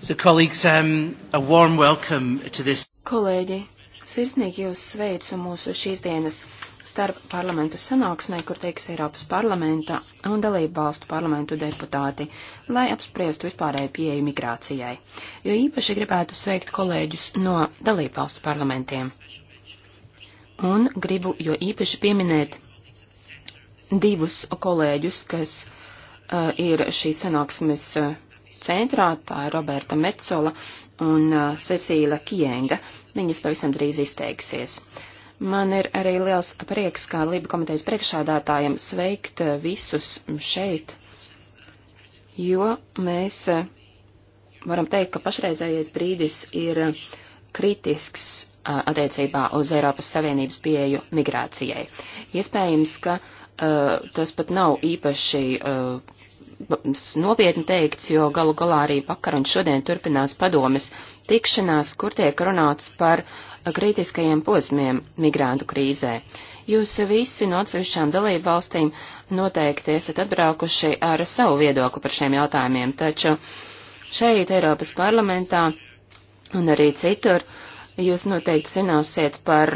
So, colleagues, um, a warm welcome to this. Kolēģi, sirsnīgi jūs sveicu mūsu šīs dienas starp parlamentu sanāksmē, kur teiks Eiropas parlamenta un dalību valstu parlamentu deputāti, lai apspriestu vispārēju pieeju migrācijai. Jo īpaši gribētu sveikt kolēģus no dalību valstu parlamentiem. Un gribu jo īpaši pieminēt divus kolēģus, kas uh, ir šīs sanāksmes uh, centrā, tā ir Roberta Metzola un uh, Cecīla Kienga. Viņas pavisam drīz izteiksies. Man ir arī liels prieks, kā Lība komitejas priekšādātājiem, sveikt uh, visus šeit, jo mēs uh, varam teikt, ka pašreizējais brīdis ir uh, kritisks attiecībā uz Eiropas Savienības pieeju migrācijai. Iespējams, ka uh, tas pat nav īpaši uh, nopietni teikts, jo galu galā arī vakar un šodien turpinās padomes tikšanās, kur tiek runāts par kritiskajiem posmiem migrantu krīzē. Jūs visi no atsevišķām dalību valstīm noteikti esat atbraukuši ar savu viedokli par šiem jautājumiem, taču šeit Eiropas parlamentā un arī citur Jūs noteikti zināsiet par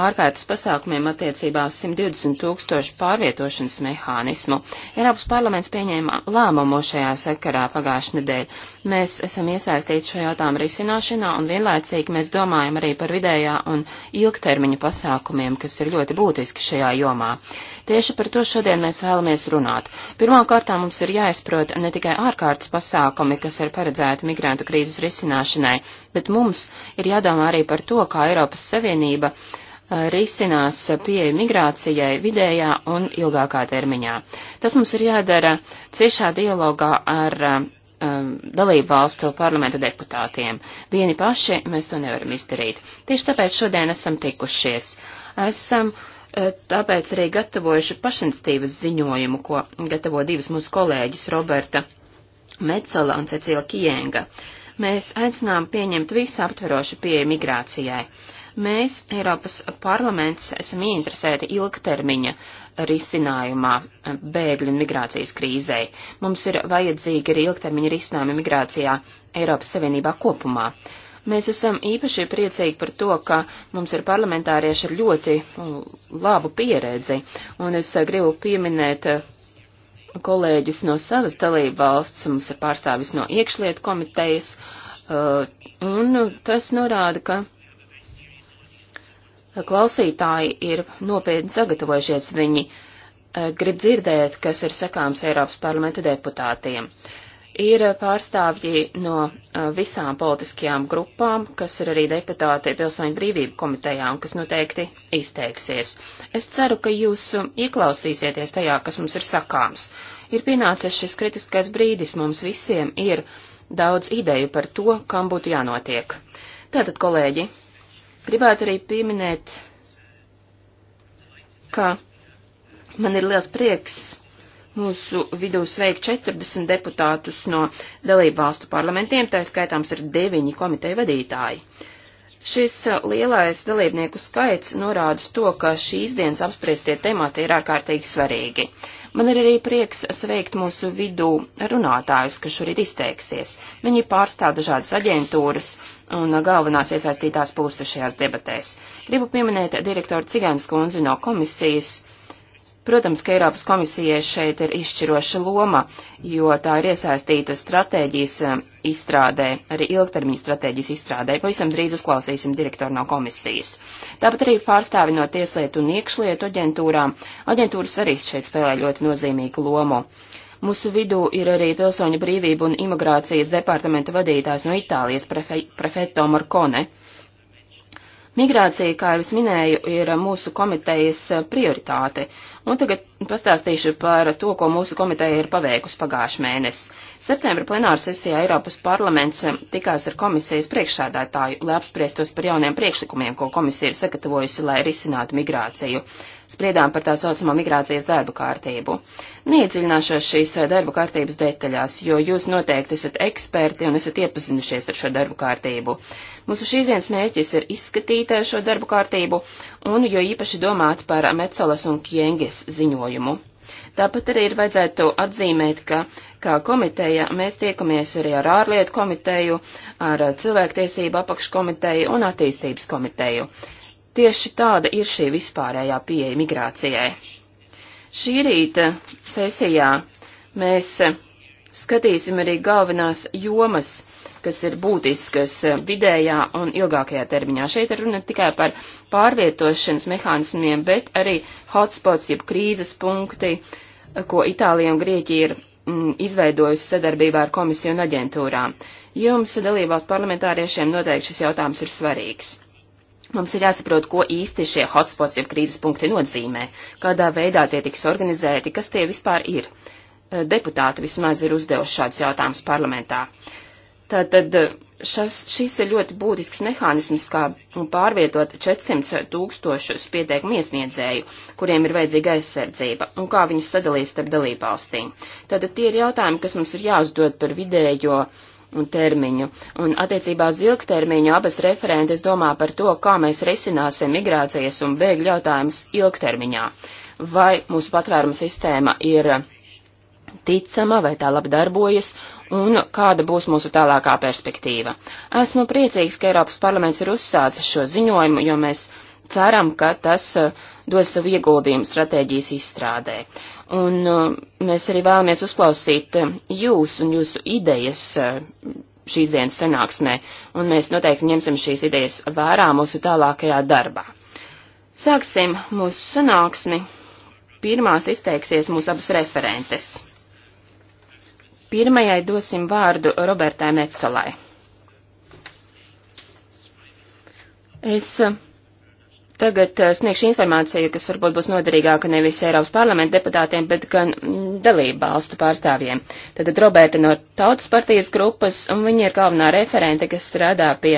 ārkārtas pasākumiem attiecībā uz 120 tūkstošu pārvietošanas mehānismu. Eiropas parlaments pieņēma lēmumu šajā sakarā pagājušajā nedēļā. Mēs esam iesaistīti šajā jautājuma risināšanā un vienlaicīgi mēs domājam arī par vidējā un ilgtermiņa pasākumiem, kas ir ļoti būtiski šajā jomā. Tieši par to šodien mēs vēlamies runāt. Pirmkārt, mums ir jāizprot ne tikai ārkārtas pasākumi, kas ir paredzēti migrantu krīzes risināšanai, bet mums ir jādomā arī par to, kā Eiropas Savienība eh, risinās pieeja migrācijai vidējā un ilgākā termiņā. Tas mums ir jādara ciešā dialogā ar um, dalību valstu parlamentu deputātiem. Vieni paši mēs to nevaram izdarīt. Tieši tāpēc šodien esam tikušies. Esam tāpēc arī gatavojuši pašinstīvas ziņojumu, ko gatavo divas mūsu kolēģis Roberta Mecela un Cecila Kienga. Mēs aicinām pieņemt visu aptverošu pieeju migrācijai. Mēs, Eiropas parlaments, esam ieinteresēti ilgtermiņa risinājumā eh, bēgļu un migrācijas krīzei. Mums ir vajadzīgi arī ilgtermiņa risinājumi migrācijā Eiropas Savienībā kopumā. Uh, Mēs esam īpaši priecīgi par to, ka mums ir parlamentārieši ar ļoti mm, labu pieredzi, un es eh, gribu pieminēt eh, kolēģus no savas dalību valsts, mums ir pārstāvis no iekšlietu komitejas, eh, un tas norāda, ka klausītāji ir nopietni sagatavojušies, viņi grib dzirdēt, kas ir sakāms Eiropas parlamenta deputātiem. Uh, ir pārstāvji no visām politiskajām grupām, kas ir arī deputāti Pilsoņu brīvību komitejā un kas noteikti izteiksies. Es ceru, ka jūs ieklausīsieties tajā, kas mums ir sakāms. Ir pienācis šis kritiskais brīdis, mums visiem ir daudz ideju par to, kam būtu jānotiek. Tātad, kolēģi, gribētu arī pieminēt, ka man ir liels prieks Mūsu vidū sveik 40 deputātus no dalību valstu parlamentiem, tā skaitāms ir 9 komiteju vadītāji. Šis lielais dalībnieku skaits norāda to, ka šīs dienas apspriestie temati ir ārkārtīgi svarīgi. Man ir arī prieks sveikt mūsu vidū runātājus, kas šorīt izteiksies. Viņi pārstāv dažādas aģentūras un galvenās iesaistītās puses šajās debatēs. Gribu pieminēt direktoru Cigānas kundzi no komisijas, Protams, ka Eiropas komisijai šeit ir izšķiroša loma, jo tā ir iesaistīta stratēģijas eh, izstrādē, arī ilgtermiņa stratēģijas izstrādē. Pavisam drīz uzklausīsim direktoru no komisijas. Tāpat arī pārstāvi no tieslietu un iekšlietu aģentūrām. Aģentūras arī šeit spēlē ļoti nozīmīgu lomu. Mūsu vidū ir arī pilsoņu brīvību un imigrācijas departamenta vadītājs no Itālijas prefe, prefetto Markone. Migrācija, kā jau es minēju, ir mūsu komitejas prioritāte, un tagad pastāstīšu par to, ko mūsu komiteja ir paveikusi pagājuši mēnesi. Septembra plenāra sesijā Eiropas parlaments tikās ar komisijas priekšsēdētāju, lai apspriestos par jauniem priekšlikumiem, ko komisija ir sagatavojusi, lai risinātu migrāciju spriedām par tā saucamo migrācijas darba kārtību. Neiedziļināšos šīs eh, darba kārtības detaļās, jo jūs noteikti esat eksperti un esat iepazinušies ar šo darbu kārtību. Mūsu šīsdienas mērķis ir izskatīt eh, šo darbu kārtību un jo īpaši domāt par Metzolas un Kienges ziņojumu. Tāpat arī ir vajadzētu atzīmēt, ka kā komiteja mēs tiekamies arī ar ārlietu komiteju, ar cilvēktiesību apakškomiteju un attīstības komiteju. Tieši tāda ir šī vispārējā pieeja migrācijai. Šī rīta sesijā mēs skatīsim arī galvenās jomas, kas ir būtiskas vidējā un ilgākajā termiņā. Šeit ir runa tikai par pārvietošanas mehānismiem, bet arī hotspots, jeb krīzes punkti, ko Itālija un Grieķija ir mm, izveidojusi sadarbībā ar komisiju un aģentūrām. Jums, dalībās parlamentāriešiem, noteikti šis jautājums ir svarīgs. Mums ir jāsaprot, ko īsti šie hotspots jeb krīzes punkti nozīmē, kādā veidā tie tiks organizēti, kas tie vispār ir. Eh, deputāti vismaz ir uzdevuši šādus jautājumus parlamentā. Tātad eh, šas, šis ir ļoti būtisks mehānisms, kā nu, pārvietot 400 tūkstošus pieteikumu iesniedzēju, kuriem ir vajadzīga aizsardzība, un kā viņus sadalīs starp dalībvalstīm. Tātad tie ir jautājumi, kas mums ir jāuzdod par vidējo. Uh, un termiņu. Un attiecībā uz ilgtermiņu abas referentes domā par to, kā mēs risināsim migrācijas un bēgļu jautājumus ilgtermiņā. Vai mūsu patvēruma sistēma ir ticama, vai tā labi darbojas, un kāda būs mūsu tālākā perspektīva. Esmu priecīgs, ka Eiropas parlaments ir uzsācis šo ziņojumu, jo mēs ceram, ka tas eh, dos savu ieguldījumu stratēģijas izstrādē. Un eh, mēs arī vēlamies uzklausīt eh, jūs un jūsu idejas šīs dienas sanāksmē, un mēs noteikti ņemsim šīs idejas vērā mūsu tālākajā darbā. Sāksim mūsu sanāksmi. Pirmās izteiksies mūsu abas referentes. Pirmajai dosim vārdu Robertai Metzolai. Es Tagad eh, sniegšu informāciju, kas varbūt būs noderīgāka nevis Eiropas parlamenta deputātiem, bet gan mm, dalību valstu pārstāvjiem. Tad Roberta no Tautas partijas grupas, un viņa ir galvenā referente, kas strādā pie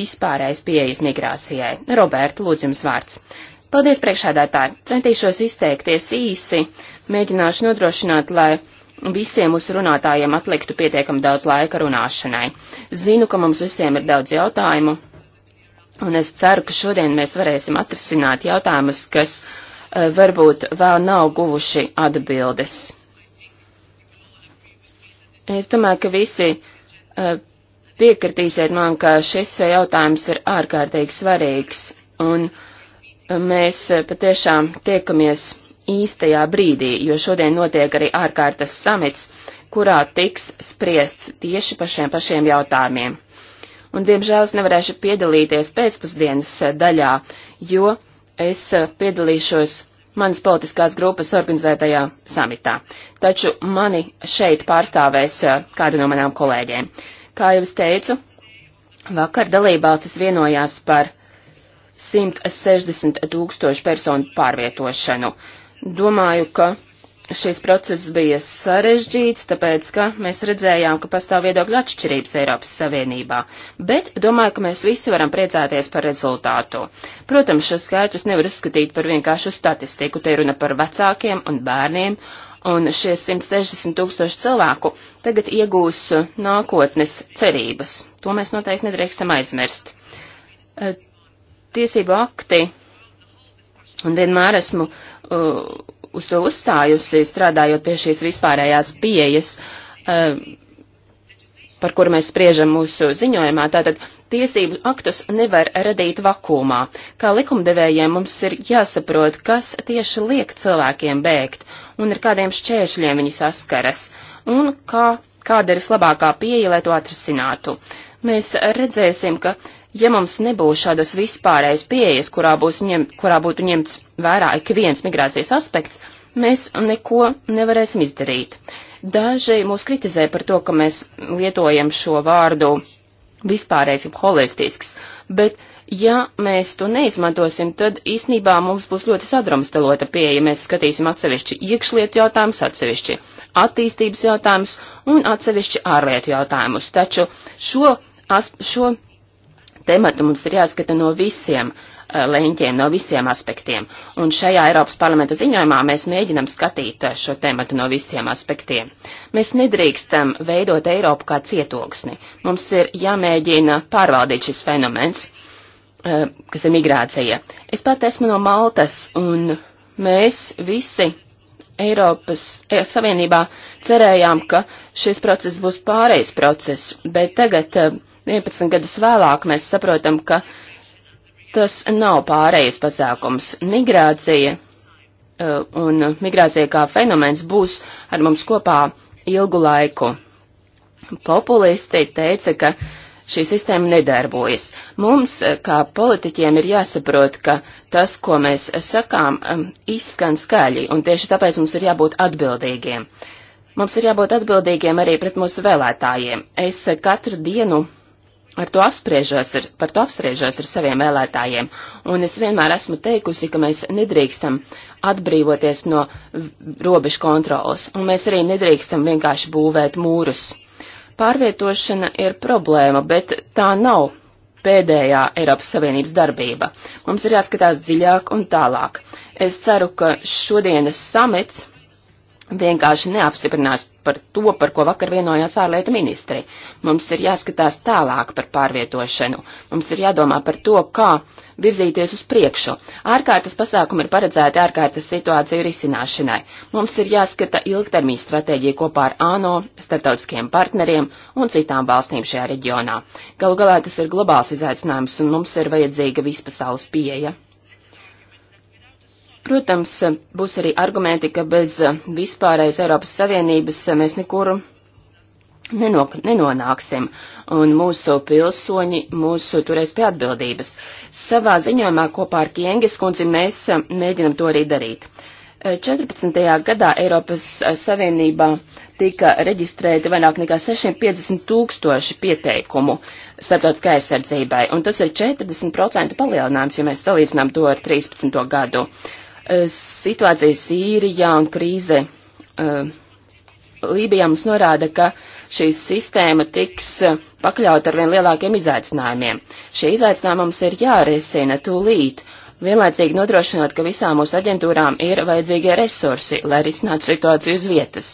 vispārējais pieejas migrācijai. Roberta, lūdzu jums vārds. Paldies priekšādātāji. Centīšos izteikties īsi, mēģināšu nodrošināt, lai visiem mūsu runātājiem atliktu pietiekami daudz laika runāšanai. Zinu, ka mums visiem ir daudz jautājumu, Un es ceru, ka šodien mēs varēsim atrisināt jautājumus, kas eh, varbūt vēl nav guvuši atbildes. Es domāju, ka visi eh, piekritīsiet man, ka šis jautājums ir ārkārtīgi svarīgs, un eh, mēs patiešām tiekamies īstajā brīdī, jo šodien notiek arī ārkārtas samits, kurā tiks spriests tieši par šiem pašiem jautājumiem un diemžēl es nevarēšu piedalīties pēcpusdienas eh, daļā, jo es eh, piedalīšos manas politiskās grupas organizētajā samitā. Taču mani šeit pārstāvēs eh, kāda no manām kolēģiem. Kā jau es teicu, vakar dalībvalstis vienojās par 160 tūkstošu personu pārvietošanu. Domāju, ka šis process bija sarežģīts, tāpēc, ka mēs redzējām, ka pastāv viedokļu atšķirības Eiropas Savienībā, bet domāju, ka mēs visi varam priecāties par rezultātu. Protams, šos skaitļus nevar uzskatīt par vienkāršu statistiku, te runa par vecākiem un bērniem, un šie 160 tūkstoši cilvēku tagad iegūs nākotnes cerības. To mēs noteikti nedrīkstam aizmirst. E, tiesību akti, un vienmēr esmu uh, uz to uzstājusi, strādājot pie šīs vispārējās pieejas, eh, par kuru mēs spriežam mūsu ziņojumā. Tātad tiesību aktus nevar radīt vakumā. Kā likumdevējiem mums ir jāsaprot, kas tieši liek cilvēkiem bēgt un ar kādiem šķēršļiem viņi saskaras un kā, kāda ir vislabākā pieeja, lai to atrisinātu. Mēs redzēsim, ka Ja mums nebūs šādas vispārējas pieejas, kurā, ņem, kurā būtu ņemts vērā ik viens migrācijas aspekts, mēs neko nevarēsim izdarīt. Daži mūs kritizē par to, ka mēs lietojam šo vārdu vispārējais un holistisks, bet ja mēs to neizmantosim, tad īsnībā mums būs ļoti sadrumstalota pieeja. Mēs skatīsim atsevišķi iekšlietu jautājumus, atsevišķi attīstības jautājumus un atsevišķi ārlietu jautājumus. Taču šo, as, šo tematu mums ir jāskata no visiem eh, leņķiem, no visiem aspektiem. Un šajā Eiropas parlamenta ziņojumā mēs mēģinam skatīt eh, šo tematu no visiem aspektiem. Mēs nedrīkstam veidot Eiropu kā cietoksni. Mums ir jāmēģina pārvaldīt šis fenomens, eh, kas ir migrācija. Es pat esmu no Maltas, un mēs visi Eiropas Savienībā cerējām, ka šis process būs pārējais process, bet tagad 11 gadus vēlāk mēs saprotam, ka tas nav pārējais pasākums. Migrācija eh, un migrācija kā fenomens būs ar mums kopā ilgu laiku. Populisti teica, ka šī sistēma nedarbojas. Mums, eh, kā politiķiem, ir jāsaprot, ka tas, ko mēs sakām, eh, izskan skaļi, un tieši tāpēc mums ir jābūt atbildīgiem. Mums ir jābūt atbildīgiem arī pret mūsu vēlētājiem. Es katru dienu ar to apspriežos, ar, par to apspriežos ar saviem vēlētājiem. Un es vienmēr esmu teikusi, ka mēs nedrīkstam atbrīvoties no robežu kontrolas, un mēs arī nedrīkstam vienkārši būvēt mūrus. Pārvietošana ir problēma, bet tā nav pēdējā Eiropas Savienības darbība. Mums ir jāskatās dziļāk un tālāk. Es ceru, ka šodienas samits vienkārši neapstiprinās par to, par ko vakar vienojās ārlietu ministri. Mums ir jāskatās tālāk par pārvietošanu. Mums ir jādomā par to, kā virzīties uz priekšu. Ārkārtas pasākumi ir paredzēti ārkārtas situāciju risināšanai. Mums ir jāskata ilgtermiņa stratēģija kopā ar ANO, starptautiskiem partneriem un citām valstīm šajā reģionā. Galu galā tas ir globāls izaicinājums un mums ir vajadzīga vispasaules pieeja. Protams, būs arī argumenti, ka bez vispārējas Eiropas Savienības mēs nekur nenok nenonāksim, un mūsu pilsoņi mūsu turēs pie atbildības. Savā ziņojumā kopā ar Kienges kundzi mēs mēģinam to arī darīt. 14. gadā Eiropas Savienībā tika reģistrēti vairāk nekā 650 tūkstoši pieteikumu starptautiskai aizsardzībai, un tas ir 40% palielinājums, ja mēs salīdzinām to ar 13. gadu. Uh, Eh, situācija Sīrijā un krīze eh, Lībijā mums norāda, ka šī sistēma tiks eh, pakļauta ar vien lielākiem izaicinājumiem. Šie izaicinājumi mums ir jārisina tūlīt, vienlaicīgi nodrošinot, ka visām mūsu aģentūrām ir vajadzīgie resursi, lai risinātu situāciju uz vietas.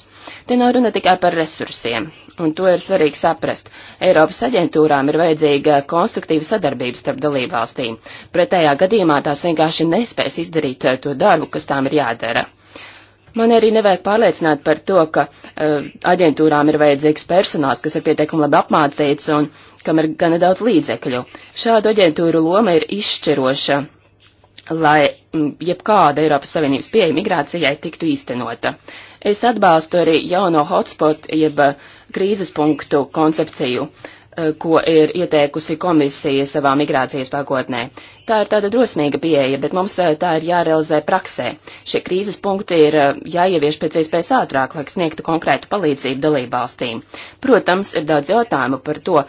Te nav runa tikai par resursiem. Un to ir svarīgi saprast. Eiropas aģentūrām ir vajadzīga konstruktīva sadarbība starp dalībvalstīm. Pretējā gadījumā tās vienkārši nespēs izdarīt eh, to darbu, kas tām ir jādara. Man arī nevajag pārliecināt par to, ka uh, aģentūrām ir vajadzīgs personāls, kas ir pietiekami labi apmācīts un kam ir gana daudz līdzekļu. Šādu aģentūru loma ir izšķiroša, lai mm, jebkāda Eiropas Savienības pieeja migrācijai tiktu īstenota. Uh, Es atbalstu arī jauno hotspot, jeb eh, krīzes punktu koncepciju, eh, ko ir ieteikusi komisija savā migrācijas pakotnē. Tā ir tāda drosmīga pieeja, bet mums eh, tā ir jārealizē praksē. Šie krīzes punkti ir jāievieš pēc iespējas ātrāk, lai sniegtu konkrētu palīdzību dalībvalstīm. Protams, ir daudz jautājumu par to,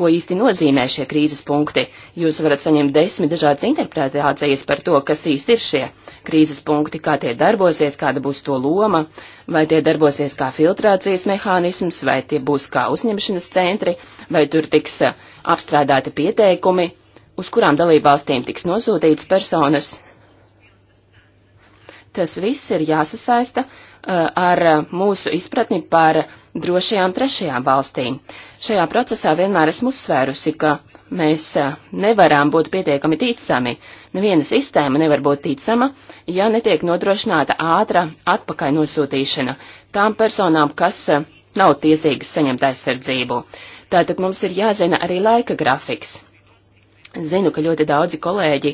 ko īsti nozīmē šie krīzes punkti. Jūs varat saņemt desmit dažādas interpretācijas par to, kas īsti ir šie krīzes punkti, kā tie darbosies, kāda būs to loma, vai tie darbosies kā filtrācijas mehānisms, vai tie būs kā uzņemšanas centri, vai tur tiks eh, apstrādāti pieteikumi, uz kurām dalībvalstīm tiks nosūtītas personas. Tas viss ir jāsasaista eh, ar mūsu izpratni par drošajām trešajām valstīm. Šajā procesā vienmēr esmu uzsvērusi, ka mēs eh, nevaram būt pietiekami ticami, Neviena sistēma nevar būt ticama, ja netiek nodrošināta ātra atpakaļ nosūtīšana tām personām, kas eh, nav tiesīgas saņemt aizsardzību. Tātad mums ir jāzina arī laika grafiks. Zinu, ka ļoti daudzi kolēģi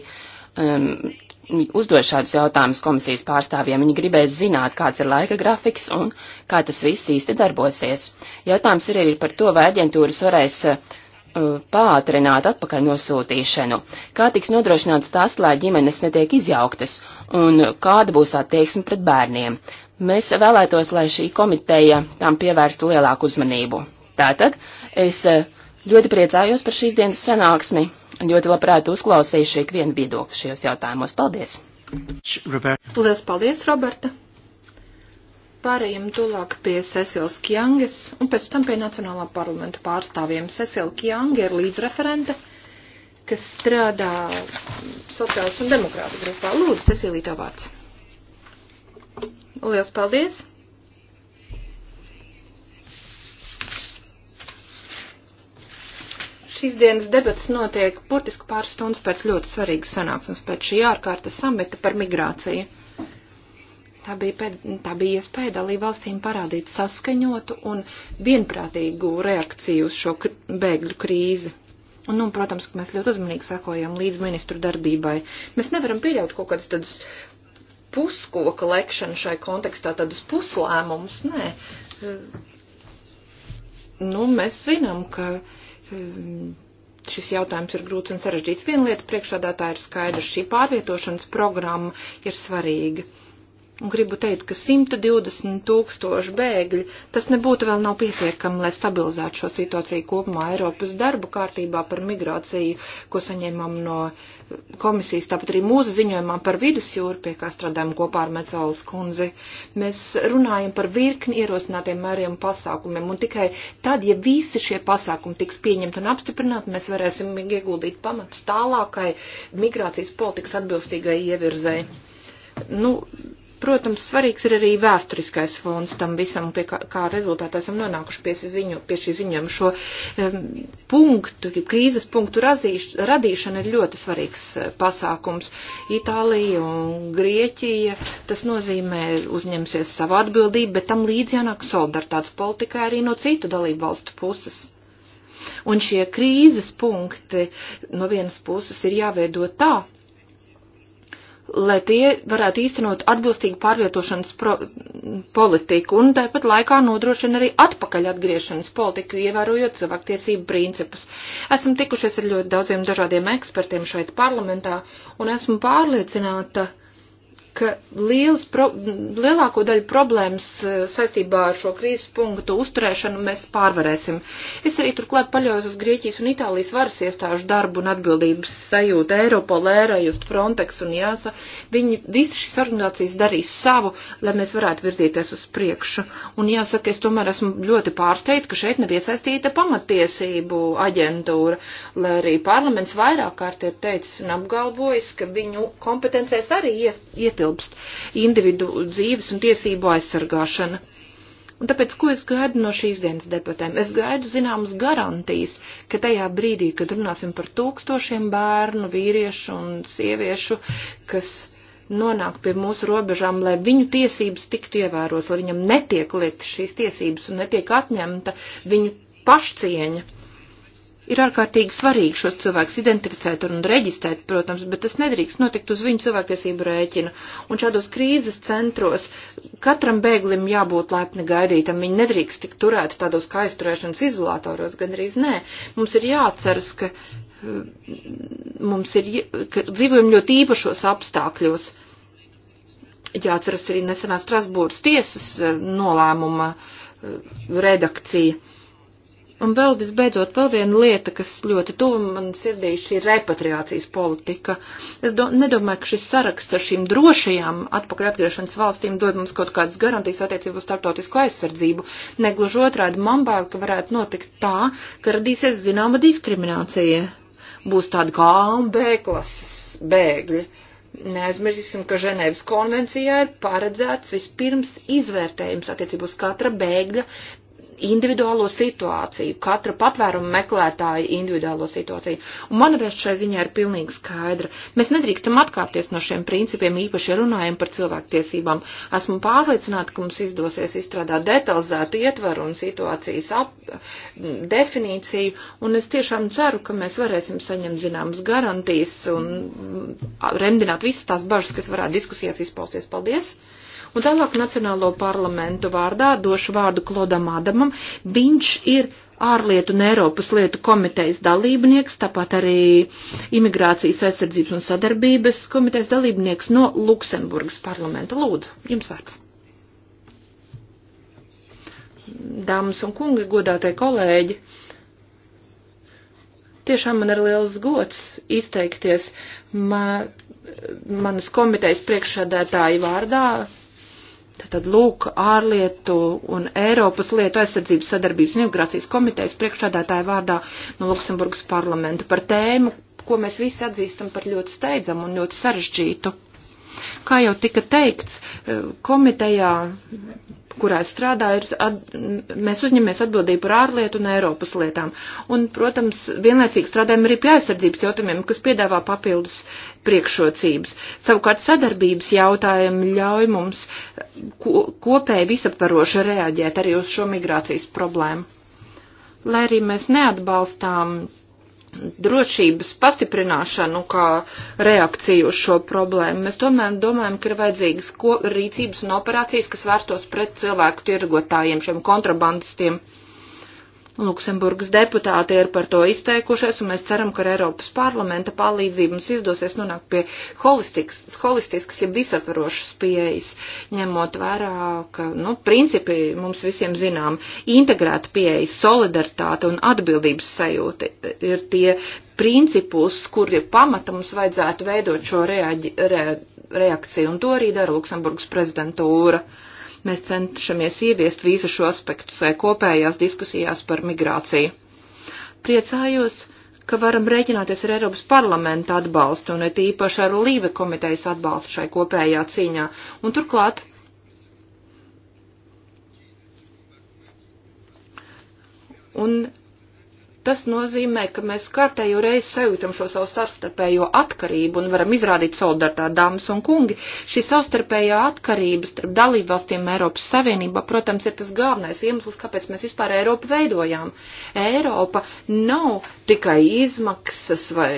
um, uzdod šādus jautājumus komisijas pārstāvjiem. Viņi gribēs zināt, kāds ir laika grafiks un kā tas viss īsti darbosies. Jautājums ir arī par to, vai aģentūras varēs uh, Uh, pātrināt atpakaļ nosūtīšanu, kā tiks nodrošināts tas, lai ģimenes netiek izjauktas, un kāda būs attieksme pret bērniem. Mēs vēlētos, lai šī komiteja tam pievērstu lielāku uzmanību. Tātad es uh, ļoti priecājos par šīs dienas sanāksmi un ļoti labprāt uzklausīšu ikvienu viedokli šajos jautājumos. Paldies! Robert. Lielas paldies, Roberta! Pārējiem tūlāk pie Cecils Kjangas un pēc tam pie Nacionālā parlamenta pārstāvjiem. Cecil Kjanga ir līdzreferente, kas strādā sociālas un demokrāta grupā. Lūdzu, Cecilī, tā vārds. Lielas paldies! Šīs dienas debats notiek burtiski pāris stundas pēc ļoti svarīgas sanāksmes, pēc šī ārkārtas samita par migrāciju Tā bija, pēd, tā bija iespēja dalību valstīm parādīt saskaņotu un vienprātīgu reakciju uz šo bēgļu krīzi. Un, nu, protams, ka mēs ļoti uzmanīgi sakojam līdz ministru darbībai. Mēs nevaram pieļaut kaut kādus tādus puskoka lekšanu šai kontekstā, tādus puslēmumus, nē. Nu, mēs zinām, ka um, šis jautājums ir grūts un sarežģīts. Viena lieta priekšādātā ir skaidrs, šī pārvietošanas programma ir svarīga Un gribu teikt, ka 120 tūkstoši bēgļi tas nebūtu vēl nav pietiekami, lai stabilizētu šo situāciju kopumā Eiropas darbu kārtībā par migrāciju, ko saņēmām no komisijas, tāpat arī mūsu ziņojumā par vidusjūru, pie kā strādājam kopā ar Mecolas kundzi. Mēs runājam par virkni ierosinātiem mēriem pasākumiem, un tikai tad, ja visi šie pasākumi tiks pieņemti un apstiprināti, mēs varēsim ieguldīt pamatus tālākai migrācijas politikas atbilstīgai ievirzēji. Nu, Protams, svarīgs ir arī vēsturiskais fons tam visam, pie kā, kā rezultātā esam nonākuši pie, ziņo, pie šī ziņojuma. Šo um, punktu, krīzes punktu razīš, radīšana ir ļoti svarīgs eh, pasākums. Itālija un Grieķija, tas nozīmē uzņemsies savu atbildību, bet tam līdz jānāk solidaritātes politikai arī no citu dalību valstu puses. Un šie krīzes punkti no vienas puses ir jāveido tā, lai tie varētu īstenot atbilstīgu pārvietošanas pro, politiku un tāpat laikā nodrošina arī atpakaļ atgriešanas politiku, ievērojot cilvēktiesību principus. Esmu tikušies ar ļoti daudziem dažādiem ekspertiem šeit parlamentā un esmu pārliecināta, ka ka liels pro, lielāko daļu problēmas eh, saistībā ar šo krīzes punktu uzturēšanu mēs pārvarēsim. Es arī turklāt paļaujos uz Grieķijas un Itālijas varas iestāžu darbu un atbildības sajūtu Eiropol, Eirojust, Frontex un jāsa. Viņi visi šīs organizācijas darīs savu, lai mēs varētu virzīties uz priekšu. Un jāsaka, es tomēr esmu ļoti pārsteigta, ka šeit nav iesaistīta pamatiesību aģentūra, lai arī parlaments vairāk kārt ir teicis un apgalvojis, ka viņu kompetencēs arī iet ietilpst individu dzīves un tiesību aizsargāšana. Un tāpēc, ko es gaidu no šīs dienas debatēm? Es gaidu zināmas garantijas, ka tajā brīdī, kad runāsim par tūkstošiem bērnu, vīriešu un sieviešu, kas nonāk pie mūsu robežām, lai viņu tiesības tiktu ievēros, lai viņam netiek liektas šīs tiesības un netiek atņemta viņu pašcieņa ir ārkārtīgi svarīgi šos cilvēkus identificēt un reģistrēt, protams, bet tas nedrīkst notikt uz viņu cilvēktiesību rēķina. Un šādos krīzes centros katram bēglim jābūt laipni gaidītam. Viņi nedrīkst tik turēt tādos kā aizturēšanas izolatoros, gandrīz nē. Mums ir jāceras, ka mm, mums ir, ka dzīvojam ļoti īpašos apstākļos. Jāceras arī nesenā Strasbūras tiesas eh, nolēmuma eh, redakcija Un vēl visbeidzot, vēl viena lieta, kas ļoti tuvu man sirdī, šī repatriācijas politika. Es do, nedomāju, ka šis saraksts ar šīm drošajām atpakaļ atgriešanas valstīm dod mums kaut kādas garantijas attiecību uz starptautisko aizsardzību. Negluži otrādi man bail, ka varētu notikt tā, ka radīsies zināma diskriminācija. Būs tāda kā A un B klases bēgļi. Neaizmirsīsim, ka Ženēvas konvencijā ir paredzēts vispirms izvērtējums attiecībā uz katra bēgļa individuālo situāciju, katra patvēruma meklētāja individuālo situāciju. Un manuprāt, šai ziņā ir pilnīgi skaidra. Mēs nedrīkstam atkāpties no šiem principiem, īpaši runājam par cilvēktiesībām. Esmu pārliecināta, ka mums izdosies izstrādāt detalizētu ietvaru un situācijas ap, definīciju, un es tiešām ceru, ka mēs varēsim saņemt zināmas garantijas un remdināt visas tās bažas, kas varētu diskusijās izpausties. Paldies! Un tālāk Nacionālo parlamentu vārdā došu vārdu Klodam Adamam. Viņš ir ārlietu un Eiropas lietu komitejas dalībnieks, tāpat arī imigrācijas aizsardzības un sadarbības komitejas dalībnieks no Luksemburgas parlamenta. Lūdzu, jums vārds. Dāmas un kungi, godātie kolēģi, tiešām man ir liels gods izteikties ma, manas komitejas priekšsēdētāju vārdā, Tad lūk, ārlietu un Eiropas lietu aizsardzības sadarbības un imigrācijas komitejas priekšādātāja vārdā no Luksemburgas parlamenta par tēmu, ko mēs visi atzīstam par ļoti steidzamu un ļoti sarežģītu. Kā jau tika teikts, eh, komitejā, kurā es strādāju, at, mēs uzņemamies atbildību par ārlietu un Eiropas lietām. Un, protams, vienlaicīgi strādājam arī pie aizsardzības jautājumiem, kas piedāvā papildus priekšrocības. Savukārt sadarbības jautājumi ļauj mums eh, ko, kopēji visaptvaroši reaģēt arī uz šo migrācijas problēmu. Lai arī mēs neatbalstām drošības pastiprināšanu kā reakciju uz šo problēmu. Mēs tomēr domājam, ka ir vajadzīgas rīcības un operācijas, kas vērstos pret cilvēku tirgotājiem, šiem kontrabandistiem. Uh, Luksemburgas deputāti ir par to izteikušies, un mēs ceram, ka ar Eiropas parlamenta palīdzību mums izdosies nonākt pie holistisks, holistisks ja visaptvarošas pieejas, ņemot vērā, ka, nu, principi mums visiem zinām, integrēta pieeja, solidaritāte un atbildības sajūta ir tie principus, kuri pamata mums vajadzētu veidot šo reaģi, re, reakciju, un to arī dara Luksemburgas prezidentūra. Uh, Mēs cenšamies ieviest visu šo aspektu savai kopējās diskusijās par migrāciju. Priecājos, ka varam rēķināties ar Eiropas parlamenta atbalstu un it īpaši ar Līve komitejas atbalstu šai kopējā cīņā. Un turklāt un Tas nozīmē, ka mēs kārtējo reizi sajūtam šo savu starpstarpējo atkarību un varam izrādīt solidaritāti, dāmas un kungi. Šī savstarpējā atkarība starp dalībvalstīm Eiropas Savienībā, protams, ir tas galvenais iemesls, kāpēc mēs vispār Eiropu veidojām. Eiropa nav tikai izmaksas vai,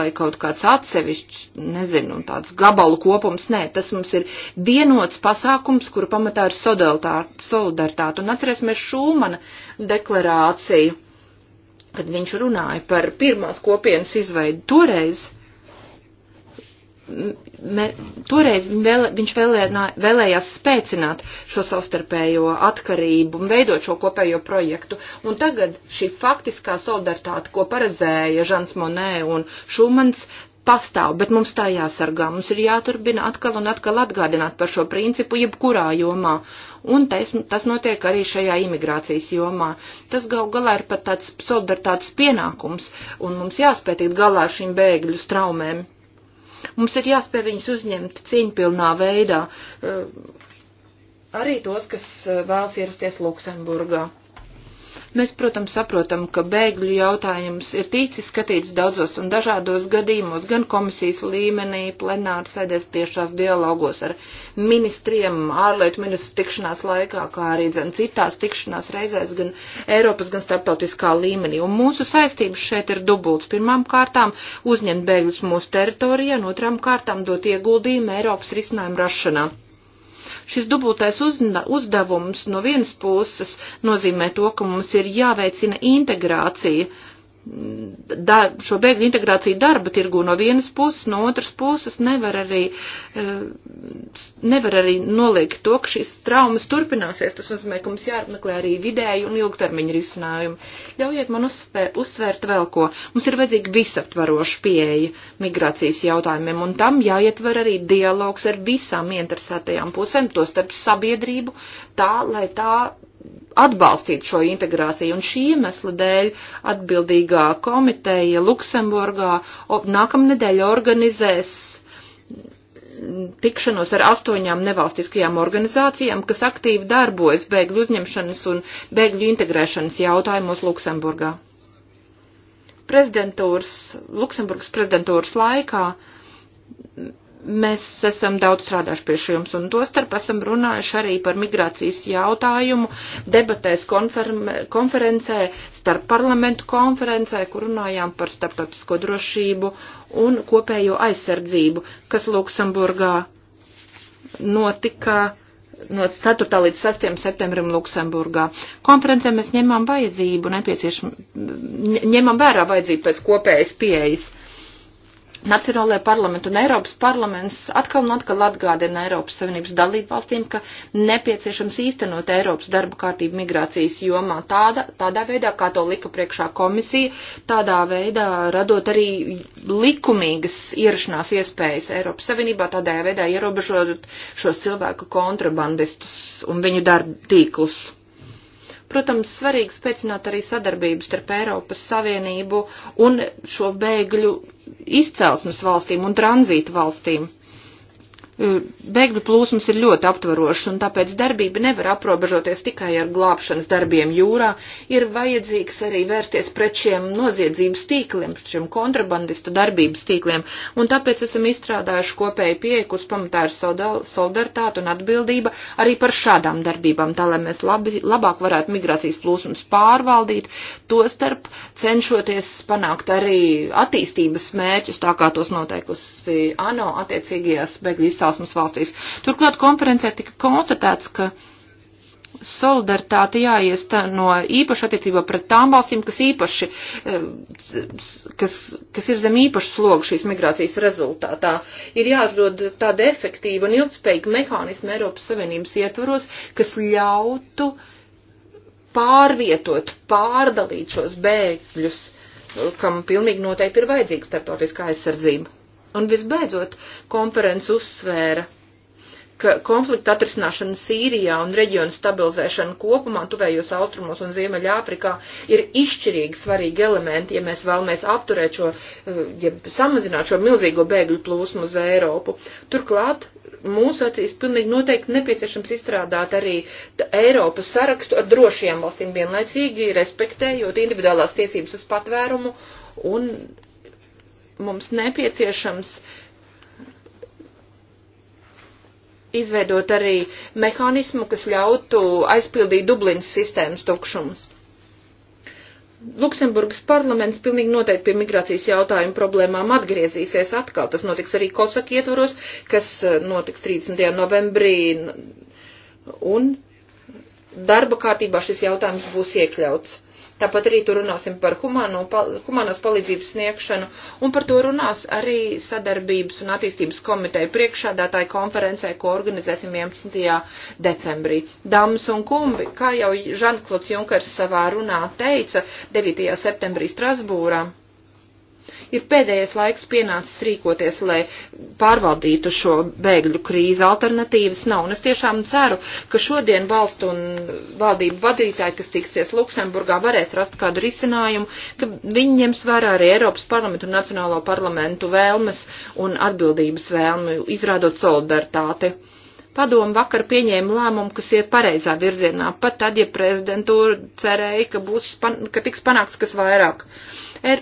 vai kaut kāds atsevišķs, nezinu, tāds gabalu kopums. Nē, tas mums ir vienots pasākums, kuru pamatā ir solidaritāte. Un atcerēsimies Šūmana deklarāciju kad viņš runāja par pirmās kopienas izveidu toreiz, me, toreiz vēl, viņš vēlēnā, vēlējās spēcināt šo savstarpējo atkarību un veidot šo kopējo projektu. Un tagad šī faktiskā solidaritāte, ko paredzēja Žans Monē un Šumans, pastāv, bet mums tā jāsargā. Mums ir jāturpina atkal un atkal atgādināt par šo principu jebkurā jomā un tas, tas notiek arī šajā imigrācijas jomā. Tas gal galā ir pat tāds solidaritātes pienākums, un mums jāspēj tikt galā ar šīm bēgļu straumēm. Mums ir jāspēj viņus uzņemt cīņpilnā veidā, eh, arī tos, kas eh, vēlas ierasties Luksemburgā. Mēs, protams, saprotam, ka bēgļu jautājums ir ticis skatīts daudzos un dažādos gadījumos, gan komisijas līmenī, plenāru sēdēs tiešās dialogos ar ministriem, ārlietu ministru tikšanās laikā, kā arī dzen, citās tikšanās reizēs, gan Eiropas, gan starptautiskā līmenī. Un mūsu saistības šeit ir dubults. Pirmām kārtām uzņemt bēgļus mūsu teritorijā, un otrām kārtām dot ieguldījumu Eiropas risinājumu rašanā. Šis dubultais uzdevums no vienas puses nozīmē to, ka mums ir jāveicina integrācija da, šo bēgļu integrāciju darba tirgu no vienas puses, no otras puses nevar arī, eh, nevar arī noliegt to, ka šīs traumas turpināsies. Tas nozīmē, ka mums jāapmeklē arī vidēji un ilgtermiņa risinājumi. Ļaujiet man uzsver, uzsvērt vēl ko. Mums ir vajadzīga visaptvaroša pieeja migrācijas jautājumiem, un tam jāietver arī dialogs ar visām interesētajām pusēm, to starp sabiedrību, tā, lai tā atbalstīt šo integrāciju, un šī iemesla dēļ atbildīgā komiteja Luksemburgā nākamnedēļ organizēs tikšanos ar astoņām nevalstiskajām organizācijām, kas aktīvi darbojas bēgļu uzņemšanas un bēgļu integrēšanas jautājumos Luksemburgā. Prezidentūras, Luksemburgas prezidentūras laikā mēs esam daudz strādājuši pie jums, un tostarp esam runājuši arī par migrācijas jautājumu debatēs konferme, konferencē, starp parlamentu konferencē, kur runājām par starptautisko drošību un kopējo aizsardzību, kas Luksemburgā notika no 4. līdz 6. septembrim Luksemburgā. Konferencē mēs ņemam vajadzību, nepieciešam, ņemam vērā vajadzību pēc kopējas pieejas. Uh, Nacionālajā parlamentu un Eiropas parlaments atkal un atkal atgādina Eiropas Savienības dalību valstīm, ka nepieciešams īstenot Eiropas darba kārtību migrācijas jomā tāda, tādā veidā, kā to lika priekšā komisija, tādā veidā radot arī likumīgas ierašanās iespējas Eiropas Savienībā, tādā veidā ierobežot šos cilvēku kontrabandistus un viņu darba tīklus. Protams, svarīgi spēcināt arī sadarbības starp Eiropas Savienību un šo bēgļu izcelsmes valstīm un tranzītu valstīm. Bēgļu plūsmas ir ļoti aptvarošas, un tāpēc darbība nevar aprobežoties tikai ar glābšanas darbiem jūrā. Ir vajadzīgs arī vērsties pret šiem noziedzības tīkliem, šiem kontrabandistu darbības tīkliem, un tāpēc esam izstrādājuši kopēju pieeju, uz pamatā ir solidaritāte un atbildība arī par šādām darbībām, tā lai mēs labi, labāk varētu migrācijas plūsmas pārvaldīt, to starp cenšoties panākt arī attīstības mērķus, tā kā tos noteikusi ANO attiecīgajās bēgļu izcelsmes izcelsmes valstīs. Turklāt konferencē tika konstatēts, ka solidaritāte jāiesta no īpaši attiecībā pret tām valstīm, kas īpaši, eh, kas, kas ir zem īpašu slogu šīs migrācijas rezultātā. Ir jāatrod tāda efektīva un ilgspējīga mehānisma Eiropas Savienības ietvaros, kas ļautu pārvietot, pārdalīt šos bēgļus, kam pilnīgi noteikti ir vajadzīga starptautiskā aizsardzība. Un visbeidzot, konferences uzsvēra, ka konflikta atrisināšana Sīrijā un reģionu stabilizēšana kopumā tuvējos austrumos un Ziemeļa Āfrikā ir izšķirīgi svarīgi elementi, ja mēs vēlamies apturēt šo, ja samazināt šo milzīgo bēgļu plūsmu uz Eiropu. Turklāt mūsu acīs pilnīgi noteikti nepieciešams izstrādāt arī Eiropas sarakstu ar drošajām valstīm vienlaicīgi, respektējot individuālās tiesības uz patvērumu un mums nepieciešams izveidot arī mehānismu, kas ļautu aizpildīt Dublinas sistēmas tukšumus. Luksemburgas parlaments pilnīgi noteikti pie migrācijas jautājumu problēmām atgriezīsies atkal. Tas notiks arī Kosak ietvaros, kas e, notiks 30. novembrī. Un darba kārtībā šis jautājums būs iekļauts. Tāpat arī tur runāsim par humano, humanos palīdzības sniegšanu un par to runās arī sadarbības un attīstības komiteja priekšādātāja konferencē, ko organizēsim 11. decembrī. Dāmas un kumbi, kā jau Žanklots Junkers savā runā teica 9. septembrī Strasbūrā ir pēdējais laiks pienācis rīkoties, lai pārvaldītu šo bēgļu krīzi. Alternatīvas nav. Un es tiešām ceru, ka šodien valstu un valdību vadītāji, kas tiksies Luksemburgā, varēs rast kādu risinājumu, ka viņi ņems vērā arī Eiropas parlamentu un Nacionālo parlamentu vēlmes un atbildības vēlmi, izrādot solidaritāti. Padomu vakar pieņēma lēmumu, kas iet pareizā virzienā, pat tad, ja prezidentūra cerēja, ka, būs, ka tiks panākts kas vairāk. Er,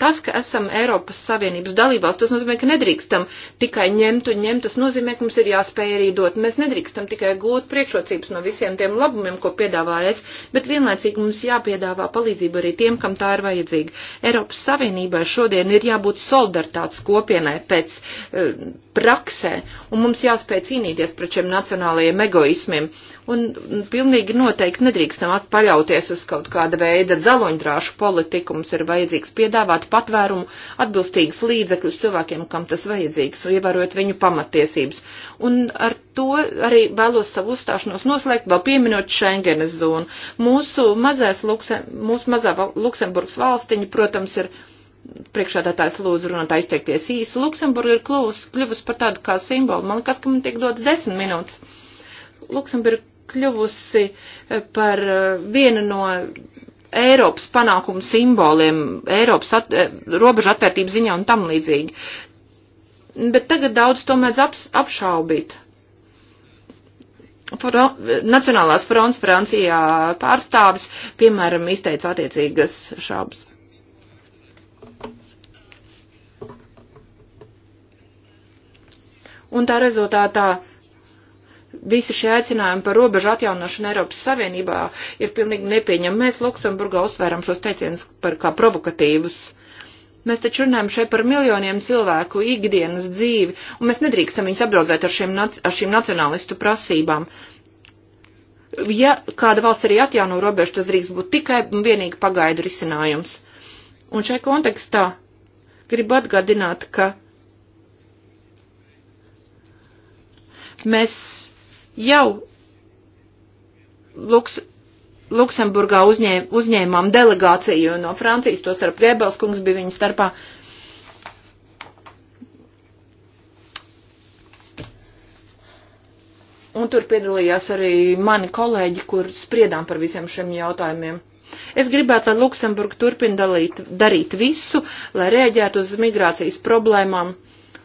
Tas, ka esam Eiropas Savienības dalībās, tas nozīmē, ka nedrīkstam tikai ņemt un ņemt, tas nozīmē, ka mums ir jāspēj arī dot. Mēs nedrīkstam tikai gūt priekšrocības no visiem tiem labumiem, ko piedāvā es, bet vienlaicīgi mums jāpiedāvā palīdzība arī tiem, kam tā ir vajadzīga. Eiropas Savienībai šodien ir jābūt solidaritātes kopienai pēc e, praksē, un mums jāspēj cīnīties pret šiem nacionālajiem egoismiem. Un, un pilnīgi noteikti nedrīkstam paļauties uz kaut kāda veida zaloņdrāšu politiku, mums ir vajadzīgs piedāvāt patvērumu, atbilstīgas līdzekļus cilvēkiem, kam tas vajadzīgs, un ievērojot viņu pamatiesības. Un ar to arī vēlos savu uzstāšanos noslēgt, vēl pieminot Schengenes zonu. Mūsu, mazais Lukse, mūsu mazā Luksemburgas valstiņa, protams, ir priekšādātājs lūdzu runāt aizteikties īsi. Luksemburga ir kļuvusi, kļuvusi par tādu kā simbolu. Man liekas, ka man tiek dots desmit minūtes. Luksemburga kļuvusi eh, par eh, vienu no Eiropas panākumu simboliem, Eiropas at, eh, robežu atvērtības ziņā un tam līdzīgi. Bet tagad daudz to mēdz ap, apšaubīt. Fro, Nacionālās fronts Francijā pārstāvis, piemēram, izteica attiecīgas šaubas. Un tā rezultātā visi šie aicinājumi par robežu atjaunošanu Eiropas Savienībā ir pilnīgi nepieņem. Mēs Luksemburgā uzsvēram šos teicienus par kā provokatīvus. Mēs taču runājam šeit par miljoniem cilvēku ikdienas dzīvi, un mēs nedrīkstam viņus apdraudēt ar, šiem, ar šīm nacionalistu prasībām. Ja kāda valsts arī atjauno robežu, tas drīkst būt tikai un vienīgi pagaidu risinājums. Un šai kontekstā gribu atgādināt, ka mēs Jau Luks, Luksemburgā uzņē, uzņēmām delegāciju no Francijas, to starp Gebels kungs bija viņa starpā. Un tur piedalījās arī mani kolēģi, kur spriedām par visiem šiem jautājumiem. Es gribētu, lai Luksemburga turpina dalīt, darīt visu, lai rēģētu uz migrācijas problēmām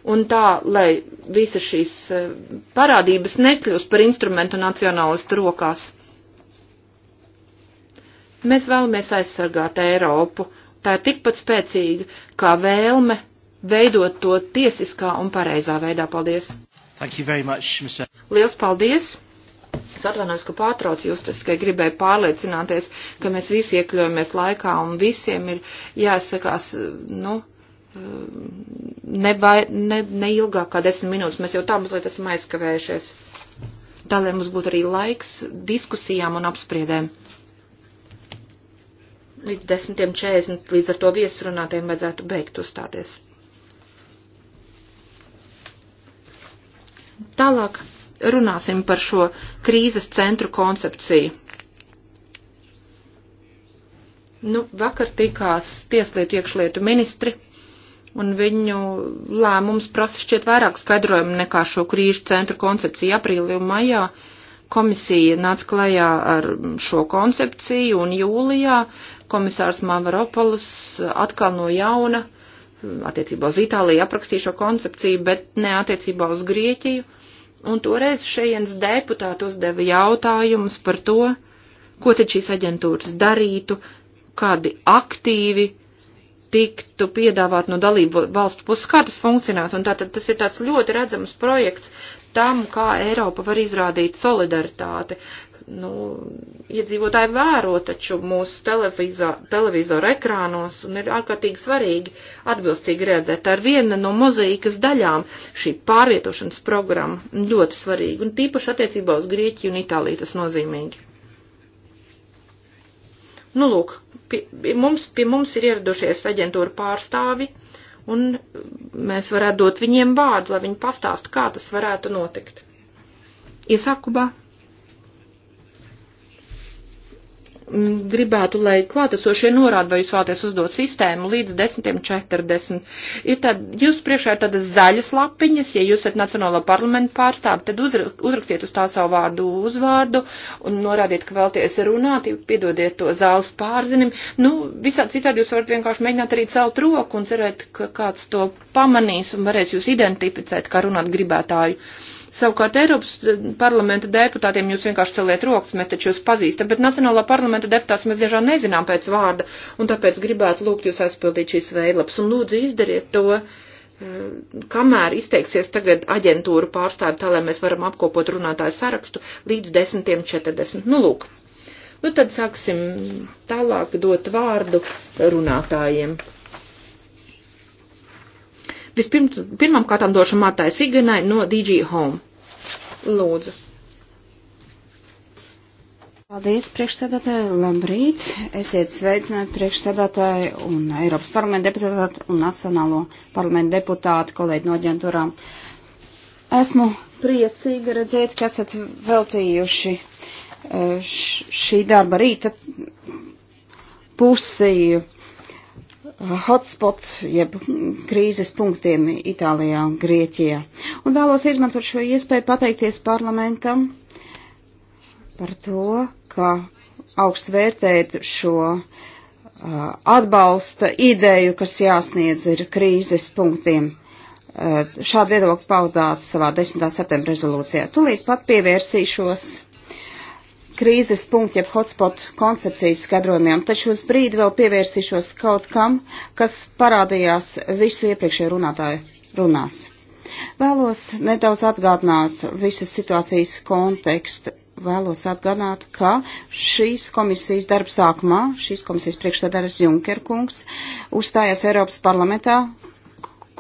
un tā, lai visas šīs eh, parādības nekļūst par instrumentu nacionālistu rokās. Mēs vēlamies aizsargāt Eiropu. Tā ir tikpat spēcīga kā vēlme veidot to tiesiskā un pareizā veidā. Paldies! Much, Mr. Liels paldies! Es atvainojos, ka pārtraucu jūs, tas tikai gribēju pārliecināties, ka mēs visi iekļojamies laikā un visiem ir jāsakās, nu, Um, nebai, ne, ne ilgāk kā desmit minūtes. Mēs jau tā mazliet esam aizkavējušies. Tā, lai mums būtu arī laiks diskusijām un apspriedēm. Līdz 10.40 līdz ar to viesrunātiem vajadzētu beigt uzstāties. Tālāk runāsim par šo krīzes centru koncepciju. Nu, vakar tikās tieslietu iekšlietu ministri un viņu lēmums prasa šķiet vairāk skaidrojumu nekā šo krīžu centru koncepciju aprīlī un maijā. Komisija nāca klajā ar šo koncepciju un jūlijā komisārs Mavaropolus atkal no jauna attiecībā uz Itāliju aprakstīja šo koncepciju, bet ne attiecībā uz Grieķiju. Un toreiz šajienas deputāti uzdeva jautājumus par to, ko tad šīs aģentūras darītu, kādi aktīvi tiktu piedāvāt no dalību valstu puses, kā tas funkcionētu. Un tātad tas ir tāds ļoti redzams projekts tam, kā Eiropa var izrādīt solidaritāti. Nu, iedzīvotāji vēro taču mūsu televizoru ekrānos un ir ārkārtīgi svarīgi atbilstīgi redzēt. Tā ir viena no mozaīkas daļām šī pārvietošanas programma ļoti svarīga un tīpaši attiecībā uz Grieķiju un Itāliju tas nozīmīgi. Nu, lūk, pie mums, pie mums ir ieradušies aģentūra pārstāvi, un mēs varētu dot viņiem vārdu, lai viņi pastāstu, kā tas varētu notikt. Iesākumā Mm, gribētu, lai klātesošie norāda, vai jūs vēlaties uzdot sistēmu līdz 10.40. Ir tad, jūs priekšā ir tādas zaļas lapiņas, ja jūs esat Nacionālā parlamenta pārstāvi, tad uzra, uzrakstiet uz tā savu vārdu uzvārdu un norādiet, ka vēlties runāt, piedodiet to zāles pārzinim. Nu, visā citādi jūs varat vienkārši mēģināt arī celt roku un cerēt, ka kāds to pamanīs un varēs jūs identificēt kā runāt gribētāju. Savukārt Eiropas parlamenta deputātiem jūs vienkārši celiet rokas, mēs taču jūs pazīstam, bet Nacionālā parlamenta deputāts mēs diemžēl nezinām pēc vārda, un tāpēc gribētu lūgt jūs aizpildīt šīs veidlaps, un lūdzu izdariet to, eh, kamēr izteiksies tagad aģentūra pārstāvi, tā lai mēs varam apkopot runātāju sarakstu līdz 10.40. Nu, lūk. Nu, tad sāksim tālāk dot vārdu runātājiem. Vispirms, pirmam kārtām došu Martai Siganai no DG Home. Lūdzu. Paldies, priekšsēdētāji, labrīt. Esiet sveicināti priekšsēdētāji un Eiropas parlamenta deputāti un Nacionālo parlamenta deputāti, kolēģi no aģentūrām. Esmu priecīga redzēt, ka esat veltījuši eh, šī darba rīta pusi Eh, hotspot, jeb krīzes punktiem Itālijā un Grieķijā. Un vēlos izmantot šo iespēju pateikties parlamentam par to, ka augst vērtēt šo eh, atbalsta ideju, kas jāsniedz ir krīzes punktiem. Eh, šādu viedokli paudāt savā 10. septembra rezolūcijā. Tūlīt pat pievērsīšos krīzes punktu, jeb hotspot koncepcijas skaidrojumiem, taču uz brīdi vēl pievērsīšos kaut kam, kas parādījās visu iepriekšējo runātāju runās. Vēlos nedaudz atgādināt visas situācijas kontekstu. Vēlos atgādināt, ka šīs komisijas darba sākumā, šīs komisijas priekšstādājas Junker kungs, uzstājās Eiropas parlamentā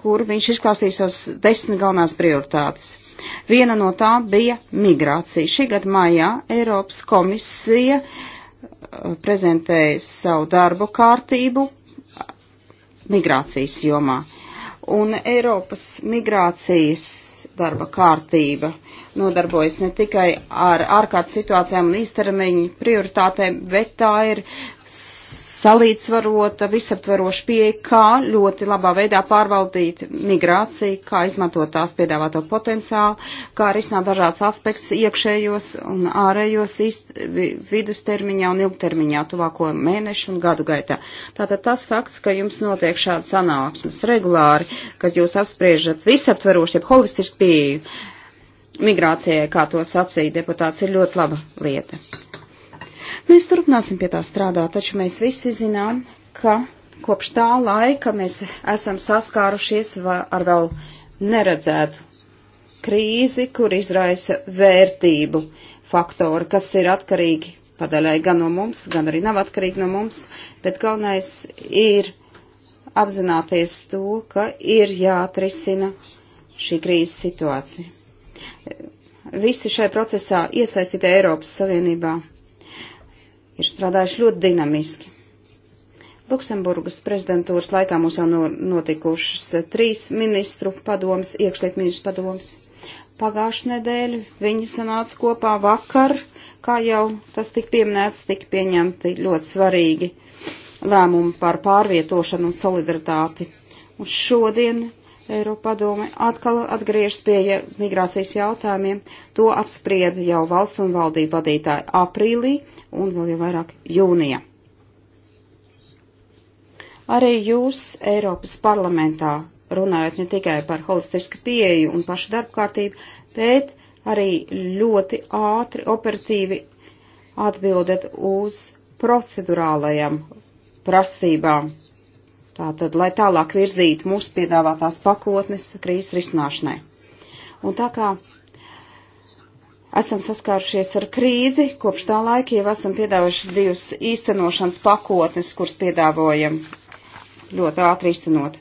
kur viņš izklāstīja savas desmit galvenās prioritātes. Viena no tām bija migrācija. Šī gada maijā Eiropas komisija uh, prezentēja savu darbu kārtību migrācijas jomā. Un Eiropas migrācijas darba kārtība nodarbojas ne tikai ar ārkārtas situācijām un īstermiņu prioritātēm, bet tā ir salīdzvarota, visaptveroša pieeja, kā ļoti labā veidā pārvaldīt migrāciju, kā izmantot tās piedāvāto potenciālu, kā risināt dažādas aspekts iekšējos un ārējos īst, vidustermiņā un ilgtermiņā tuvāko mēnešu un gadu gaitā. Tātad tas fakts, ka jums notiek šāda sanāksmes regulāri, kad jūs apspriežat visaptverošu, jeb holistisku pieeju, migrācijai, kā to sacīja deputāts, ir ļoti laba lieta. Mēs turpināsim pie tā strādāt, taču mēs visi zinām, ka kopš tā laika mēs esam saskārušies ar vēl neredzētu krīzi, kur izraisa vērtību faktori, kas ir atkarīgi padaļai gan no mums, gan arī nav atkarīgi no mums, bet galvenais ir apzināties to, ka ir jāatrisina šī krīzes situācija. Visi šai procesā iesaistītie Eiropas Savienībā ir strādājuši ļoti dinamiski. Luksemburgas prezidentūras laikā mums jau notikušas trīs ministru padomas, iekšliet ministru padomas. Pagājušu nedēļu viņi sanāca kopā vakar, kā jau tas tik pieminēts, tik pieņemti ļoti svarīgi lēmumi par pārvietošanu un solidaritāti. Un šodien Eiropadome atkal atgriežas pie migrācijas jautājumiem. To apsprieda jau valsts un valdību vadītāji aprīlī un vēl jau vairāk jūnija. Arī jūs Eiropas parlamentā runājot ne tikai par holistisku pieeju un pašu darbu kārtību, bet arī ļoti ātri, operatīvi atbildat uz procedurālajām prasībām. Tātad, lai tālāk virzītu mūsu piedāvātās pakotnes krīzes risināšanai. Un tā kā esam saskārušies ar krīzi, kopš tā laika jau esam piedāvājuši divas īstenošanas pakotnes, kuras piedāvojam ļoti ātri īstenot.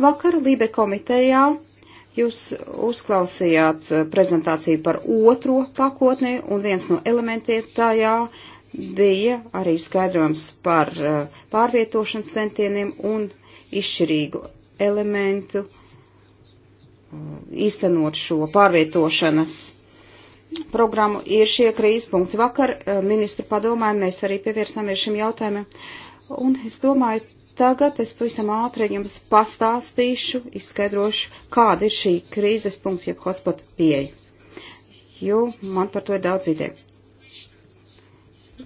Vakar Lībe komitejā jūs uzklausījāt eh, prezentāciju par otro pakotni, un viens no elementiem tajā bija arī skaidrojums par eh, pārvietošanas centieniem un izšķirīgu elementu eh, īstenot šo pārvietošanas programmu ir šie krīzes punkti. Vakar eh, ministru padomē mēs arī pievērsāmies šim jautājumam. Un es domāju, tagad es pavisam ātri jums pastāstīšu, izskaidrošu, kāda ir šī krīzes punkta, jeb hotspot pieeja. Jo man par to ir daudz ideja.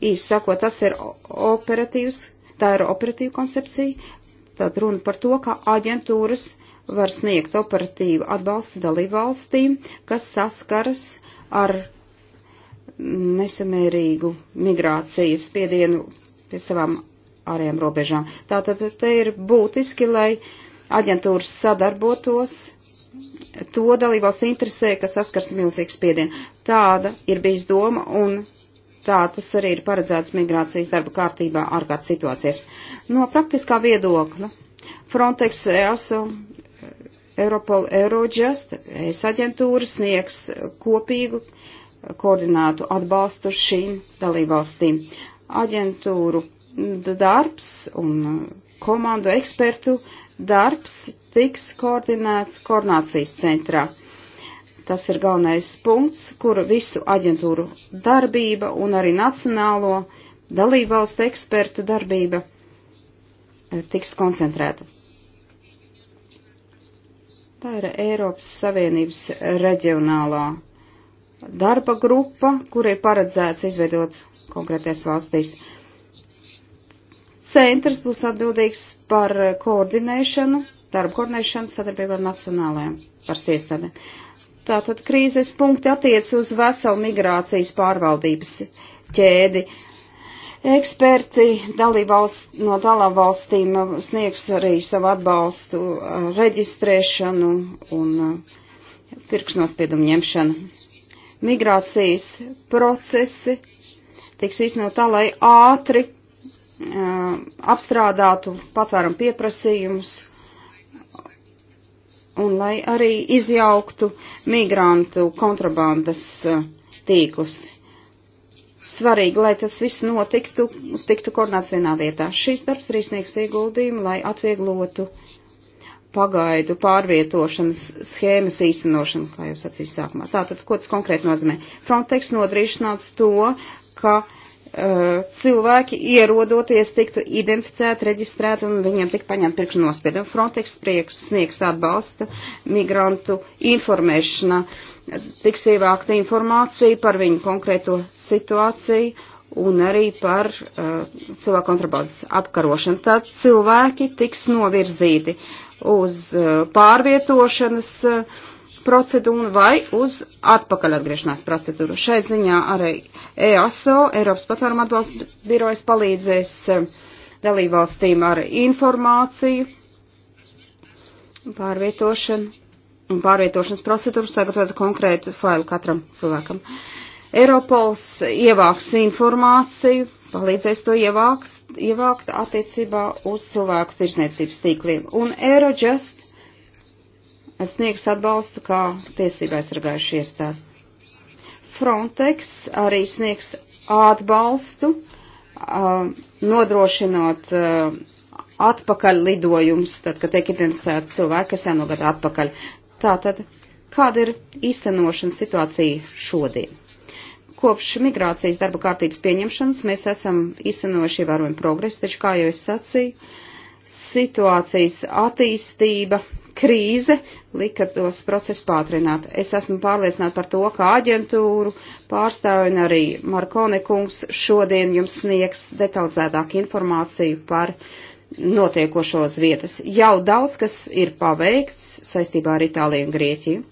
Īsi sakot, tas ir operatīvs, tā ir operatīva koncepcija. Tad runa par to, ka aģentūras var sniegt operatīvu atbalstu dalībvalstīm, kas saskaras ar nesamērīgu migrācijas spiedienu pie savām ārējām robežām. Tātad te ir būtiski, lai aģentūras sadarbotos to dalībvalsts interesē, kas saskars milzīgs spiedienu. Tāda ir bijis doma un tā tas arī ir paredzēts migrācijas darba kārtībā ārkārtas situācijas. No praktiskā viedokļa Frontex EASO Europol Eurojust, es aģentūra sniegs kopīgu koordinātu atbalstu šīm dalībvalstīm. Aģentūru darbs un komandu ekspertu darbs tiks koordinēts koordinācijas centrā. Tas ir galvenais punkts, kur visu aģentūru darbība un arī nacionālo dalībvalstu ekspertu darbība tiks koncentrēta. Tā ir Eiropas Savienības reģionālā darba grupa, kur ir paredzēts izveidot konkrēties valstīs. Centrs būs atbildīgs par koordinēšanu, darbu koordinēšanu sadarbībā ar nacionālajām varas iestādēm. Tātad krīzes punkti attiec uz veselu migrācijas pārvaldības ķēdi. Uh, Eksperti dalībvalst, no dalībvalstīm sniegs arī savu atbalstu reģistrēšanu un pirksnospiedumu ņemšanu. Migrācijas procesi tiks iznot tā, lai ātri uh, apstrādātu patvērumu pieprasījumus un lai arī izjauktu migrantu kontrabandas uh, tīklus svarīgi, lai tas viss notiktu, tiktu koordināts vienā vietā. Šīs darbs arī sniegs ieguldījumu, lai atvieglotu pagaidu pārvietošanas schēmas īstenošanu, kā jau sacīju sākumā. Tātad, ko tas konkrēti nozīmē? Frontex nodrīšanāts to, ka uh, cilvēki ierodoties tiktu identificēti, reģistrēti un viņiem tik paņemt pirkšanospiedumu. Frontex prieks sniegs atbalsta migrantu informēšana uh, tiks ievākta informācija par viņu konkrēto situāciju un arī par uh, cilvēku kontrabandas apkarošanu. Tad cilvēki tiks novirzīti uz uh, pārvietošanas uh, procedūru vai uz atpakaļ atgriešanās procedūru. Šai ziņā arī EASO, Eiropas patvērumu atbalsta birojas, palīdzēs uh, dalībvalstīm ar informāciju, pārvietošanu un pārvietošanas procedūru, sagatavot konkrētu failu katram cilvēkam. Eiropols ievāks informāciju, palīdzēs to ievāks, ievākt attiecībā uz cilvēku tirsniecības tīkliem. Un Eurojust sniegs atbalstu kā tiesībā aizsargājuši iestādi. Frontex arī sniegs atbalstu, um, nodrošinot um, atpakaļ lidojums, tad, kad tiek identificēti cilvēki, kas jānogada atpakaļ. Tātad, kāda ir īstenošanas situācija šodien? Kopš migrācijas darba kārtības pieņemšanas mēs esam īstenojuši ievērojumu progresu, taču, kā jau es sacīju, situācijas attīstība, krīze lika tos procesus pātrināt. Es esmu pārliecināta par to, ka aģentūru pārstāvi un arī Markone kungs šodien jums sniegs detalizētāku informāciju par uh, notiekošos vietas. Jau daudz kas ir paveikts saistībā ar Itāliju un Grieķiju.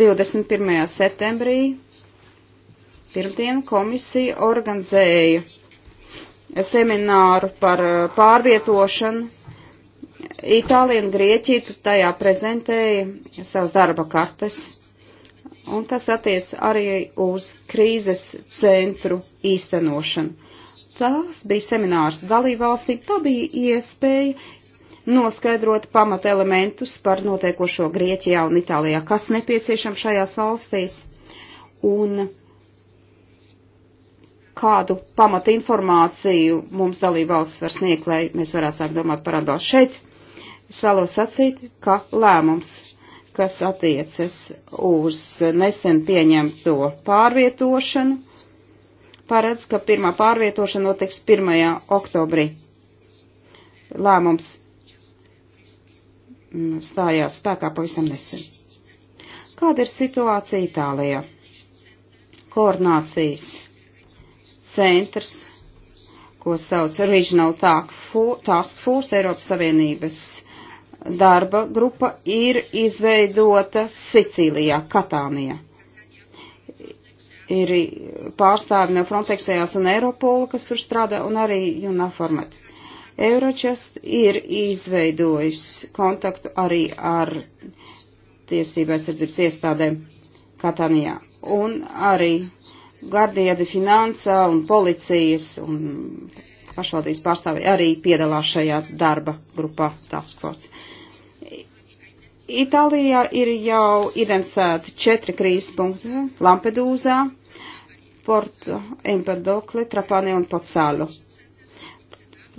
21. septembrī pirmdien komisija organizēja semināru par eh, pārvietošanu. Itālija un Grieķija tajā prezentēja savas darba kartes, un tas attiec arī uz krīzes centru īstenošanu. Tās bija seminārs dalībvalstīm, tā bija iespēja noskaidrot pamatelementus par notiekošo Grieķijā un Itālijā, kas nepieciešams šajās valstīs un kādu pamata informāciju mums dalībvalsts var sniegt, lai mēs varētu sākt domāt par atbalstu šeit. Es vēlos sacīt, ka lēmums, kas attiecas uz nesen pieņemto pārvietošanu, paredz, ka pirmā pārvietošana notiks 1. oktobrī. Lēmums mm, stājās spēkā pavisam nesen. Kāda ir situācija Itālijā? Koordinācijas centrs, ko sauc Regional Task Force Eiropas Savienības darba grupa, ir izveidota Sicīlijā, Katānijā ir pārstāvi no Frontexējās un Eiropola, kas tur strādā, un arī UNAFORMAT. Eurochest ir izveidojis kontaktu arī ar tiesībā aizsardzības iestādēm Katanijā. Un arī Gardiedi finansa un policijas un pašvaldības pārstāvi arī piedalās šajā darba grupā Task Force. Itālijā ir jau identificēti četri krīzes punkti - Lampedūzā, Porto, Empedokle, Trapani un Pacālu.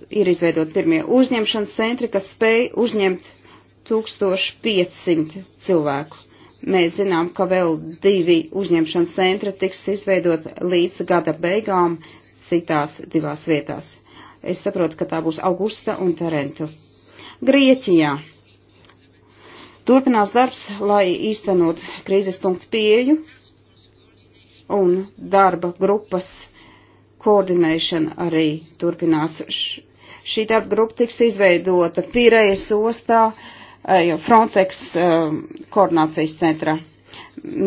Ir izveidot pirmie uzņemšanas centri, kas spēj uzņemt 1500 cilvēku. Mēs zinām, ka vēl divi uzņemšanas centri tiks izveidot līdz gada beigām citās divās vietās. Es saprotu, ka tā būs Augusta un Tarentu. Grieķijā Turpinās darbs, lai īstenot krīzes punktu pieju un darba grupas koordinēšana arī turpinās. Šī darba grupa tiks izveidota Pīrējas ostā, eh, Frontex eh, koordinācijas centrā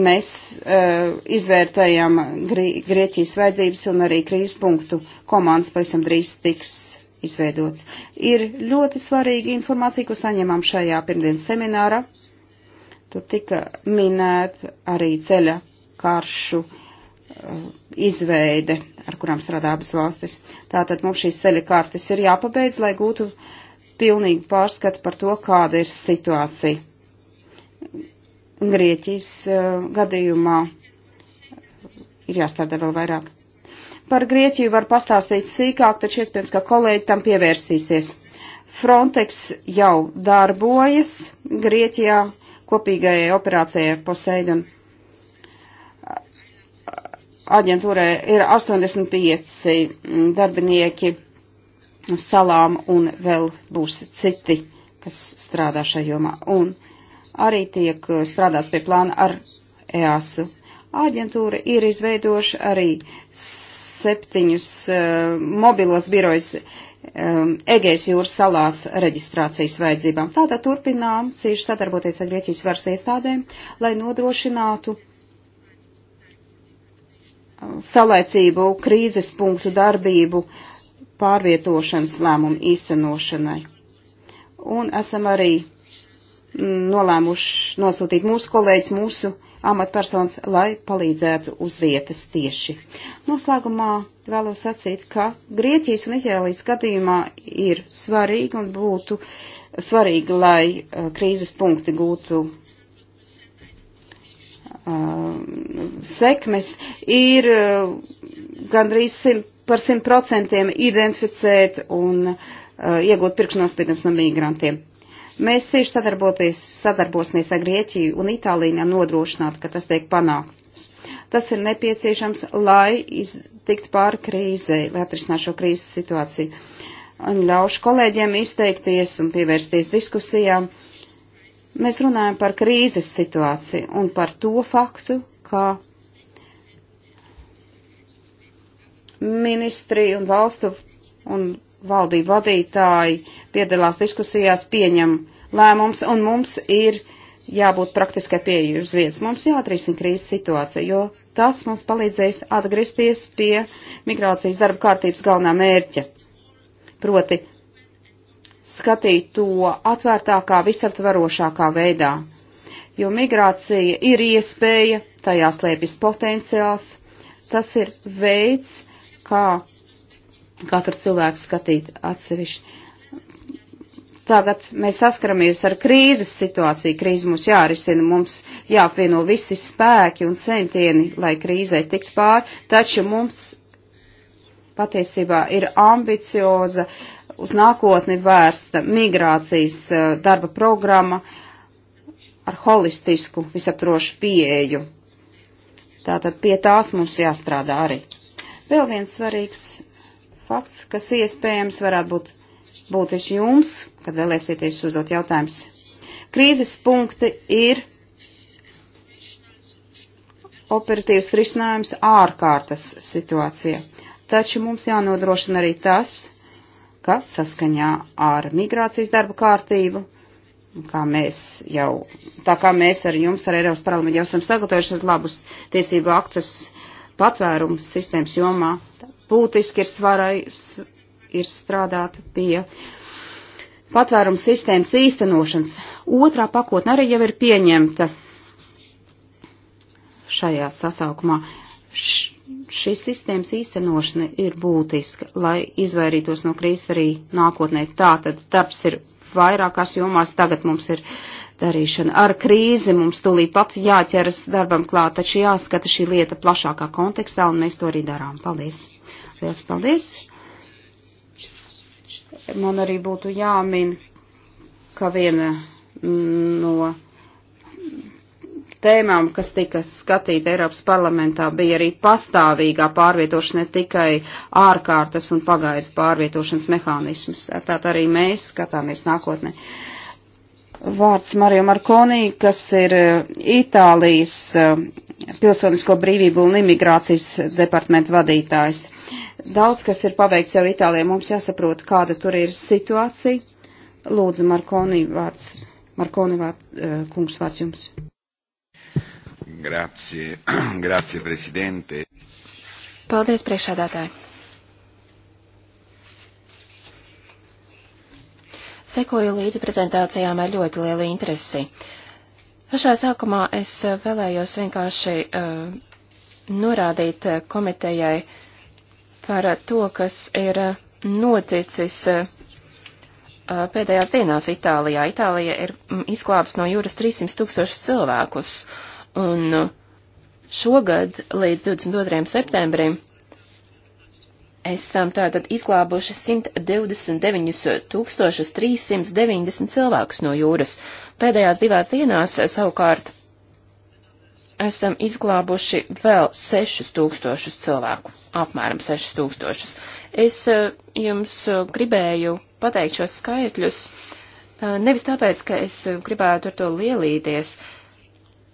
mēs uh, izvērtējam Grieķijas vajadzības un arī krīzes punktu komandas pavisam drīz tiks izveidots. Ir ļoti svarīga informācija, ko saņemam šajā pirmdienas seminārā. Tur tika minēt arī ceļa karšu eh, izveide, ar kurām strādā abas valstis. Tātad mums šīs ceļa kartes ir jāpabeidz, lai gūtu pilnīgu pārskatu par to, kāda ir situācija. Grieķijas eh, gadījumā ir jāstrādā vēl vairāk. Par Grieķiju var pastāstīt sīkāk, taču iespējams, ka kolēģi tam pievērsīsies. Frontex jau darbojas Grieķijā kopīgajai operācijai Poseidon. Aģentūrē ir 85 darbinieki salām un vēl būs citi, kas strādā šajā jomā. Un arī tiek strādāts pie plāna ar EASU. Aģentūra ir izveidoša arī septiņus eh, mobilos birojus eh, Egejas jūras salās reģistrācijas vajadzībām. Tātad turpinām cieši sadarboties ar Grieķijas varas iestādēm, lai nodrošinātu eh, salaicību krīzes punktu darbību pārvietošanas lēmumu īstenošanai. Un esam arī mm, nolēmuši nosūtīt mūsu kolēģis, mūsu uh, amatpersonas, lai palīdzētu uz vietas tieši. Noslēgumā vēlos sacīt, ka Grieķijas un Itālijas gadījumā ir svarīgi un būtu svarīgi, lai uh, krīzes punkti gūtu uh, sekmes, ir uh, gandrīz simt, par simt procentiem identificēt un uh, iegūt pirkšanos, piemēram, no migrantiem. Mēs cieši sadarbosimies ar Grieķiju un Itāliju, lai nodrošinātu, ka tas tiek panākts. Tas ir nepieciešams, lai tiktu pāri krīzei, lai atrisinātu šo krīzes situāciju. Un ļaušu kolēģiem izteikties un pievērsties diskusijām. Mēs runājam par krīzes situāciju un par to faktu, ka ministri un valstu un valdību vadītāji piedalās diskusijās, pieņem lēmums, un mums ir jābūt praktiskai pieeju uz vietas. Mums jāatrisina krīzes situācija, jo tas mums palīdzēs atgriezties pie migrācijas darba kārtības galvenā mērķa. Proti, skatīt to atvērtākā, visaptvarošākā veidā. Jo migrācija ir iespēja, tajā slēpjas potenciāls, tas ir veids, kā katru cilvēku skatīt atsevišķi. Tagad mēs saskaramies ar krīzes situāciju, krīze mums jārisina, mums jāapvieno visi spēki un centieni, lai krīzē tikt pāri, taču mums patiesībā ir ambicioza, uz nākotni vērsta migrācijas eh, darba programma ar holistisku, visaptrošu pieeju. Tātad pie tās mums jāstrādā arī. Vēl viens svarīgs fakts, kas iespējams varētu būt būtiski jums, kad vēlēsieties uzdot jautājumus. Krīzes punkti ir operatīvs risinājums ārkārtas situācija. Taču mums jānodrošina arī tas, ka saskaņā ar migrācijas darba kārtību, kā mēs jau, tā kā mēs ar jums, ar Eiropas parlamentu jau esam sagatavojuši labus tiesību aktus patvērumu sistēmas jomā, būtiski ir svarai ir strādāt pie patvērums sistēmas īstenošanas. Otrā pakotne arī jau ir pieņemta šajā sasaukumā. Š šīs sistēmas īstenošana ir būtiska, lai izvairītos no krīzes arī nākotnē. Tātad darbs ir vairākās jomās, tagad mums ir darīšana ar krīzi, mums tūlīt pat jāķeras darbam klāt, taču jāskata šī lieta plašākā kontekstā, un mēs to arī darām. Paldies! Liels paldies! Man arī būtu jāmin, ka viena no tēmām, kas tika skatīta Eiropas parlamentā, bija arī pastāvīgā pārvietošana, ne tikai ārkārtas un pagaidu pārvietošanas mehānismas. Tātad arī mēs skatāmies nākotnē. Vārds Mario Markonī, kas ir eh, Itālijas eh, pilsonisko brīvību un imigrācijas departamenta vadītājs. Daudz, kas ir paveikts jau Itālijā, mums jāsaprot, kāda tur ir situācija. Lūdzu, Markoni vārds, Markoni vārds, eh, kungs vārds jums. Grazie, grazie, prezidente. Paldies, priekšādātāji. Sekoju līdzi prezentācijām ar ļoti lielu interesi. Pašā sākumā es vēlējos vienkārši uh, norādīt eh, komitejai uh, par to, kas ir noticis uh, pēdējās dienās Itālijā. Itālija ir mm, izglābs no jūras 300 tūkstošus cilvēkus, un uh, šogad līdz 22. septembrim esam tātad izglābuši 129 tūkstošus 390 cilvēkus no jūras. Pēdējās divās dienās uh, savukārt esam izglābuši vēl 6000 cilvēku, apmēram 6000. Es e, jums e, gribēju pateikt šos skaitļus e, nevis tāpēc, ka es gribētu ar to lielīties,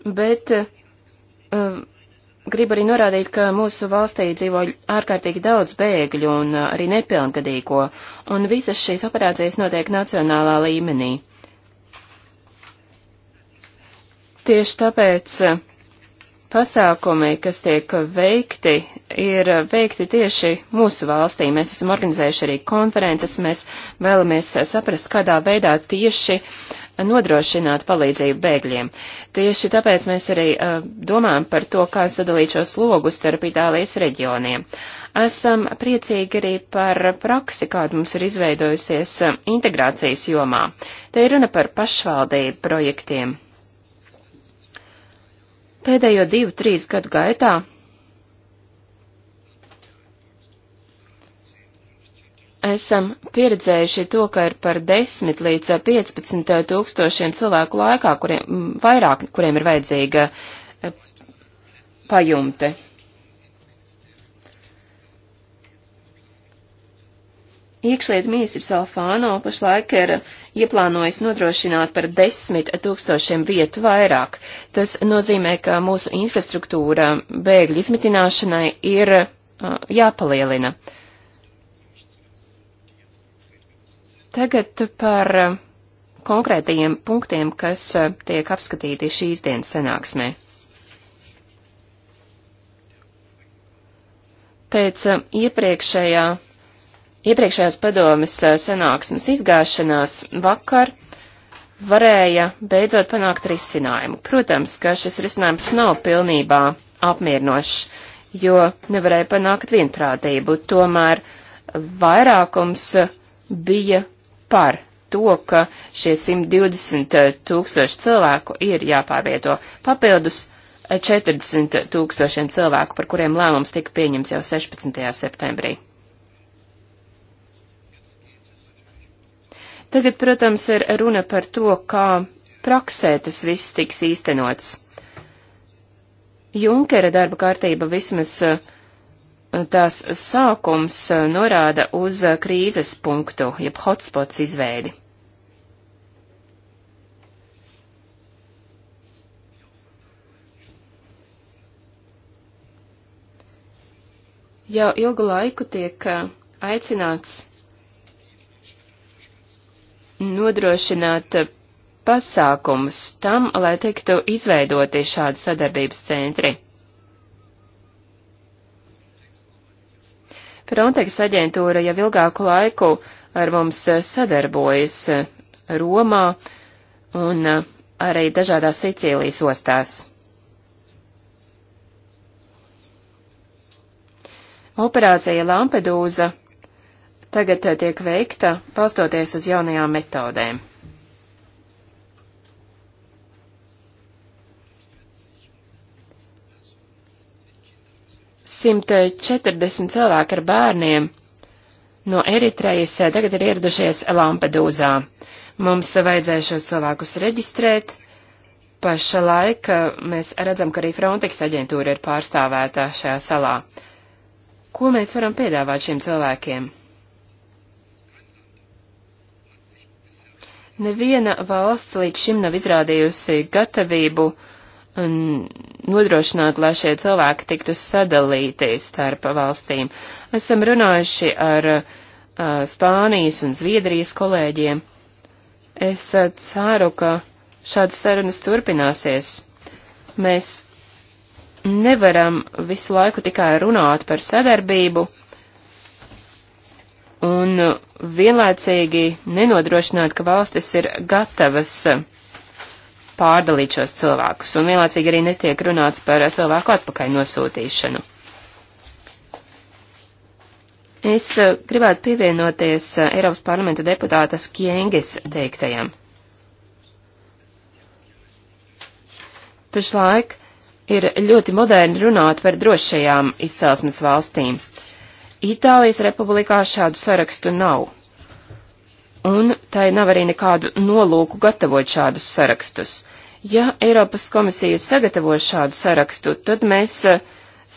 bet gribu arī norādīt, ka mūsu valstī dzīvo ārkārtīgi daudz bēgļu un arī nepilngadīgo, un visas šīs operācijas notiek nacionālā līmenī. Tieši tāpēc pasākumi, kas tiek veikti, ir veikti tieši mūsu valstī. Mēs esam organizējuši arī konferences, mēs vēlamies saprast, kādā veidā tieši nodrošināt palīdzību bēgļiem. Tieši tāpēc mēs arī uh, domājam par to, kā sadalīt šos logus starp Itālijas reģioniem. Esam priecīgi arī par praksi, kāda mums ir izveidojusies integrācijas jomā. Te ir runa par pašvaldību projektiem Pēdējo divu, trīs gadu gaitā esam pieredzējuši to, ka ir par 10 līdz 15 tūkstošiem cilvēku laikā, kuriem, vairāk, kuriem ir vajadzīga eh, pajumte. Iekšlietu ministrs Alfāno pašlaik ir ieplānojis nodrošināt par desmit tūkstošiem vietu vairāk. Tas nozīmē, ka mūsu infrastruktūra bēgļu izmitināšanai ir uh, jāpalielina. Tagad par uh, konkrētajiem punktiem, kas uh, tiek apskatīti šīs dienas sanāksmē. Pēc uh, iepriekšējā iepriekšējās padomes sanāksmes izgāšanās vakar varēja beidzot panākt risinājumu. Protams, ka šis risinājums nav pilnībā apmierinošs, jo nevarēja panākt vienprātību. Tomēr vairākums bija par to, ka šie 120 tūkstoši cilvēku ir jāpārvieto papildus 40 tūkstošiem cilvēku, par kuriem lēmums tika pieņemts jau 16. septembrī. Tagad, protams, ir runa par to, kā praksē tas viss tiks īstenots. Junkera darba kārtība vismaz eh, tās sākums eh, norāda uz eh, krīzes punktu, jeb hotspots izveidi. Jau ilgu laiku tiek aicināts nodrošināt pasākumus tam, lai tiktu izveidoti šādi sadarbības centri. Frontex aģentūra jau ilgāku laiku ar mums sadarbojas Romā un arī dažādās Sicīlijas ostās. Operācija Lampedūza tagad eh, tiek veikta, balstoties uz jaunajām metodēm. Simt četrdesmit cilvēki ar bērniem no Eritrejas eh, tagad ir ieradušies Lampedūzā. Mums vajadzēja šos cilvēkus reģistrēt. Pašlaik eh, mēs redzam, ka arī Frontex aģentūra ir pārstāvēta šajā salā. Ko mēs varam piedāvāt šiem cilvēkiem? Neviena valsts līdz šim nav izrādījusi gatavību um, nodrošināt, lai šie cilvēki tiktu sadalīti starp valstīm. Esam runājuši ar uh, Spānijas un Zviedrijas kolēģiem. Es uh, ceru, ka šādas sarunas turpināsies. Mēs nevaram visu laiku tikai runāt par sadarbību un vienlaicīgi nenodrošināt, ka valstis ir gatavas pārdalīt šos cilvēkus, un vienlaicīgi arī netiek runāts par cilvēku atpakaļ nosūtīšanu. Es gribētu pievienoties Eiropas parlamenta deputātas Kiengis teiktajam. Pašlaik ir ļoti moderni runāt par drošajām izcelsmes valstīm. Itālijas republikā šādu sarakstu nav. Un tai nav arī nekādu nolūku gatavot šādus sarakstus. Ja Eiropas komisija sagatavo šādu sarakstu, tad mēs eh,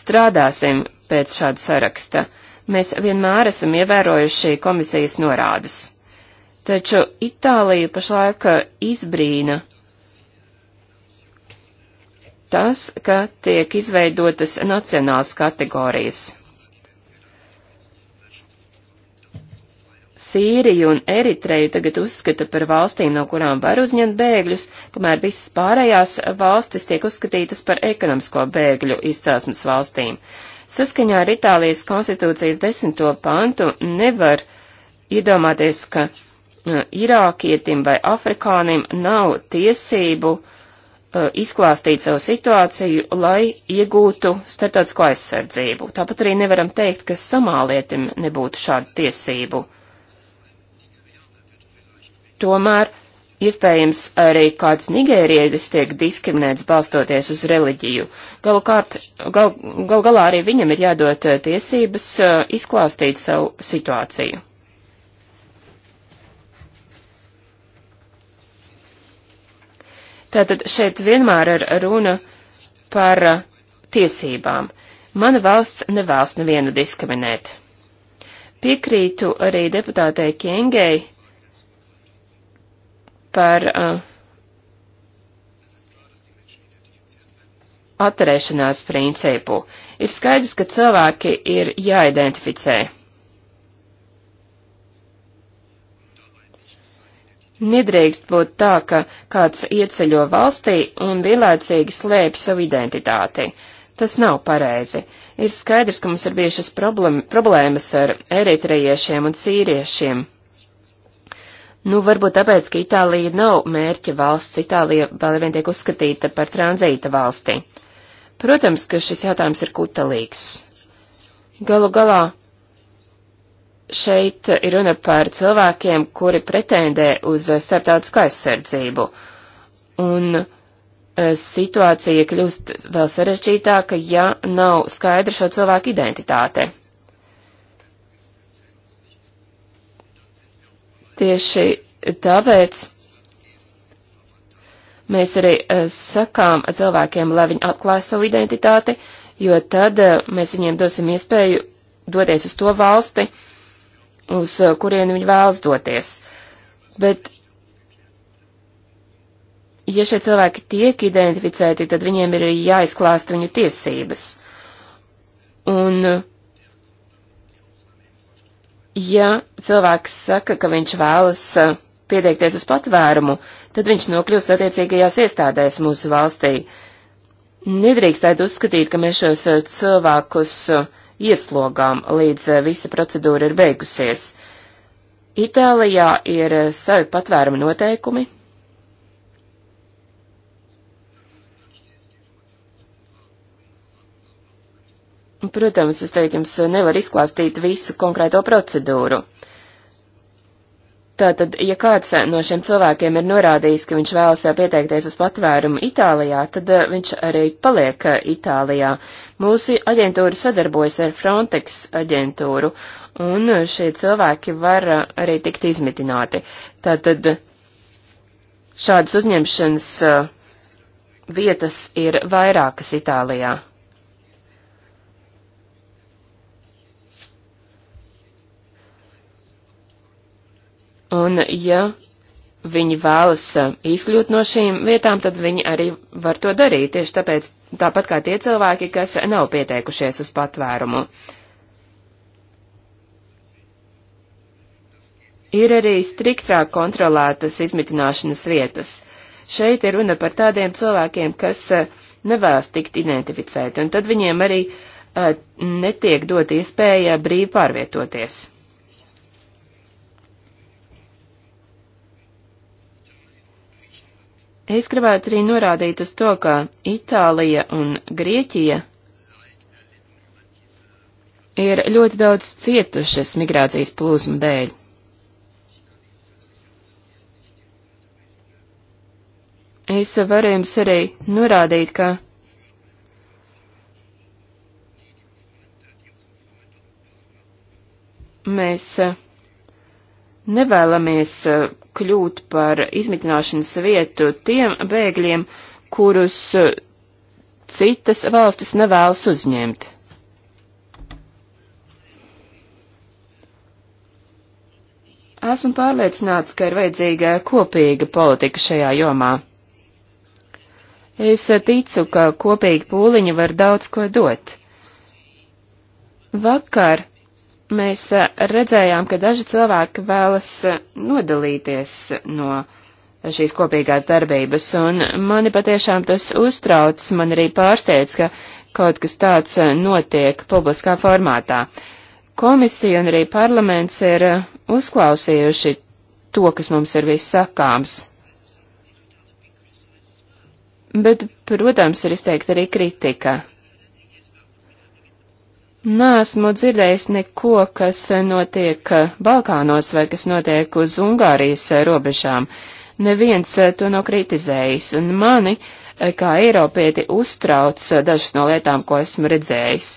strādāsim pēc šāda saraksta. Mēs vienmēr esam ievērojuši komisijas norādes. Taču Itāliju pašlaik eh, izbrīna tas, ka tiek izveidotas nacionāls kategorijas. Sīriju un Eritreju tagad uzskata par valstīm, no kurām var uzņemt bēgļus, kamēr visas pārējās valstis tiek uzskatītas par ekonomisko bēgļu izcelsmes valstīm. Saskaņā ar Itālijas konstitūcijas desmito pantu nevar iedomāties, ka uh, irākietim vai afrikānim nav tiesību uh, izklāstīt savu situāciju, lai iegūtu starptautisko aizsardzību. Tāpat arī nevaram teikt, ka somālietim nebūtu šādu tiesību. Uh, Tomēr iespējams arī kāds nigērietis tiek diskriminēts balstoties uz reliģiju. Galukārt, gal, gal galā arī viņam ir jādod eh, tiesības eh, izklāstīt savu situāciju. Tātad šeit vienmēr ir runa par eh, tiesībām. Mana valsts nevēlas nevienu diskriminēt. Piekrītu arī deputātei Kiengei, par uh, atturēšanās principu. Ir skaidrs, ka cilvēki ir jāidentificē. Nedrīkst būt tā, ka kāds ieceļo valstī un vienlaicīgi slēp savu identitāti. Tas nav pareizi. Ir skaidrs, ka mums ir bijušas problēmas ar eritrejiešiem un sīriešiem. Nu, varbūt tāpēc, ka Itālija nav mērķa valsts, Itālija vēl vien tiek uzskatīta par tranzīta valsti. Protams, ka šis jautājums ir kutelīgs. Galu galā šeit ir runa par cilvēkiem, kuri pretendē uz starptautisku aizsardzību, un e, situācija kļūst vēl sarežģītāka, ja nav skaidra šo cilvēku identitāte. Tieši tāpēc mēs arī e, sakām cilvēkiem, lai viņi atklāj savu identitāti, jo tad e, mēs viņiem dosim iespēju doties uz to valsti, uz e, kurieni viņi vēlas doties. Bet, ja šie cilvēki tiek identificēti, tad viņiem ir jāizklāst viņu tiesības. Un Ja cilvēks saka, ka viņš vēlas uh, pieteikties uz patvērumu, tad viņš nokļūst attiecīgajās iestādēs mūsu valstī. Nedrīkstētu uzskatīt, ka mēs šos uh, cilvēkus uh, ieslogām, līdz visa procedūra ir beigusies. Itālijā ir savi patvēruma noteikumi, Protams, es teicu, jums nevar izklāstīt visu konkrēto procedūru. Tātad, ja kāds no šiem cilvēkiem ir norādījis, ka viņš vēlas pieteikties uz patvērumu Itālijā, tad eh, viņš arī paliek eh, Itālijā. Mūsu aģentūra sadarbojas ar Frontex aģentūru, un šie cilvēki var eh, arī tikt izmitināti. Tātad šādas uzņemšanas vietas ir vairākas Itālijā. Un ja viņi vēlas uh, izkļūt no šīm vietām, tad viņi arī var to darīt, tieši tāpēc, tāpat kā tie cilvēki, kas nav pieteikušies uz patvērumu. Ir arī striktāk kontrolētas izmitināšanas vietas. Šeit ir runa par tādiem cilvēkiem, kas uh, nevēlas tikt identificēti, un tad viņiem arī uh, netiek dot iespēja brīvi pārvietoties. Es gribētu arī norādīt uz to, ka Itālija un Grieķija ir ļoti daudz cietušas migrācijas plūsmu dēļ. Es varu jums arī norādīt, ka mēs nevēlamies eh, kļūt par izmitināšanas vietu tiem bēgļiem, kurus eh, citas valstis nevēlas uzņemt. Esmu pārliecināts, ka ir vajadzīga kopīga politika šajā jomā. Es eh, ticu, ka kopīgi pūliņi var daudz ko dot. Vakar mēs eh, redzējām, ka daži cilvēki vēlas eh, nodalīties no šīs kopīgās darbības, un mani patiešām tas uztrauc, man arī pārsteidz, ka kaut kas tāds eh, notiek publiskā formātā. Komisija un arī parlaments ir uzklausījuši to, kas mums ir viss sakāms. Bet, protams, ir izteikta arī kritika. Nāsmu dzirdējis neko, kas notiek Balkānos vai kas notiek uz Ungārijas robežām. Neviens to nav kritizējis, un mani, kā Eiropieti, uztrauc dažas no lietām, ko esmu redzējis.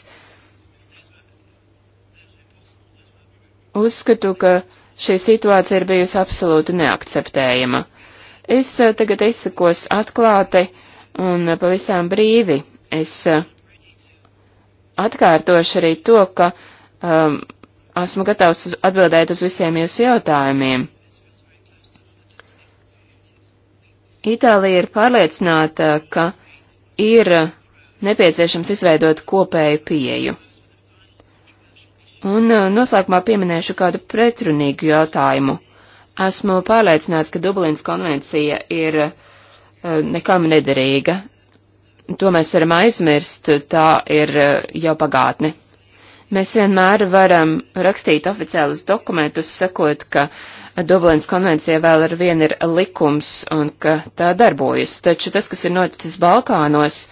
Uzskatu, ka šī situācija ir bijusi absolūti neakceptējama. Es tagad izsakos atklāti un pavisam brīvi. Es uh, atkārtošu arī to, ka um, esmu gatavs uz, atbildēt uz visiem jūsu jautājumiem. Itālija ir pārliecināta, ka ir nepieciešams izveidot kopēju pieju. Un uh, noslēgumā pieminēšu kādu pretrunīgu jautājumu. Esmu pārliecināts, ka Dublīnas konvencija ir uh, nekam nederīga to mēs varam aizmirst, tā ir eh, jau pagātne. Mēs vienmēr varam rakstīt oficiālus dokumentus, sakot, ka Dublins konvencija vēl ar vienu ir likums un ka tā darbojas. Taču tas, kas ir noticis Balkānos,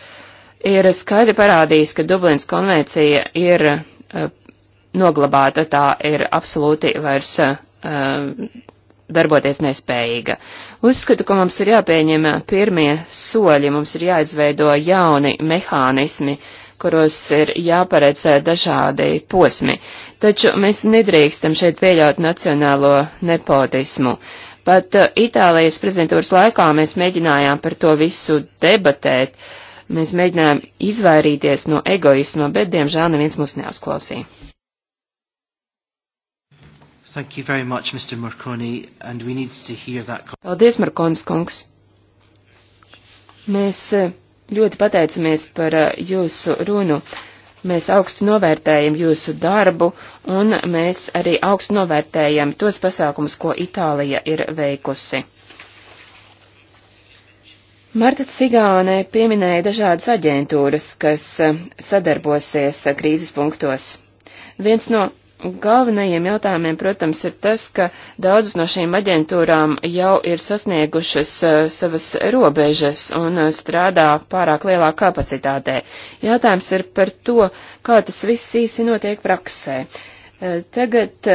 ir skaidri parādījis, ka Dublins konvencija ir uh, noglabāta, tā ir absolūti vairs uh, darboties nespējīga. Uzskatu, ka mums ir jāpieņem pirmie soļi, mums ir jāizveido jauni mehānismi, kuros ir jāparedz dažādi posmi. Taču mēs nedrīkstam šeit pieļaut nacionālo nepotismu. Pat uh, Itālijas prezidentūras laikā mēs mēģinājām par to visu debatēt, mēs mēģinājām izvairīties no egoisma, bet diemžēl neviens mūs neuzklausīja. Thank you very much, Mr. Marconi, and we need to hear that. Paldies, Markonis kungs. Mēs eh, ļoti pateicamies par eh, jūsu runu. Mēs augstu novērtējam jūsu darbu, un mēs arī augstu novērtējam tos pasākumus, ko Itālija ir veikusi. Marta Cigāne pieminēja dažādas aģentūras, kas eh, sadarbosies krīzes punktos. Viens no Galvenajiem jautājumiem, protams, ir tas, ka daudzas no šīm aģentūrām jau ir sasniegušas uh, savas robežas un uh, strādā pārāk lielā kapacitātē. Jautājums ir par to, kā tas viss īsi notiek praksē. Uh, tagad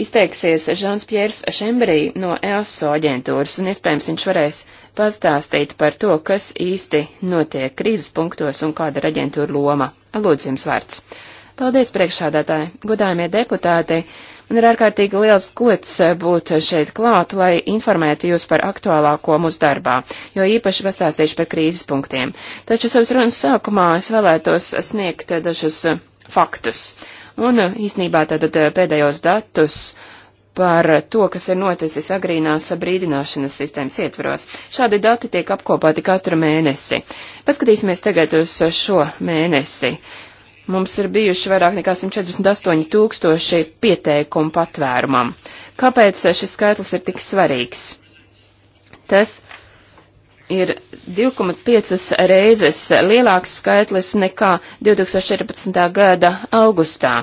izteiksies Žans Piers Šembrī no EOSO aģentūras, un iespējams viņš varēs pastāstīt par to, kas īsti notiek krīzes punktos un kāda ir aģentūra loma. Lūdzu, jums vārds. Uh, Paldies, priekšādātāji! Godājumie deputāti! Man ir ārkārtīgi liels gods eh, būt šeit klāt, lai informētu jūs par aktuālāko mūsu darbā, jo īpaši pastāstīšu par krīzes punktiem. Taču savas runas sākumā es vēlētos sniegt eh, dažus eh, faktus. Un īsnībā tātad pēdējos datus par to, kas ir noticis agrīnās brīdināšanas sistēmas ietvaros. Šādi dati tiek apkopāti katru mēnesi. Paskatīsimies tagad uz šo mēnesi. Mums ir bijuši vairāk nekā 148 tūkstoši pieteikumu patvērumam. Kāpēc šis skaitlis ir tik svarīgs? Tas ir 2,5 reizes lielāks skaitlis nekā 2014. gada augustā.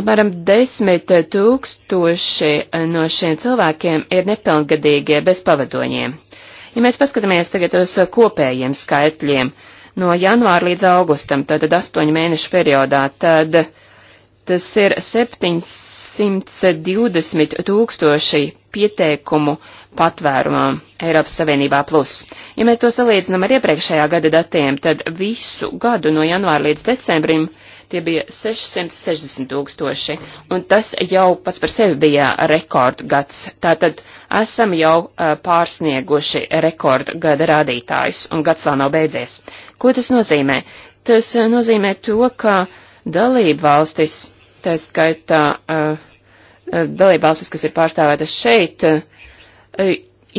Apmēram 10 tūkstoši no šiem cilvēkiem ir nepilngadīgie bez pavadoņiem. Ja mēs paskatāmies tagad uz kopējiem skaitļiem, uh, no janvāra līdz augustam, tātad astoņu mēnešu periodā, tad tas ir 720 tūkstoši pieteikumu patvērumā Eiropas Savienībā plus. Ja mēs to salīdzinām ar iepriekšējā gada datiem, tad visu gadu no janvāra līdz decembrim uh, Tie bija 660 tūkstoši, un tas jau pats par sevi bija rekordgads. Tātad esam jau pārsnieguši rekordgada rādītājus, un gads vēl nav beidzies. Ko tas nozīmē? Tas nozīmē to, ka dalību valstis, tā skaitā dalību valstis, kas ir pārstāvētas šeit,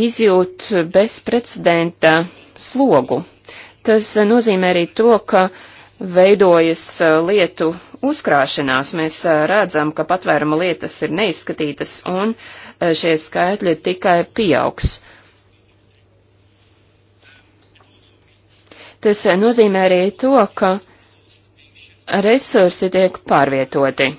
izjūt bezprecedenta slogu. Tas nozīmē arī to, ka uh, veidojas uh, lietu uzkrāšanās. Mēs uh, redzam, ka patvēruma lietas ir neizskatītas un uh, šie skaitļi tikai pieaugs. Tas nozīmē arī to, ka resursi tiek pārvietoti.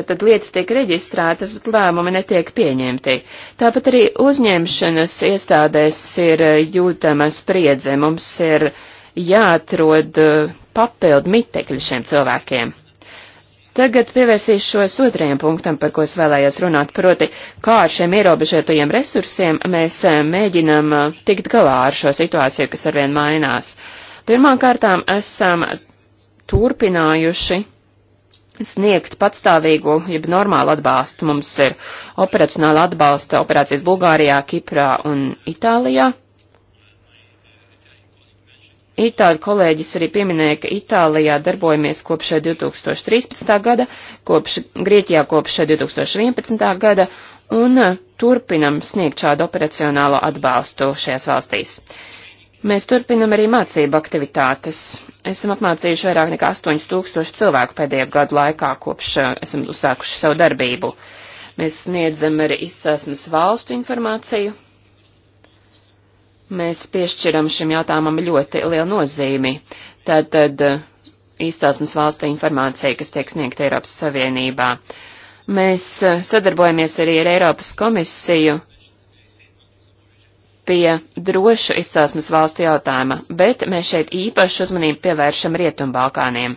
tad lietas tiek reģistrētas, bet lēmumi netiek pieņemti. Tāpat arī uzņemšanas iestādēs ir eh, jūtama spriedze, mums ir jāatrod eh, papildu mitekļi šiem cilvēkiem. Tagad pievērsīšos otrajam punktam, par ko es vēlējos runāt, proti, kā ar šiem ierobežotajiem resursiem mēs eh, mēģinam tikt galā ar šo situāciju, kas arvien mainās. Pirmām kārtām esam turpinājuši sniegt patstāvīgu, jeb normālu atbalstu. Mums ir operacionāla atbalsta operācijas Bulgārijā, Kiprā un Itālijā. Itāļu kolēģis arī pieminēja, ka Itālijā darbojamies kopš 2013. gada, kopš Grieķijā kopš 2011. gada un turpinam sniegt šādu operacionālo atbalstu šajās valstīs. Uh, Mēs turpinam arī mācību aktivitātes. Esam apmācījuši vairāk nekā 8000 cilvēku pēdējo gadu laikā, kopš uh, esam uzsākuši savu darbību. Mēs sniedzam arī izcelsmes valstu informāciju. Mēs piešķiram šim jautājumam ļoti lielu nozīmi. Tātad uh, izcelsmes valstu informācija, kas tiek sniegta Eiropas Savienībā. Mēs uh, sadarbojamies arī ar Eiropas komisiju pie drošu izcelsmes valstu jautājuma, bet mēs šeit īpašu uzmanību pievēršam Rietumbalkāniem.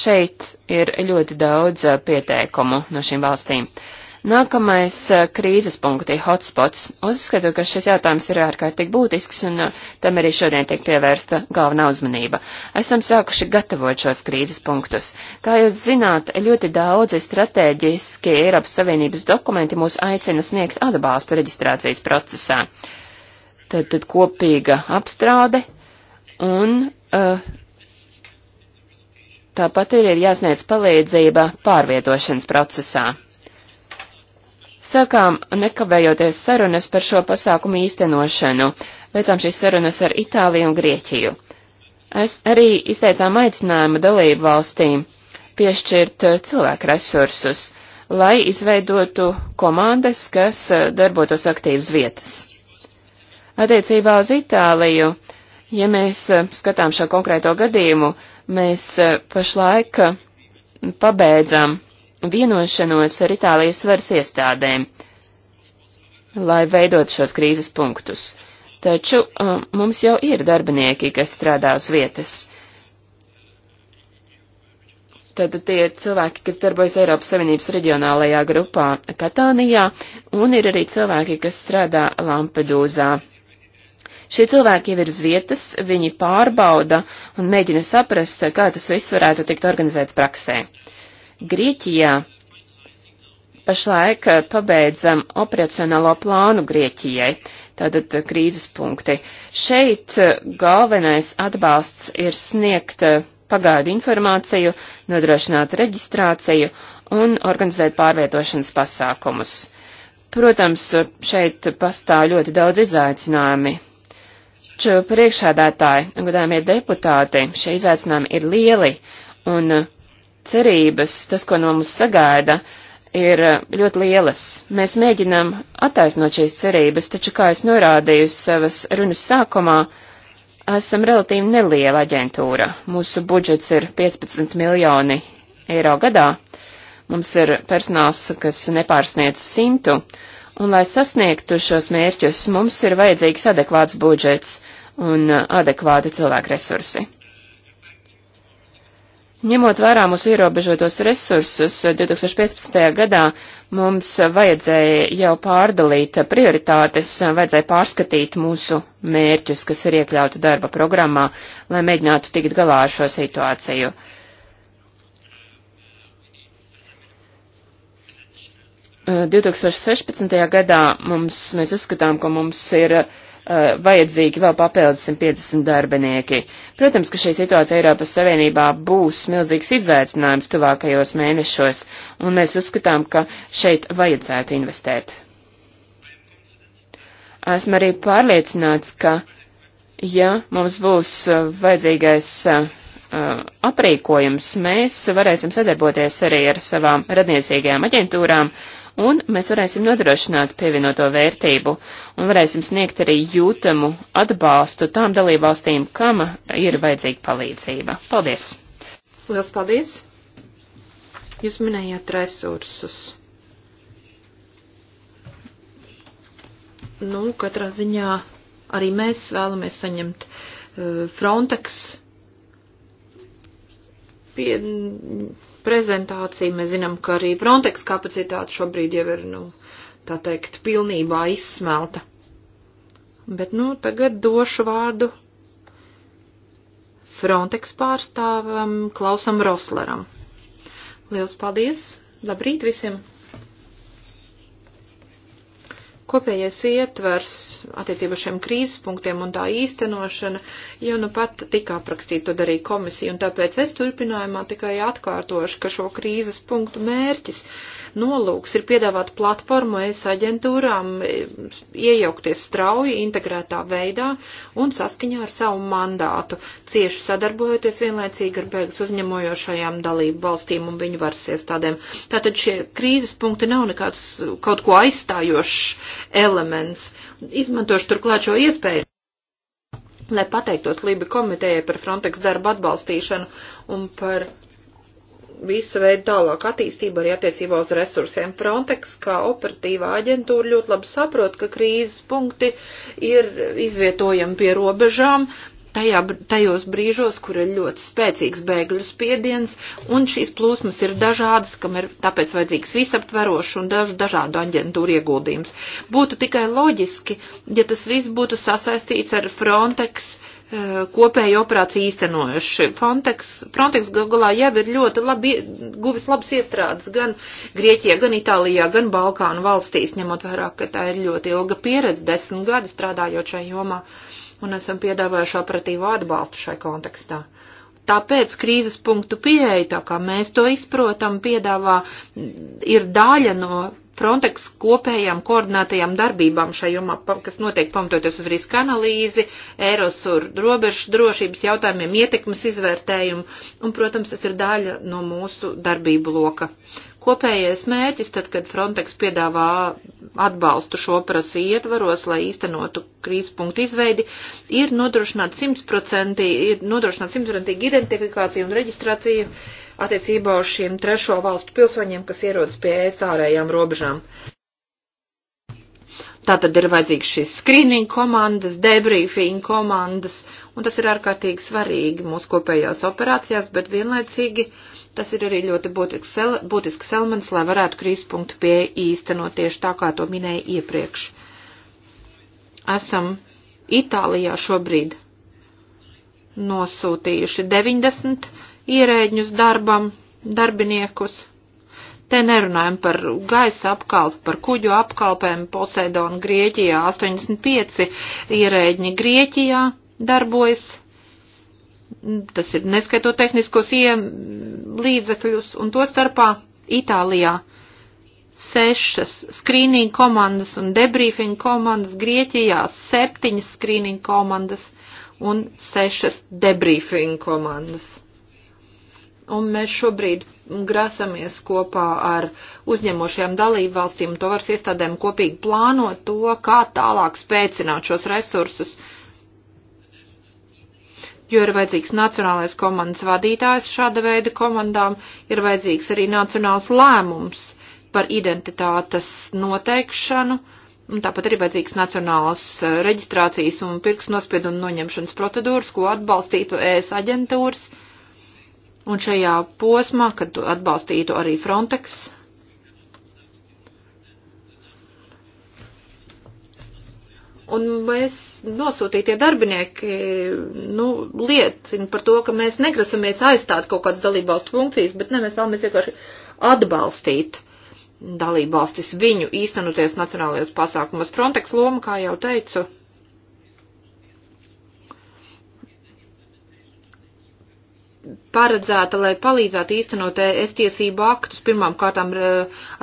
Šeit ir ļoti daudz uh, pieteikumu no šīm valstīm. Uh, Nākamais eh, krīzes punkti - hotspots. Uzskatu, ka šis jautājums ir ārkārtīgi būtisks un eh, tam arī šodien tiek pievērsta galvenā uzmanība. Esam sākuši gatavot šos krīzes punktus. Kā jūs zināt, ļoti daudzi strateģiski Eiropas Savienības dokumenti mūs aicina sniegt atbalstu reģistrācijas procesā. Tad, tad kopīga apstrāde un. Uh, Tāpat ir, ir jāsniedz palīdzība pārvietošanas procesā. Sākām nekavējoties sarunas par šo pasākumu īstenošanu. Veicām šīs sarunas ar Itāliju un Grieķiju. Es arī izteicām aicinājumu dalību valstīm piešķirt eh, cilvēku resursus, lai izveidotu komandas, kas eh, darbotos aktīvas vietas. Attiecībā uz Itāliju, ja mēs eh, skatām šo konkrēto gadījumu, mēs pašlaik pabeidzam vienošanos ar Itālijas varas iestādēm, lai veidot šos krīzes punktus. Taču uh, mums jau ir darbinieki, kas strādā uz vietas. Tad tie ir cilvēki, kas darbojas Eiropas Savienības reģionālajā grupā Katānijā, un ir arī cilvēki, kas strādā Lampedūzā. Šie cilvēki jau ir uz vietas, viņi pārbauda un mēģina saprast, kā tas viss varētu tikt organizēts praksē. Grieķijā pašlaik eh, pabeidzam operacionālo plānu Grieķijai, tātad eh, krīzes punkti. Šeit eh, galvenais atbalsts ir sniegt pagaidu informāciju, nodrošināt reģistrāciju un organizēt pārvietošanas pasākumus. Protams, šeit pastāv ļoti daudz izaicinājumi. Ču priekšādātāji, godāmie deputāti, šie izaicinājumi ir lieli, un cerības, tas, ko no mums sagaida, ir ļoti lielas. Mēs mēģinām attaisnot šīs cerības, taču, kā es norādīju savas runas sākumā, esam relatīvi neliela aģentūra. Mūsu budžets ir 15 miljoni eiro gadā. Mums ir personāls, kas nepārsniedz simtu, un lai sasniegtu šos mērķus, mums ir vajadzīgs adekvāts budžets un adekvāti cilvēku resursi. Ņemot vērā mūsu ierobežotos resursus, 2015. Eh, gadā mums vajadzēja jau pārdalīt prioritātes, eh, vajadzēja pārskatīt mūsu mērķus, kas ir iekļauti darba programmā, lai mēģinātu tikt galā ar šo situāciju. Uh, eh, 2016. gadā mums, mēs uzskatām, ka mums ir uh, Eh, vajadzīgi vēl papildus 150 darbinieki. Protams, ka šī situācija Eiropas Savienībā būs milzīgs izaicinājums tuvākajos mēnešos, un mēs uzskatām, ka šeit vajadzētu investēt. Esmu arī pārliecināts, ka, ja mums būs eh, vajadzīgais eh, aprīkojums, mēs varēsim sadarboties arī ar savām radniecīgajām aģentūrām, uh, un mēs varēsim nodrošināt pievienoto vērtību un varēsim sniegt arī jūtamu atbalstu tām dalībvalstīm, kam ir vajadzīga palīdzība. Paldies! Lielas paldies! Jūs minējāt resursus. Nu, katrā ziņā arī mēs vēlamies saņemt uh, Frontex pie prezentāciju. Mēs zinām, ka arī Frontex kapacitāte šobrīd jau ir, nu, tā teikt, pilnībā izsmelta. Bet, nu, tagad došu vārdu Frontex pārstāvam Klausam Rosleram. Liels paldies! Labrīt visiem! Kopējais ietvers attiecībā šiem krīzes punktiem un tā īstenošana jau nu pat tika aprakstīt, to darīja komisija, un tāpēc es turpinājumā tikai atkārtošu, ka šo krīzes punktu mērķis nolūks ir piedāvāt platformu es aģentūrām e, iejaukties strauji, integrētā veidā un saskaņā ar savu mandātu, cieši sadarbojoties vienlaicīgi ar beigas uzņemojošajām dalību valstīm un viņu varas iestādēm. Tātad šie krīzes punkti nav nekāds kaut ko aizstājošs elements. Izmantošu turklāt šo iespēju lai pateiktos Lība komitejai par Frontex darbu atbalstīšanu un par visu veidu tālāku attīstību arī attiecībā uz resursiem. Frontex kā operatīvā aģentūra ļoti labi saprot, ka krīzes punkti ir izvietojami pie robežām, tajā, tajos brīžos, kur ir ļoti spēcīgs bēgļu spiediens, un šīs plūsmas ir dažādas, kam ir tāpēc vajadzīgs visaptverošs un daž, dažādu aģentūru ieguldījums. Būtu tikai loģiski, ja tas viss būtu sasaistīts ar Frontex eh, kopēju operāciju īstenojuši. Frontex, Frontex galā jau ir ļoti labi, guvis labas iestrādes gan Grieķijā, gan Itālijā, gan Balkānu valstīs, ņemot vērā, ka tā ir ļoti ilga pieredze, desmit gadi strādājot šajā jomā. Uh, un esam piedāvājuši operatīvu atbalstu šai kontekstā. Tāpēc krīzes punktu pieeja, tā kā mēs to izprotam, piedāvā, ir daļa no Frontex kopējām koordinētajām darbībām šajā jomā, kas notiek pamatoties uz riska analīzi, Eirosur robežu drošības jautājumiem, ietekmes izvērtējumu, un, protams, tas ir daļa no mūsu darbību loka. Uh, Kopējais mērķis, tad, kad Frontex piedāvā atbalstu šo prasi ietvaros, lai īstenotu krīzes punktu izveidi, ir nodrošināt 100%, ir nodrošināt 100% identifikāciju un reģistrāciju attiecībā uz šiem trešo valstu pilsoņiem, kas ierodas pie ES ārējām robežām. Tātad ir vajadzīgs šīs skrīninga komandas, debriefinga komandas, un tas ir ārkārtīgi svarīgi mūsu kopējās operācijās, bet vienlaicīgi uh, Tas ir arī ļoti būtisks, būtisks elements, lai varētu krīzpunktu pie īstenot tieši tā, kā to minēja iepriekš. Esam Itālijā šobrīd nosūtījuši 90 ierēģņus darbam, darbiniekus. Te nerunājam par gaisa apkalpu, par kuģu apkalpēm Poseidonu Grieķijā, 85 ierēģņi Grieķijā darbojas tas ir neskaitot tehniskos līdzekļus, un to starpā Itālijā sešas skrīninga komandas un debrīfiņa komandas, Grieķijā septiņas skrīninga komandas un sešas debrīfiņa komandas. Un mēs šobrīd grasamies kopā ar uzņemošajām dalību valstīm, to varas iestādēm kopīgi plānot to, kā tālāk spēcināt šos resursus, uh, jo ir vajadzīgs nacionālais komandas vadītājs šāda veida komandām, ir vajadzīgs arī nacionāls lēmums par identitātes noteikšanu, un tāpat arī vajadzīgs nacionāls eh, reģistrācijas un pirks nospiedumu noņemšanas procedūras, ko atbalstītu ES aģentūras, un šajā posmā, kad atbalstītu arī Frontex Un mēs nosūtītie darbinieki, nu, liecina par to, ka mēs negrasamies aizstāt kaut kādas dalībvalstu funkcijas, bet ne, mēs vēlamies vienkārši atbalstīt dalībvalstis viņu īstenoties nacionālajos pasākumos. Frontex loma, kā jau teicu, paredzēta, lai palīdzētu īstenot es tiesību aktus, pirmām kārtām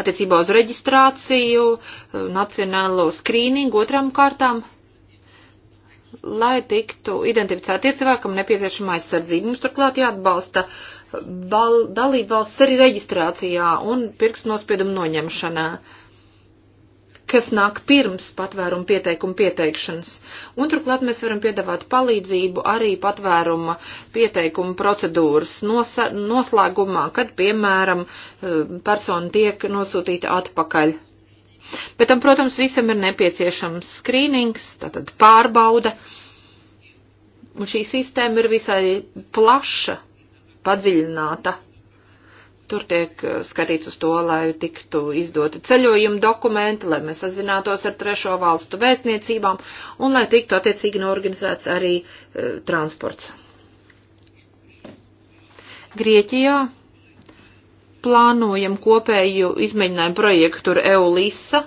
attiecībā uz reģistrāciju, e, nacionālo skrīningu, otrām kārtām, lai tiktu identificēti tie cilvēki, kam nepieciešama aizsardzība. Mums turklāt jāatbalsta bal, dalība valsts arī reģistrācijā un pirkstu nospiedumu noņemšanā. Uh, kas nāk pirms patvērumu pieteikuma pieteikšanas. Un turklāt mēs varam piedāvāt palīdzību arī patvēruma pieteikuma procedūras nosa, noslēgumā, kad, piemēram, eh, persona tiek nosūtīta atpakaļ. Bet tam, protams, visam ir nepieciešams skrīnings, tātad pārbauda. Un šī sistēma ir visai plaša, padziļināta Tur tiek eh, skatīts uz to, lai tiktu izdoti ceļojuma dokumenti, lai mēs sazinātos ar trešo valstu vēstniecībām un lai tiktu attiecīgi norganizēts arī e, transports. Grieķijā plānojam kopēju izmēģinājumu projektu ar EULISA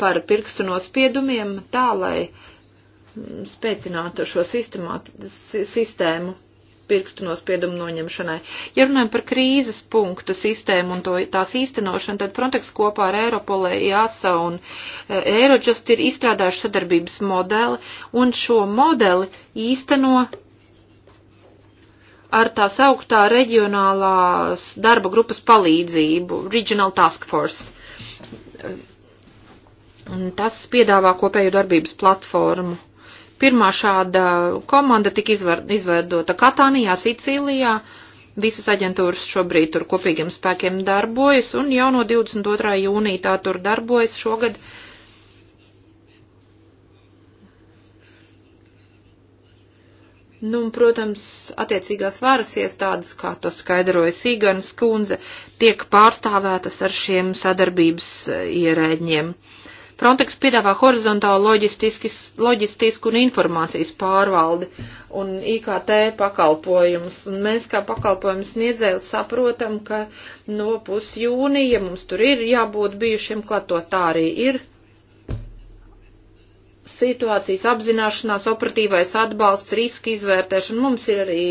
par pirkstu nospiedumiem tā, lai mm, spēcinātu šo sistēmu pirkstu nospiedumu noņemšanai. Ja runājam par krīzes punktu sistēmu un to, tās īstenošanu, tad Frontex kopā ar Eiropolē, JASA e un Eirojust ir izstrādājuši sadarbības modeli, un šo modeli īsteno ar tā sauktā reģionālās darba grupas palīdzību, Regional Task Force. Un tas piedāvā kopēju darbības platformu. Pirmā šāda komanda tika izvar, izveidota Katānijā, Sicīlijā. Visas aģentūras šobrīd tur kopīgiem spēkiem darbojas, un jau no 22. jūnija tā tur darbojas šogad. Nu, un, protams, attiecīgās varas iestādes, kā to skaidroja Sīganas kundze, tiek pārstāvētas ar šiem sadarbības ierēģiem. Uh, Frontex piedāvā horizontālu loģistisku un informācijas pārvaldi un IKT pakalpojumus. Un mēs kā pakalpojumu sniedzējot saprotam, ka no pus jūnija mums tur ir jābūt bijušiem klāt, to tā arī ir situācijas apzināšanās, operatīvais atbalsts, riska izvērtēšana. Mums ir arī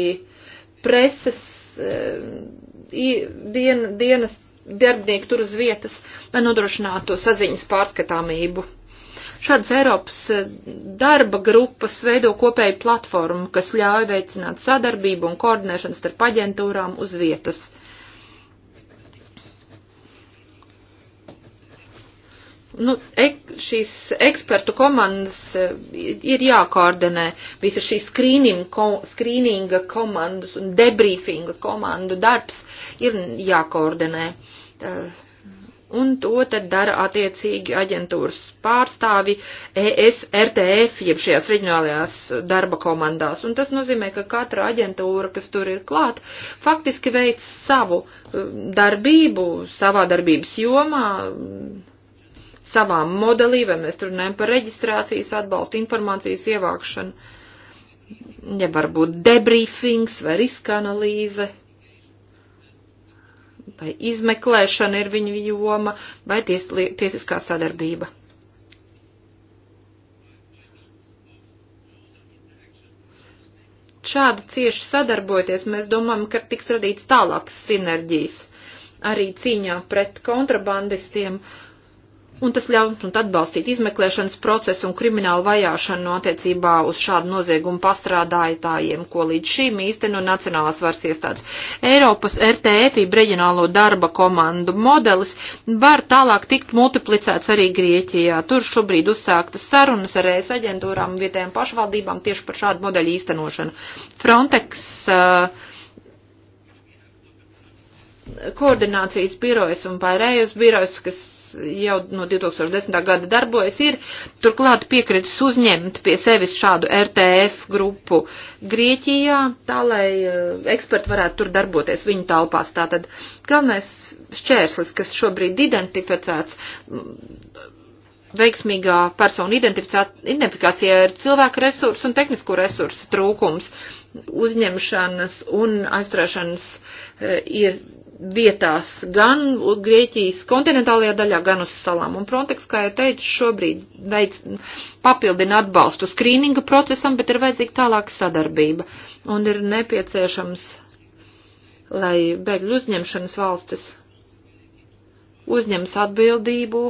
preses eh, dien, dienas darbinieki tur uz vietas, lai nodrošinātu saziņas pārskatāmību. Šādas Eiropas e, darba grupas veido kopēju platformu, kas ļauj veicināt sadarbību un koordinēšanu starp aģentūrām uz vietas. nu, ek, šīs ekspertu komandas e, ir jākoordinē. Visa šī skrīninga ko, komandas un debriefinga komandu darbs ir jākoordinē. Uh, Tā, eh, un to tad dara attiecīgi aģentūras pārstāvi ESRTF, jeb šajās reģionālajās darba komandās. Un tas nozīmē, ka katra aģentūra, kas tur ir klāt, faktiski veic savu eh, darbību, savā darbības jomā, savā modelī, vai mēs tur runājam par reģistrācijas atbalstu, informācijas ievākšanu, ja varbūt debriefings vai riska analīze vai izmeklēšana ir viņa joma, vai ties, tiesiskā sadarbība. Šādi cieši sadarbojoties, mēs domājam, ka tiks radīts tālākas sinerģijas arī cīņā pret kontrabandistiem un tas ļauj mums atbalstīt izmeklēšanas procesu un kriminālu vajāšanu no attiecībā uz šādu noziegumu pastrādājotājiem, ko līdz šīm īsteno Nacionālās varas iestādes. Eiropas RTF reģionālo darba komandu modelis var tālāk tikt multiplicēts arī Grieķijā. Tur šobrīd uzsāktas sarunas ar ES aģentūrām un vietējām pašvaldībām tieši par šādu modeļu īstenošanu. Frontex uh, koordinācijas birojas un pārējos birojas, kas jau no 2010. gada darbojas, ir turklāt piekritis uzņemt pie sevis šādu RTF grupu Grieķijā, tā lai eh, eksperti varētu tur darboties viņu talpās. Tātad galvenais šķērslis, kas šobrīd identificēts mm, veiksmīgā persona identifikācijā ir cilvēka resursu un tehnisko resursu trūkums, uzņemšanas un aizturēšanas eh, vietās gan Grieķijas kontinentālajā daļā, gan uz salām. Un Frontex, kā jau teicu, šobrīd veids, papildina atbalstu skrīninga procesam, bet ir vajadzīga tālāka sadarbība. Un ir nepieciešams, lai bēgļu uzņemšanas valstis uzņems atbildību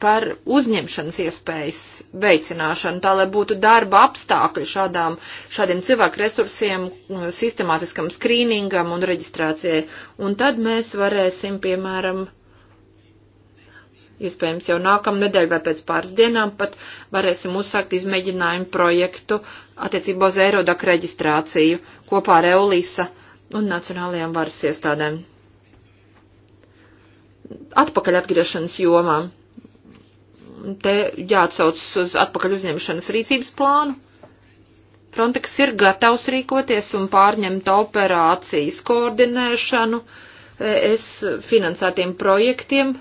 par uzņemšanas iespējas veicināšanu, tā lai būtu darba apstākļi šādām, šādiem cilvēku resursiem, sistemātiskam skrīningam un reģistrācijai. Un tad mēs varēsim, piemēram, iespējams jau nākamnedēļ vai pēc pāris dienām pat varēsim uzsākt izmēģinājumu projektu attiecībā uz Eirodak reģistrāciju kopā ar Eulisa un nacionālajām varas iestādēm. Atpakaļ atgriešanas jomām. Te jāatsaucas uz atpakaļ uzņemšanas rīcības plānu. Frontex ir gatavs rīkoties un pārņemt operācijas koordinēšanu es finansētiem projektiem.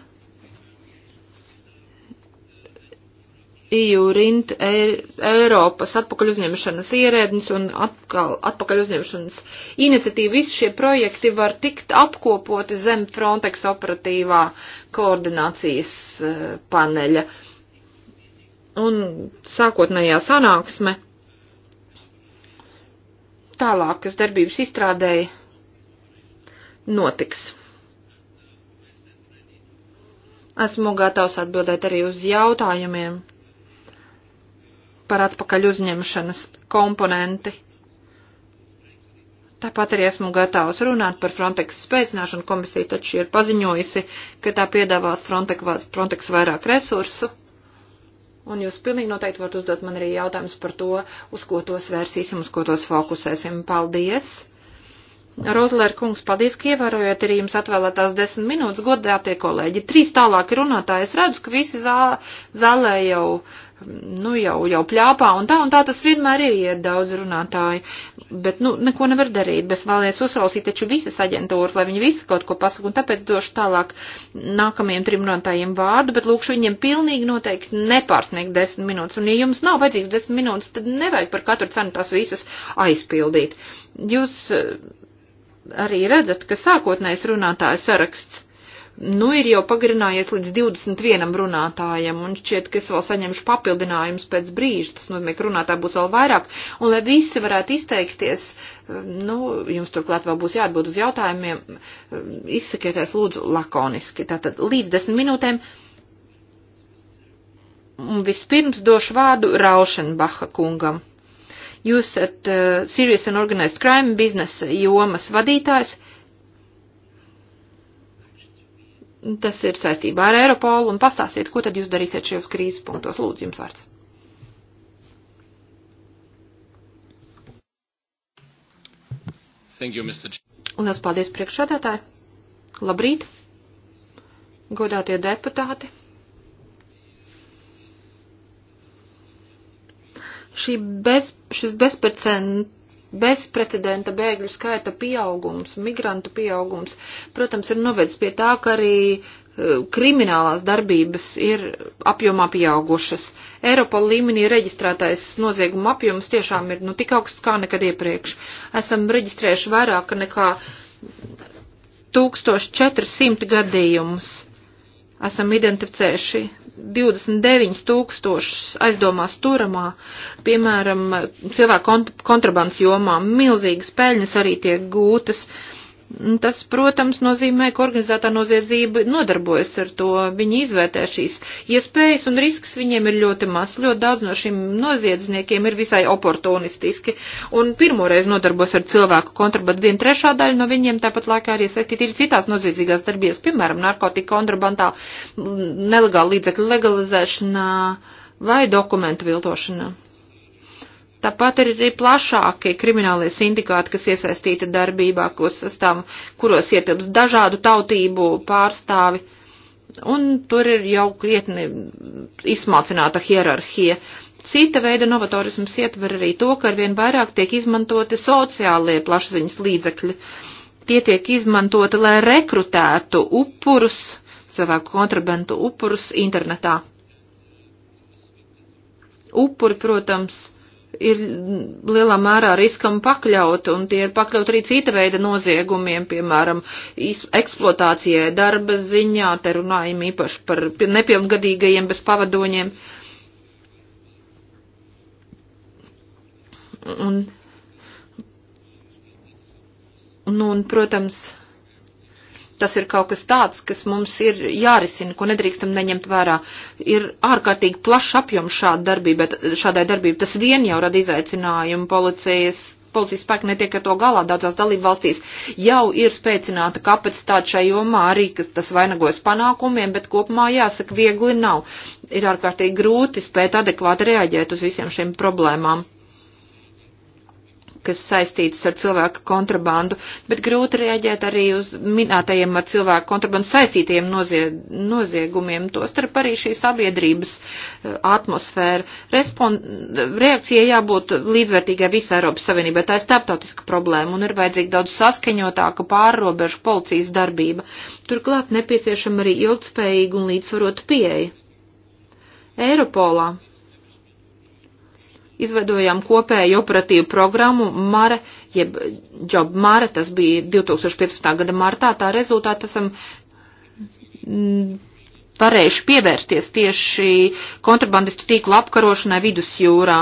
EU rint e, Eiropas atpakaļ uzņemšanas ierēdnis un atkal atpakaļ uzņemšanas iniciatīva. Visi šie projekti var tikt apkopoti zem Frontex operatīvā koordinācijas eh, paneļa. Uh, un sākotnējā sanāksme tālāk, kas darbības izstrādēja, notiks. Esmu gatavs atbildēt arī uz jautājumiem par atpakaļ uzņemšanas komponenti. Tāpat arī esmu gatavs runāt par Frontex spēcināšanu. Komisija taču ir paziņojusi, ka tā piedāvās Frontex vairāk resursu un jūs pilnīgi noteikti varat uzdot man arī jautājumus par to, uz ko tos vērsīsim, uz ko tos fokusēsim. Paldies! Rozlēr kungs, paldies, ka ievērojat arī jums atvēlētās desmit minūtes, godātie kolēģi. Trīs tālāki runātāji, es redzu, ka visi zā, zālē jau uh, nu, jau, jau pļāpā un tā, un tā tas vienmēr ir, ja ir daudz runātāju, bet, nu, neko nevar darīt, bet vēlēs uzrausīt taču visas aģentūras, lai viņi visi kaut ko pasaka, un tāpēc došu tālāk nākamajiem trim runātājiem vārdu, bet lūkšu viņiem pilnīgi noteikti nepārsniegt desmit minūtes, un ja jums nav vajadzīgs desmit minūtes, tad nevajag par katru cenu tās visas aizpildīt. Jūs eh, arī redzat, ka sākotnējs runātājs saraksts nu, ir jau pagarinājies līdz 21 runātājam, un šķiet, ka es vēl saņemšu papildinājumus pēc brīža, tas nozīmē, ka runātāji būs vēl vairāk, un lai visi varētu izteikties, eh, nu, jums turklāt vēl būs jāatbild uz jautājumiem, eh, izsakieties lūdzu lakoniski, tātad līdz 10 minūtēm. Un vispirms došu vārdu Raušenbacha kungam. Jūs esat uh, Serious and Organized Crime biznesa jomas vadītājs. Uh, Tas ir saistībā ar Eiropolu un pastāstiet, ko tad jūs darīsiet šajos krīzes punktos. Lūdzu, jums vārds. Thank you, Mr. Un es paldies priekšsādātāji. Labrīt, godātie deputāti. Šī bez, šis bezprecedenta bezprecedenta bēgļu skaita pieaugums, migrantu pieaugums, protams, ir novedis pie tā, ka arī e, kriminālās darbības ir apjomā pieaugušas. Eiropa līmenī reģistrētais nozieguma apjoms tiešām ir nu tik augsts kā nekad iepriekš. Esam reģistrējuši vairāk nekā 1400 gadījumus. Esam identificējuši 29 tūkstošus aizdomās turamā, piemēram, cilvēku kontrabandas jomā milzīgas peļņas arī tiek gūtas. Uh, Tas, protams, nozīmē, ka organizētā noziedzība nodarbojas ar to. Viņi izvērtē šīs iespējas un risks viņiem ir ļoti maz. Ļoti daudz no šiem noziedzniekiem ir visai oportunistiski un pirmoreiz nodarbojas ar cilvēku kontrabandu. Viena trešā daļa no viņiem tāpat laikā ir iesaistīti ir citās noziedzīgās darbības, piemēram, narkotika kontrabandā, nelegāla līdzekļu legalizēšanā vai dokumentu viltošanā. Tāpat ir arī plašākie kriminālie sindikāti, kas iesaistīti darbībā, kuros, sastāv, kuros ietilps dažādu tautību pārstāvi. Un tur ir jau krietni izsmalcināta hierarhija. Cita veida novatorisms ietver arī to, ka arvien vairāk tiek izmantoti sociālie plašsaziņas līdzekļi. Tie tiek izmantoti, lai rekrutētu upurus, cilvēku kontrabandu upurus internetā. Upuri, protams, ir lielā mērā riskam pakļauti, un tie ir pakļauti arī cita veida noziegumiem, piemēram, eksploatācijai darba ziņā, te runājam īpaši par nepilngadīgajiem bez pavadoņiem. Un, nu, un, protams, tas ir kaut kas tāds, kas mums ir jārisina, ko nedrīkstam neņemt vērā. Ir ārkārtīgi plašs apjoms šāda darbība, šādai darbībai. Tas vien jau rada izaicinājumu policijas. Policijas spēki netiek ar to galā daudzās dalību valstīs. Jau ir spēcināta kapacitāte šai jomā arī, kas tas vainagojas panākumiem, bet kopumā jāsaka, viegli nav. Ir ārkārtīgi grūti spēt adekvāti reaģēt uz visiem šiem problēmām kas saistītas ar cilvēku kontrabandu, bet grūti reaģēt arī uz minētajiem ar cilvēku kontrabandu saistītajiem nozie, noziegumiem, tostarp arī šī sabiedrības eh, atmosfēra. Respond, reakcija jābūt līdzvērtīgai visā Eiropas Savienībā, tā ir starptautiska problēma un ir vajadzīga daudz saskaņotāka pārrobežu policijas darbība. Turklāt nepieciešama arī ilgspējīga un līdzsvarota pieeja. Eiropolā izveidojām kopēju operatīvu programmu Mare, jeb Job Mare, tas bija 2015. gada martā, tā rezultātā esam mm, varējuši pievērsties tieši kontrabandistu tīklu apkarošanai vidusjūrā.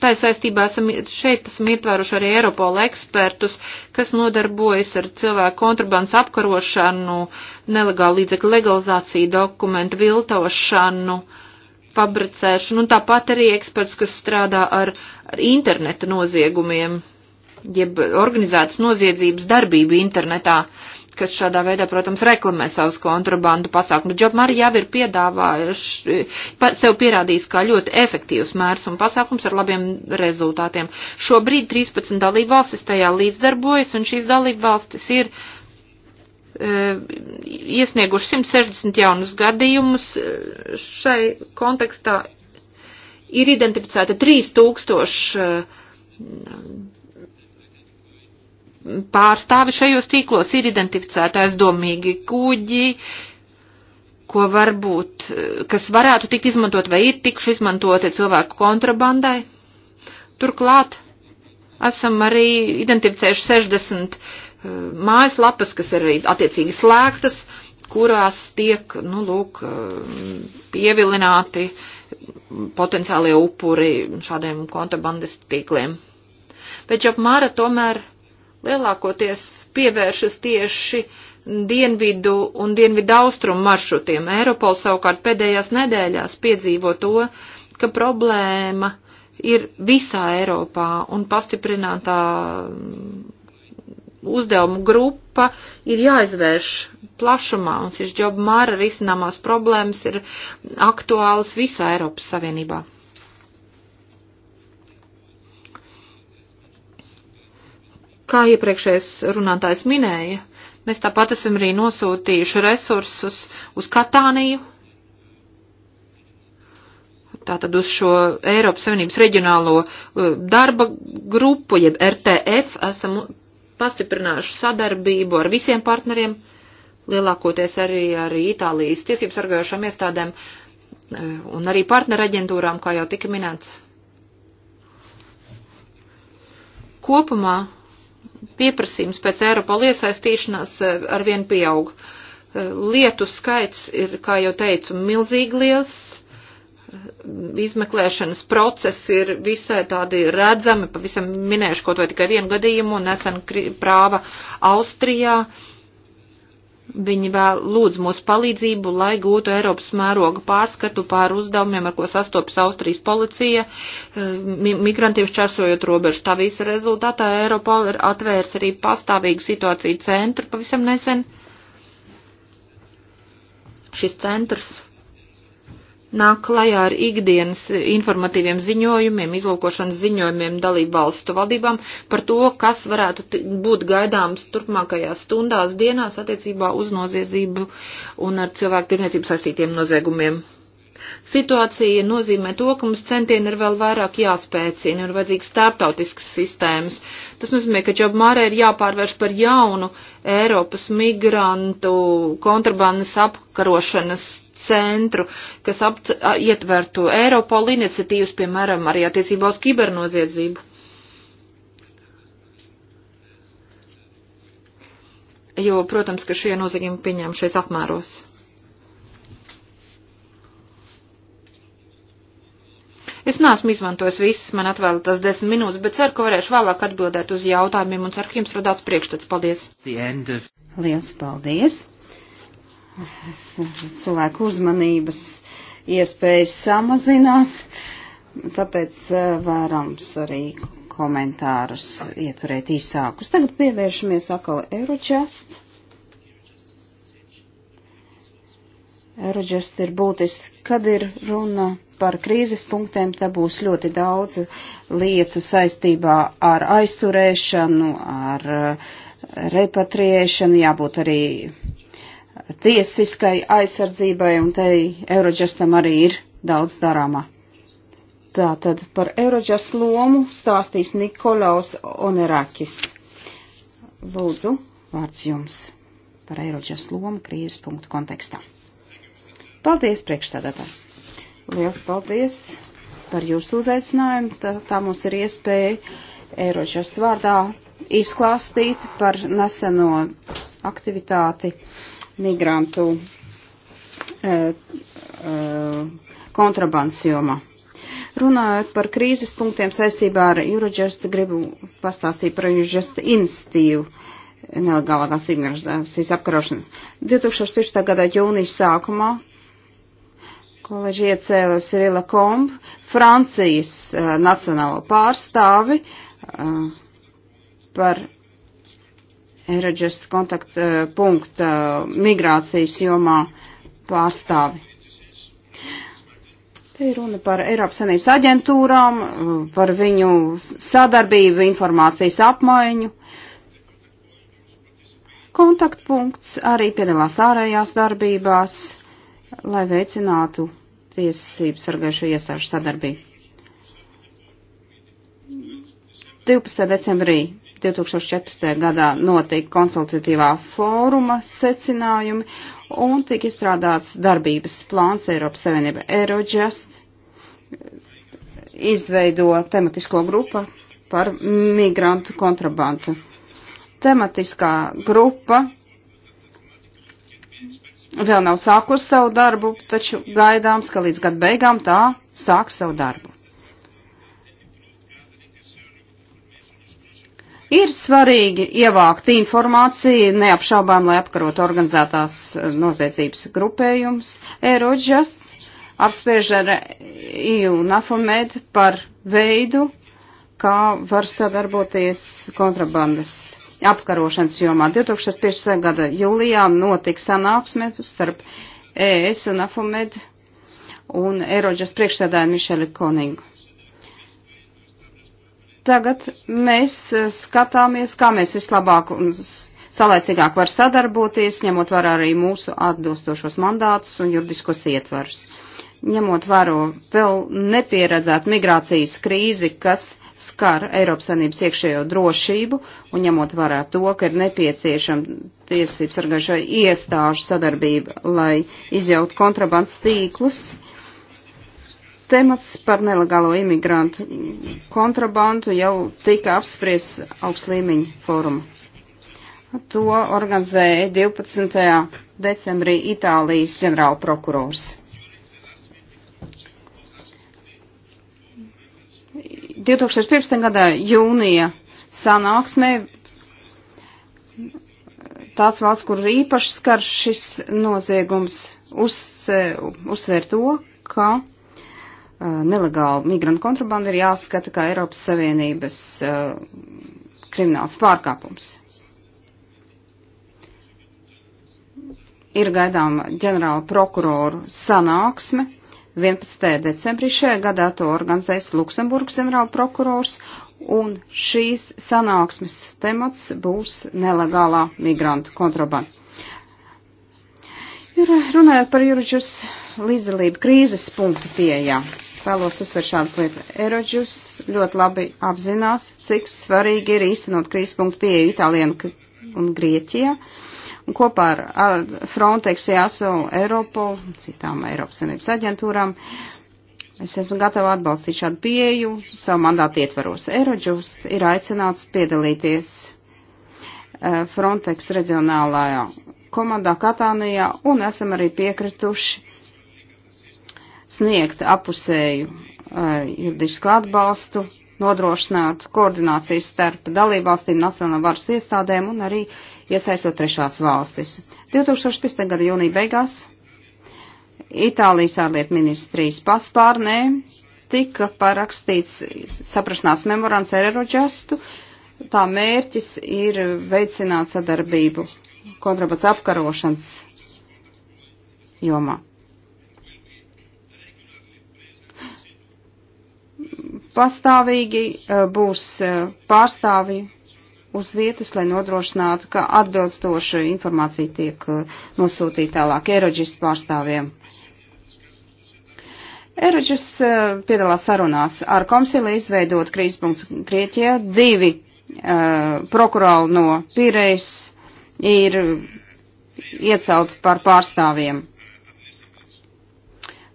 Tā saistībā esam šeit esam ietvēruši arī Eiropola ekspertus, kas nodarbojas ar cilvēku kontrabandas apkarošanu, nelegālu līdzekļu legalizāciju, dokumentu viltošanu, uh, fabricēšanu, un tāpat arī eksperts, kas strādā ar, ar interneta noziegumiem, jeb organizētas noziedzības darbību internetā, kas šādā veidā, protams, reklamē savus kontrabandu pasākumus. Džobmari jau ir piedāvājuši, sev pierādījis kā ļoti efektīvs mērs un pasākums ar labiem rezultātiem. Šobrīd 13 dalību valstis tajā līdzdarbojas, un šīs dalību valstis ir uh, Eh, iesnieguši 160 jaunus gadījumus eh, šai kontekstā. Ir identificēta 3000 eh, pārstāvi šajos tīklos, ir identificēta aizdomīgi kuģi, ko varbūt, kas varētu tikt izmantot vai ir tikšu izmantoti cilvēku kontrabandai. Turklāt esam arī identificējuši 60 Eh, mājaslapas, kas ir arī attiecīgi slēgtas, kurās tiek, nu, lūk, eh, pievilināti potenciālie upuri šādiem kontrabandas tīkliem. Bet Džapmāra tomēr lielākoties pievēršas tieši dienvidu un dienvidu austrumu maršrutiem. Eiropol savukārt pēdējās nedēļās piedzīvo to, ka problēma ir visā Eiropā un pastiprinātā uzdevumu grupa ir jāizvērš plašumā, un šis džoba māra risināmās problēmas ir aktuālas visā Eiropas Savienībā. Kā iepriekšējais runātājs minēja, mēs tāpat esam arī nosūtījuši resursus uz Katāniju, tātad uz šo Eiropas Savienības reģionālo uh, darba grupu, jeb RTF, esam pastiprināšu sadarbību ar visiem partneriem, lielākoties arī ar Itālijas tiesību sargājošām iestādēm e, un arī partneraģentūrām, kā jau tika minēts. Kopumā pieprasījums pēc Eiropola iesaistīšanās e, arvien pieaug. E, lietu skaits ir, kā jau teicu, milzīgi liels, izmeklēšanas procesi ir visai tādi redzami, pavisam minējuši kaut vai tikai vienu gadījumu, nesen prāva Austrijā. Viņi vēl lūdz mūsu palīdzību, lai gūtu Eiropas mēroga pārskatu pār uzdevumiem, ar ko sastopas Austrijas policija, eh, migrantiem šķērsojot robežu. Tā visa rezultātā Eiropola ir atvērs arī pastāvīgu situāciju centru pavisam nesen. Šis centrs nāk klajā ar ikdienas informatīviem ziņojumiem, izlūkošanas ziņojumiem dalību valstu valdībām par to, kas varētu būt gaidāms turpmākajās stundās, dienās attiecībā uz noziedzību un ar cilvēku tirniecību saistītiem noziegumiem. Situācija nozīmē to, ka mums centieni ir vēl vairāk jāspēcina, ir vajadzīgas starptautiskas sistēmas. Tas nozīmē, ka Džabmārē ir jāpārvērš par jaunu Eiropas migrantu kontrabandas apkarošanas centru, kas ap, ietvertu Eiropola iniciatīvas, piemēram, arī attiecībā uz kibernoziedzību. Jo, protams, ka šie noziegumi pieņēmušies apmēros. Es neesmu izmantojis visas man atvēlētās desmit minūtes, bet ceru, ka varēšu vēlāk atbildēt uz jautājumiem un ceru, ka jums radās priekšstats. Paldies! Of... Liels paldies! Cilvēku uzmanības iespējas samazinās, tāpēc eh, vērams arī komentārus ieturēt īsākus. Tagad pievēršamies atkal Eurochast. Eurojust ir būtiski, kad ir runa par krīzes punktiem, te būs ļoti daudz lietu saistībā ar aizturēšanu, ar eh, repatriēšanu, jābūt arī tiesiskai aizsardzībai, un te Eurojustam arī ir daudz darāmā. Tātad par Eurojust lomu stāstīs Nikolaus Onerakis. Lūdzu, vārds jums par Eiroģijas lomu krīzes punktu kontekstā. Paldies, priekšstādātāji! Liels paldies par jūsu uzaicinājumu. Tā, tā mums ir iespēja Eirožas vārdā izklāstīt par neseno aktivitāti migrantu e, e, kontrabandas jomā. Runājot par krīzes punktiem saistībā ar Eurojust, gribu pastāstīt par Eurojust institīvu nelegālākās imigrācijas apkarošanu. 2015. gada jūnijas sākumā kolēģi iecēla Sirila Komp, Francijas uh, nacionālo pārstāvi uh, par Ereģes kontakta uh, eh, punkta migrācijas jomā pārstāvi. Te ir runa par Eiropas Sanības aģentūrām, par viņu sadarbību, informācijas apmaiņu. Kontaktpunkts arī piedalās ārējās darbībās, lai veicinātu tiesību sargājušo iestāžu sadarbību. 12. decembrī 2014. gadā notika konsultatīvā fóruma secinājumi un tika izstrādāts darbības plāns Eiropas Savienība Eurojust, izveido tematisko grupu par migrantu kontrabandu. Tematiskā grupa vēl nav sākusi savu darbu, taču gaidāms, ka līdz gada beigām tā sāks savu darbu. Ir svarīgi ievākt informāciju neapšaubām, lai apkarot organizētās eh, noziedzības grupējums. Eirodžas apspriež ar EU Nafomed par veidu, kā var sadarboties kontrabandas apkarošanas jomā. 2015. gada jūlijā notika sanāksme starp ES un AFUMED un Eiroģas priekšsēdāju Mišeli Koningu. Tagad mēs e, skatāmies, kā mēs vislabāk un salaicīgāk var sadarboties, ņemot vērā arī mūsu atbilstošos mandātus un juridiskos ietvarus. Ņemot vērā vēl nepieredzētu migrācijas krīzi, kas skar Eiropas Sanības iekšējo drošību un ņemot vērā to, ka ir nepieciešama tiesības sargājušo iestāžu sadarbība, lai izjaukt kontrabandas tīklus. Temats par nelegālo imigrantu kontrabandu jau tika apspries augst līmeņa foruma. To organizēja 12. decembrī Itālijas ģenerāla prokurors. 2015. gadā jūnija sanāksmē tās valsts, kur īpaši skar šis noziegums, uz, uzsver to, ka nelegāla migrantu kontrabanda ir jāskata kā Eiropas Savienības krimināls pārkāpums. Ir gaidām ģenerāla prokuroru sanāksme 11. decembrī šajā gadā to organizēs Luksemburgas ģenerāla prokurors, un šīs sanāksmes temats būs nelegālā migrantu kontrabanda. Runājot par Juridžus līdzdalību krīzes punktu pieejā, vēlos uzsver šādas lietas. Eroģus ļoti labi apzinās, cik svarīgi ir īstenot krīzes punktu pieeju Itālijā un Grieķijā. Uh, Un kopā ar, ar Frontex, EASO, Eiropu, citām Eiropas Savienības aģentūrām, es esmu gatava atbalstīt šādu pieju savu mandātu ietvaros. Eirodžus ir aicināts piedalīties eh, Frontex reģionālajā komandā Katānijā un esam arī piekrituši sniegt apusēju uh, juridisku atbalstu, nodrošināt koordinācijas starp dalībvalstīm, nacionālajām varas iestādēm un arī iesaistot trešās valstis. 2015. gada jūnija beigās Itālijas ārlietu ministrijas paspārnē tika parakstīts saprašanās memorands ar Eroģastu. Tā mērķis ir veicināt sadarbību kontrabats apkarošanas jomā. Pastāvīgi eh, būs eh, pārstāvji uz vietas, lai nodrošinātu, ka atbilstoša informācija tiek uh, nosūtīta tālāk Eirodžis pārstāvjiem. Eirodžis uh, piedalās sarunās ar komisiju izveidot krīzpunkts Grieķijā. Divi uh, prokurori no Pīrejas ir iecelti par pārstāvjiem.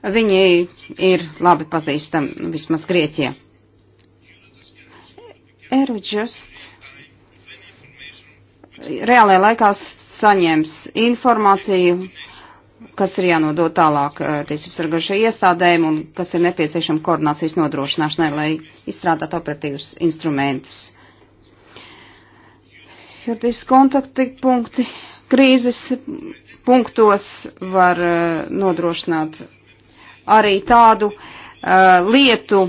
Viņi ir labi pazīstami vismaz Grieķijā. Eurojust reālajā laikā saņems informāciju, kas ir jānodod tālāk eh, tiesības sargašai iestādēm un kas ir nepieciešama koordinācijas nodrošināšanai, lai izstrādātu operatīvus instrumentus. Juridiski kontaktpunkti krīzes punktos var eh, nodrošināt arī tādu uh, lietu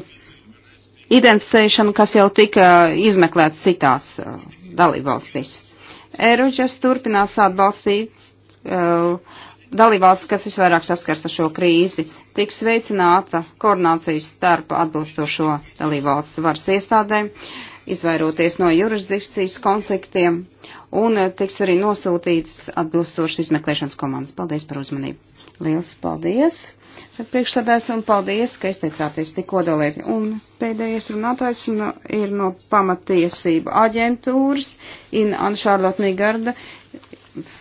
identificēšanu, kas jau tika izmeklēts citās uh, dalībvalstīs. Eiroģas turpinās atbalstīt uh, dalībvalsts, kas visvairāk saskars ar šo krīzi. Tiks veicināta koordinācija starp atbilstošo dalībvalsts varas iestādēm, izvairoties no jurisdikcijas konfliktiem, un uh, tiks arī nosūtīts atbilstošas izmeklēšanas komandas. Paldies par uzmanību! Liels paldies! Saka priekšsādājs un paldies, ka izteicāties tik kodolieti. Un pēdējais runātājs no, ir no pamatiesība aģentūras Ina Anšārdot Nigarda.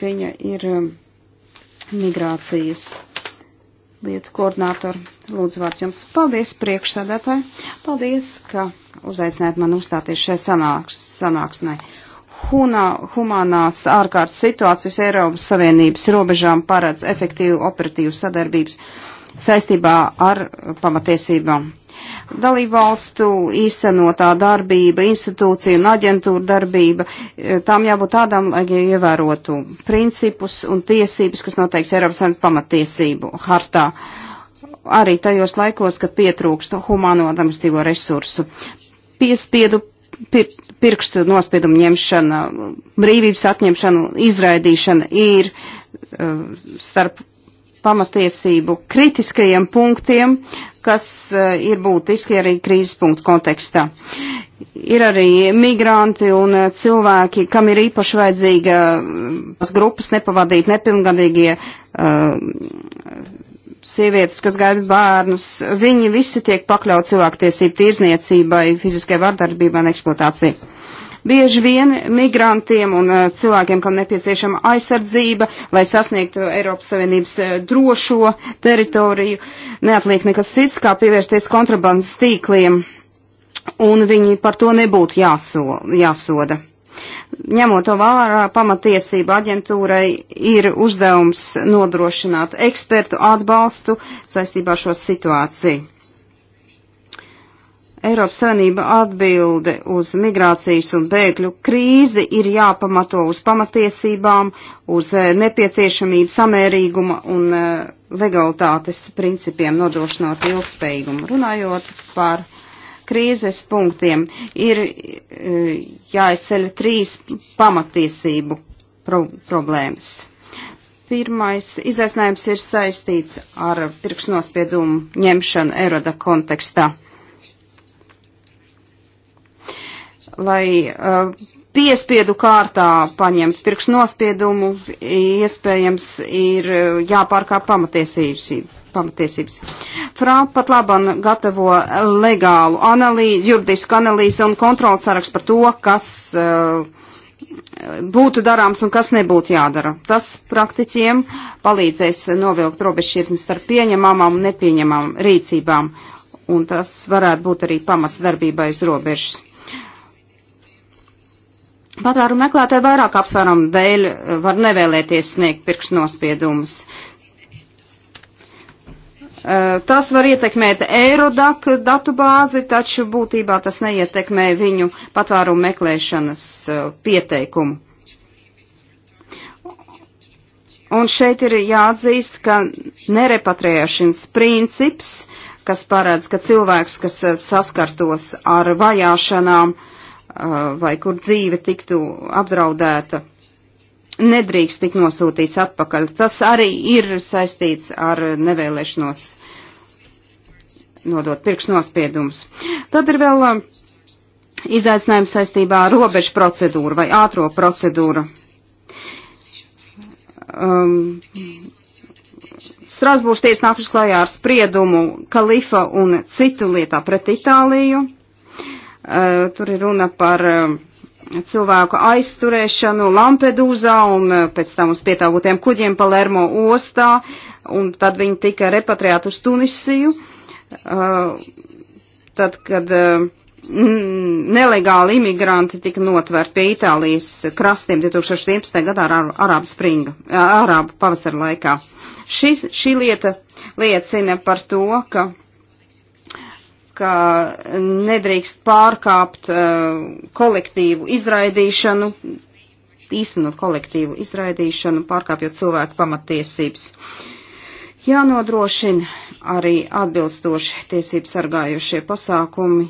Viņa ir um, migrācijas lietu koordinātori. Lūdzu, vārds jums. Paldies, priekšsādātāji. Paldies, ka uzaicinājāt man uzstāties šai sanāks, sanāksmai. Hunā, humanās ārkārtas situācijas Eiropas Savienības robežām paredz efektīvu operatīvu sadarbības saistībā ar pamatiesībām. Dalībvalstu īstenotā darbība, institūcija un aģentūra darbība, e, tām jābūt tādām, lai ievērotu principus un tiesības, kas noteikts Eiropas Savienības pamatiesību hartā. Arī tajos laikos, kad pietrūkst humāno administratīvo resursu. Piespiedu pir, pirkstu nospiedumu ņemšana, brīvības atņemšana, izraidīšana ir e, starp pamatiesību kritiskajiem punktiem, kas eh, ir būtiski arī krīzes punktu kontekstā. Ir arī migranti un eh, cilvēki, kam ir īpaši vajadzīga mm, grupas nepavadīt nepilngadīgie uh, sievietes, kas gaida bērnus, viņi visi tiek pakļaut cilvēktiesību tirzniecībai, fiziskai vardarbībai un eksploatācijai. Bieži vien migrantiem un eh, cilvēkiem, kam nepieciešama aizsardzība, lai sasniegtu Eiropas Savienības eh, drošo teritoriju, neatliek nekas cits, kā pievērsties kontrabandas tīkliem, un viņi par to nebūtu jāso, jāsoda. Ņemot to vērā, pamatiesība aģentūrai ir uzdevums nodrošināt ekspertu atbalstu saistībā ar šo situāciju Eiropas Savienība atbilde uz migrācijas un bēgļu krīzi ir jāpamato uz pamatiesībām, uz eh, nepieciešamību samērīguma un eh, legalitātes principiem nodrošinot ilgspējīgumu. Runājot par krīzes punktiem, ir eh, jāizceļ trīs pamatiesību pro problēmas. Pirmais izaicinājums ir saistīts ar pirksnospiedumu ņemšanu Eroda kontekstā lai uh, piespiedu kārtā paņemt pirksnospiedumu, iespējams, ir uh, jāpārkāp pamatiesības. pamatiesības. Frā pat laban gatavo legālu analīzi, juridisku analīzi un kontrols saraksts par to, kas uh, būtu darāms un kas nebūtu jādara. Tas praktiķiem palīdzēs novilkt robežšķirtni starp pieņemamām un nepieņemamām rīcībām, un tas varētu būt arī pamats darbībai uz robežas. Patvērumu meklētāji vairāk apsvērumu dēļ eh, var nevēlēties sniegt pirkšnospiedumus. Eh, tas var ietekmēt Eirodak datubāzi, taču būtībā tas neietekmē viņu patvērumu meklēšanas eh, pieteikumu. Un šeit ir jāatzīst, ka nerepatriēšanas princips, kas paredz, ka cilvēks, kas saskartos ar vajāšanām, uh, vai kur dzīve tiktu apdraudēta, nedrīkst tik nosūtīts atpakaļ. Tas arī ir saistīts ar nevēlēšanos nodot pirksnospiedumus. Tad ir vēl izaicinājums saistībā ar robežu procedūru vai ātro procedūru. Um, Strasbūrs tiesa nākuši klājā ar spriedumu Kalifa un citu lietā pret Itāliju. Eh, tur ir runa par eh, cilvēku aizturēšanu Lampedūzā un eh, pēc tam uz pietāvotiem kuģiem Palermo ostā, un tad viņi tika repatriēti uz Tunisiju. Tad, kad nelegāli imigranti tika notvērt pie Itālijas krastiem 2011. gadā ar Arābu springa, Arābu pavasara laikā. Šis, šī lieta liecina par to, ka ka nedrīkst pārkāpt uh, kolektīvu izraidīšanu, īstenot kolektīvu izraidīšanu, pārkāpjot cilvēku pamatiesības. Jānodrošina arī atbilstoši tiesību sargājušie pasākumi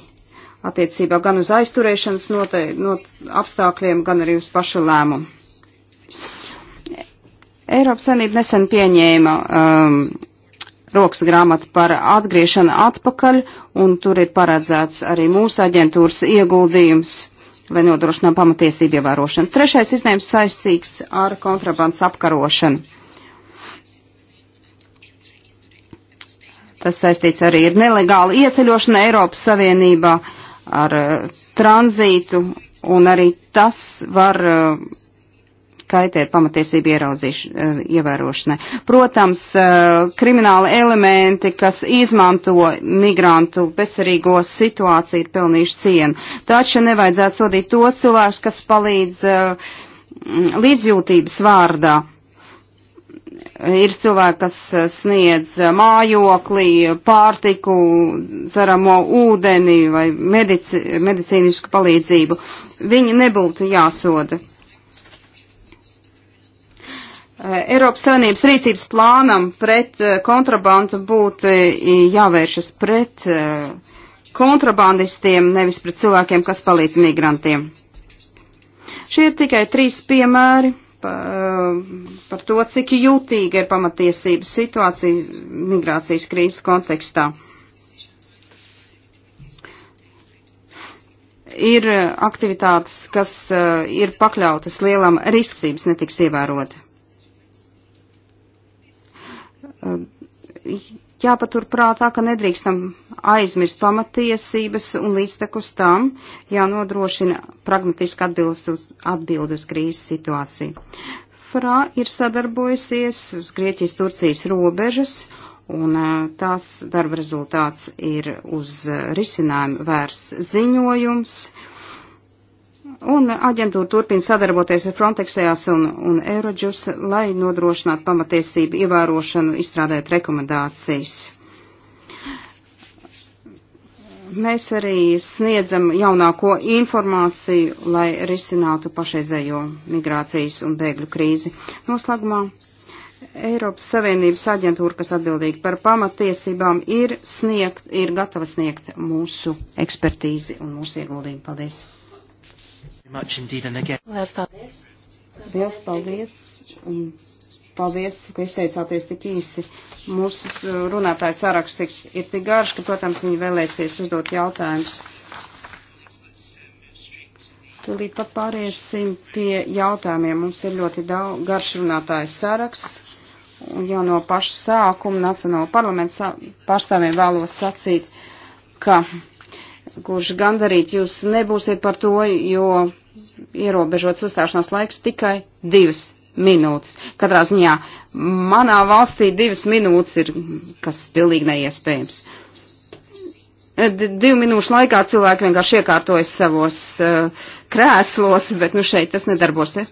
attiecībā gan uz aizturēšanas note, not, apstākļiem, gan arī uz pašu lēmumu. Eiropas Savienība nesen pieņēma um, rokas grāmata par atgriešanu atpakaļ, un tur ir paredzēts arī mūsu aģentūras ieguldījums, lai nodrošinām pamatiesību ievērošanu. Trešais izņēmums saistīts ar kontrabandas apkarošanu. Tas saistīts arī ar nelegālu ieceļošanu Eiropas Savienībā, ar uh, tranzītu, un arī tas var uh, kaitēt pamatiesību eh, ievērošanai. Protams, eh, krimināli elementi, kas izmanto migrantu bezcerīgo situāciju, ir pelnījuši cienu. Taču nevajadzētu sodīt to cilvēku, kas palīdz eh, līdzjūtības vārdā. Ir cilvēki, kas sniedz mājokli, pārtiku, ceramo ūdeni vai medici, medicīnisku palīdzību. Viņi nebūtu jāsoda Eh, Eiropas Savienības rīcības plānam pret eh, kontrabandu būtu eh, jāvēršas pret kontrabandistiem, nevis pret cilvēkiem, kas palīdz migrantiem. Šie ir tikai trīs piemēri par, par to, cik jūtīga ir pamatiesība situācija migrācijas krīzes kontekstā. Ir aktivitātes, kas ir pakļautas lielam riskības netiks ievēroti jāpatur prātā, ka nedrīkstam aizmirst pamatiesības un līdztekus tam jānodrošina pragmatiski atbildi uz krīzes situāciju. Fra ir sadarbojusies uz Grieķijas-Turcijas robežas un tās darba rezultāts ir uz risinājumu vērs ziņojums, Un aģentūra turpina sadarboties ar Frontexējās un, un Euroģus, lai nodrošinātu pamatiesību ievērošanu, izstrādēt rekomendācijas. Mēs arī sniedzam jaunāko informāciju, lai risinātu pašreizējo migrācijas un bēgļu krīzi. Noslēgumā Eiropas Savienības aģentūra, kas atbildīga par pamatiesībām, ir, sniegt, ir gatava sniegt mūsu ekspertīzi un mūsu ieguldījumu. Paldies! Lielas paldies! Lielas paldies! Un paldies, ka izteicāties tik īsi. Mūsu uh, runātāja saraksts ir tik garš, ka, protams, viņi vēlēsies uzdot jautājumus. Tūlīt pat pāriesim pie jautājumiem. Mums ir ļoti daudz garšrunātājs saraksts. Un jau no paša sākuma Nacionālo parlamentu pārstāvjiem vēlos sacīt, ka gluži gandarīt jūs nebūsiet par to, jo ierobežots uzstāšanās laiks tikai divas minūtes. Katrā ziņā manā valstī divas minūtes ir kas pilnīgi neiespējams. Eh, divu minūšu laikā cilvēki vienkārši iekārtojas savos uh, krēslos, bet nu šeit tas nedarbosies.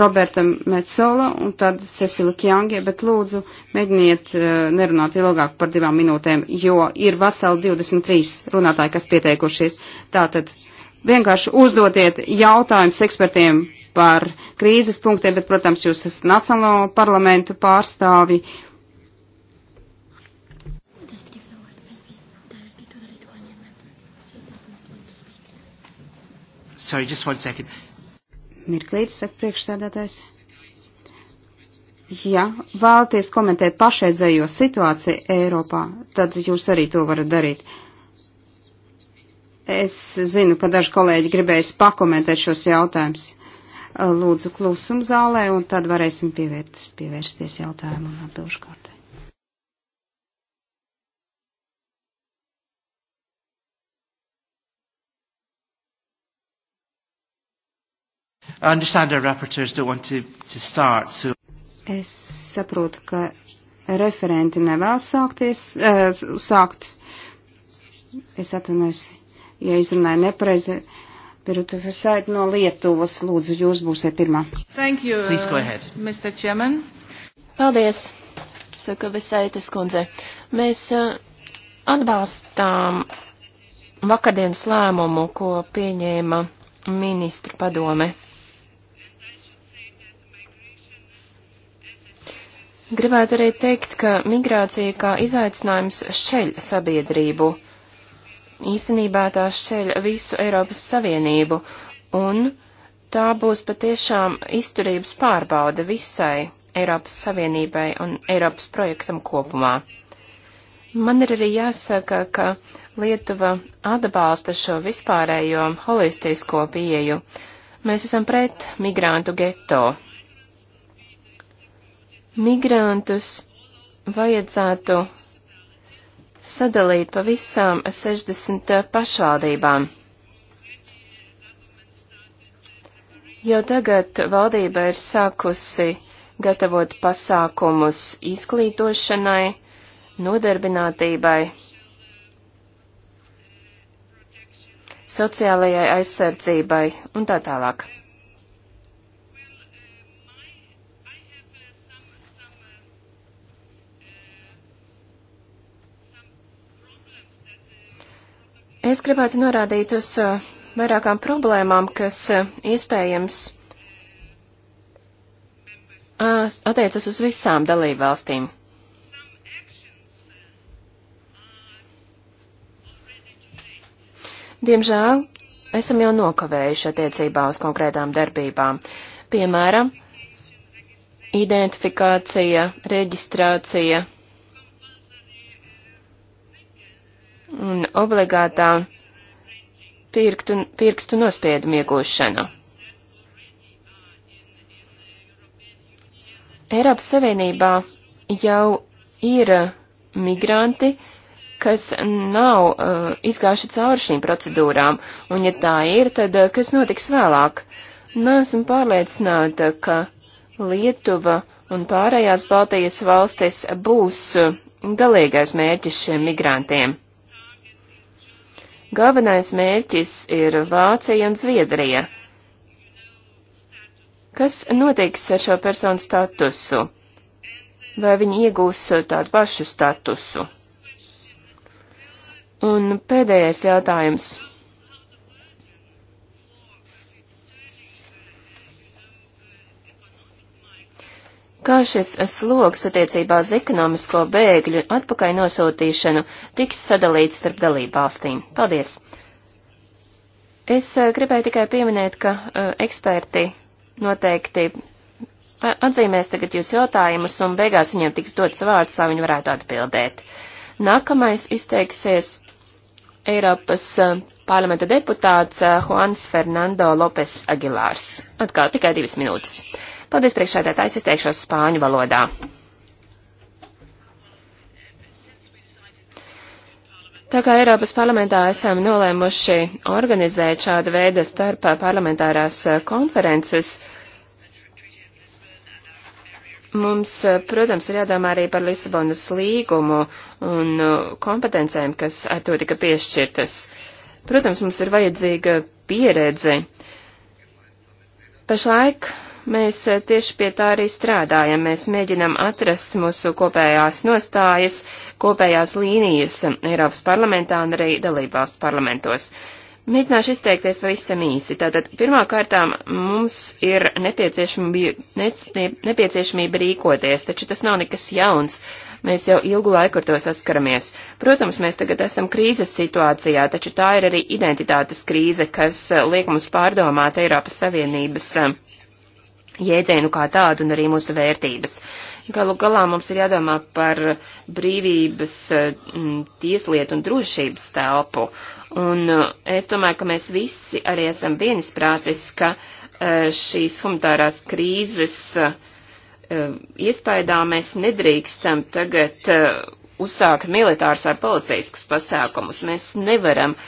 Roberta Metzola un tad Cecilu Kjangie, bet lūdzu mēģiniet uh, nerunāt ilgāk par divām minūtēm, jo ir veseli 23 runātāji, kas pieteikušies. Tātad vienkārši uzdotiet jautājumus ekspertiem par krīzes punktiem, bet, protams, jūs esat Nacionālo parlamentu pārstāvi. Uh, Sorry, just one second. Mirklītis, saka priekšsēdētājs. Ja vēlaties komentēt pašreizējo situāciju Eiropā, tad jūs arī to varat darīt. Es zinu, ka daži kolēģi gribēs pakomentēt šos jautājumus. Lūdzu klusumu zālē, un tad varēsim pievērt, pievērsties jautājumu un atbilžu kārtu. I understand our rapporteurs don't want to, to start, so... Es saprotu, ka referenti nevēlas sākties, uh, sākt. Es atvainojos, ja izrunāju nepareizi. Biruta Fersait no Lietuvas, lūdzu, jūs būsiet pirmā. Thank you, Please go ahead. Uh, Mr. Chairman. Paldies, saka Vesaitas kundze. Mēs uh, atbalstām vakardienas lēmumu, ko pieņēma ministru padome. Gribētu arī teikt, ka migrācija kā izaicinājums šķeļ sabiedrību. Īstenībā tā šķeļ visu Eiropas Savienību, un tā būs patiešām izturības pārbauda visai Eiropas Savienībai un Eiropas projektam kopumā. Man ir arī jāsaka, ka Lietuva atbalsta šo vispārējo holistisko pieeju. Mēs esam pret migrantu geto, Migrantus vajadzētu sadalīt pa visām 60 eh, pašvaldībām. Jau tagad valdība ir sākusi gatavot pasākumus izglītošanai, nodarbinātībai, sociālajai aizsardzībai un tā tālāk. Es gribētu norādīt uz eh, vairākām problēmām, kas eh, iespējams ah, attiecas uz visām dalībvalstīm. Diemžēl esam jau nokavējuši attiecībā uz konkrētām darbībām. Piemēram, identifikācija, reģistrācija, un obligātā pirktu, pirkstu nospiedumu iegūšana. Eiropas Savienībā jau ir migranti, kas nav uh, izgājuši cauri šīm procedūrām, un ja tā ir, tad uh, kas notiks vēlāk? Nāsim pārliecināta, ka Lietuva un pārējās Baltijas valstis būs uh, galīgais mērķis šiem migrantiem. Galvenais mērķis ir Vācija un Zviedrija. Kas notiks ar šo personu statusu? Vai viņi iegūs tādu pašu statusu? Un pēdējais jautājums. Kā šis sloks attiecībā uz ekonomisko bēgļu atpakaļ nosūtīšanu tiks sadalīts starp dalībvalstīm? Paldies! Es eh, gribēju tikai pieminēt, ka uh, eksperti noteikti eh, atzīmēs tagad jūs jautājumus un beigās viņiem tiks dots vārds, lai viņi varētu atbildēt. Nākamais izteiksies Eiropas parlamenta deputāts Juans Fernando Lopes Aguilārs. Atkal tikai divas minūtes. Paldies, priekšsēdētājs, es teikšos spāņu valodā. Tā kā Eiropas parlamentā esam nolēmuši organizēt šādu veidu starp parlamentārās konferences, mums, protams, ir jādomā arī par Lisabonas līgumu un kompetencēm, kas ar to tika piešķirtas. Protams, mums ir vajadzīga pieredze. Pašlaik Mēs eh, tieši pie tā arī strādājam. Mēs mēģinam atrast mūsu kopējās nostājas, kopējās līnijas eh, Eiropas parlamentā un arī dalībvalstu parlamentos. Mēģināšu izteikties pavisam īsi. Tātad pirmā kārtām mums ir nepieciešamība, ne, nepieciešamība rīkoties, taču tas nav nekas jauns. Mēs jau ilgu laiku ar to saskaramies. Protams, mēs tagad esam krīzes situācijā, taču tā ir arī identitātes krīze, kas eh, liek mums pārdomāt Eiropas Savienības uh, jēdzienu kā tādu un arī mūsu vērtības. Galu galā mums ir jādomā par brīvības, mm, tieslietu un drošības telpu. Un eh, es domāju, ka mēs visi arī esam vienisprātis, ka eh, šīs humanitārās krīzes eh, iespējā mēs nedrīkstam tagad uzsākt militārus vai policijaskus pasākumus. Mēs nevaram uh,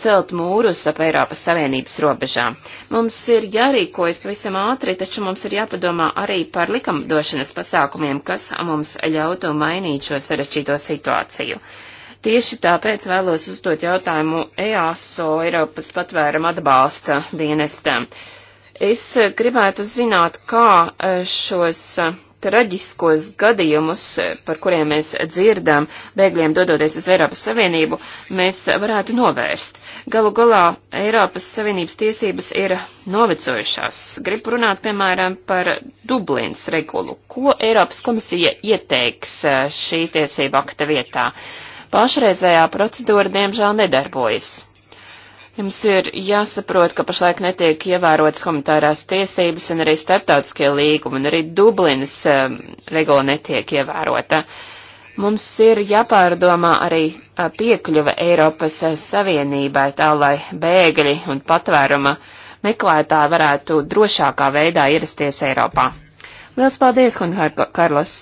celt mūrus ap Eiropas Savienības robežām. Mums ir jārīkojas pavisam ātri, taču mums ir jāpadomā arī par likumdošanas pasākumiem, kas mums ļautu mainīt šo sarešķīto situāciju. Tieši tāpēc vēlos uzdot jautājumu EASO Eiropas patvēruma atbalsta dienestam. Es gribētu zināt, kā eh, šos traģiskos gadījumus, par kuriem mēs dzirdam bēgļiem dodoties uz Eiropas Savienību, mēs varētu novērst. Galu galā Eiropas Savienības tiesības ir novecojušās. Gribu runāt, piemēram, par Dublins regulu. Ko Eiropas komisija ieteiks eh, šī tiesība akta vietā? Pašreizējā procedūra, diemžēl, nedarbojas. Jums ir jāsaprot, ka pašlaik netiek ievērotas humanitārās tiesības un arī starptautiskie līgumi, un arī Dublinas um, regula netiek ievērota. Mums ir jāpārdomā arī uh, piekļuve Eiropas uh, Savienībai tā, lai bēgļi un patvēruma meklētāji varētu drošākā veidā ierasties Eiropā. Liels paldies, Hunhār Karlos!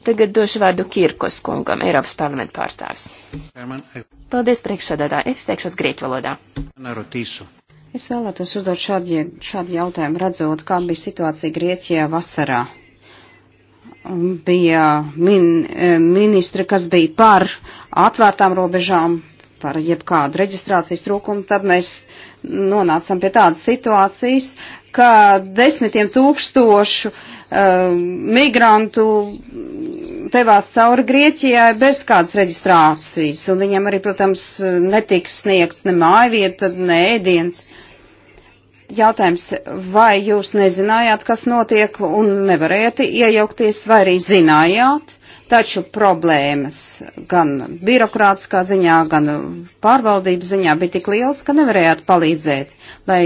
Tagad došu vārdu Kirkos kungam, Eiropas parlamenta pārstāvis. Paldies priekšsādātā. Es teikšos grieķu valodā. Es vēlētos uzdot šādu, šādu jautājumu, redzot, kā bija situācija Grieķijā vasarā. Bija min, e, ministri, kas bija par atvērtām robežām, par jebkādu reģistrācijas trūkumu, tad mēs nonācam pie tādas situācijas, ka desmitiem tūkstošu uh, Um, migrantu devās cauri Grieķijai bez kādas reģistrācijas, un viņiem arī, protams, netiks sniegts ne mājvieta, ne ēdiens. Jautājums, vai jūs nezinājāt, kas notiek, un nevarējāt iejaukties, vai arī zinājāt, Taču problēmas gan birokrātiskā ziņā, gan pārvaldības ziņā bija tik liels, ka nevarējāt palīdzēt, lai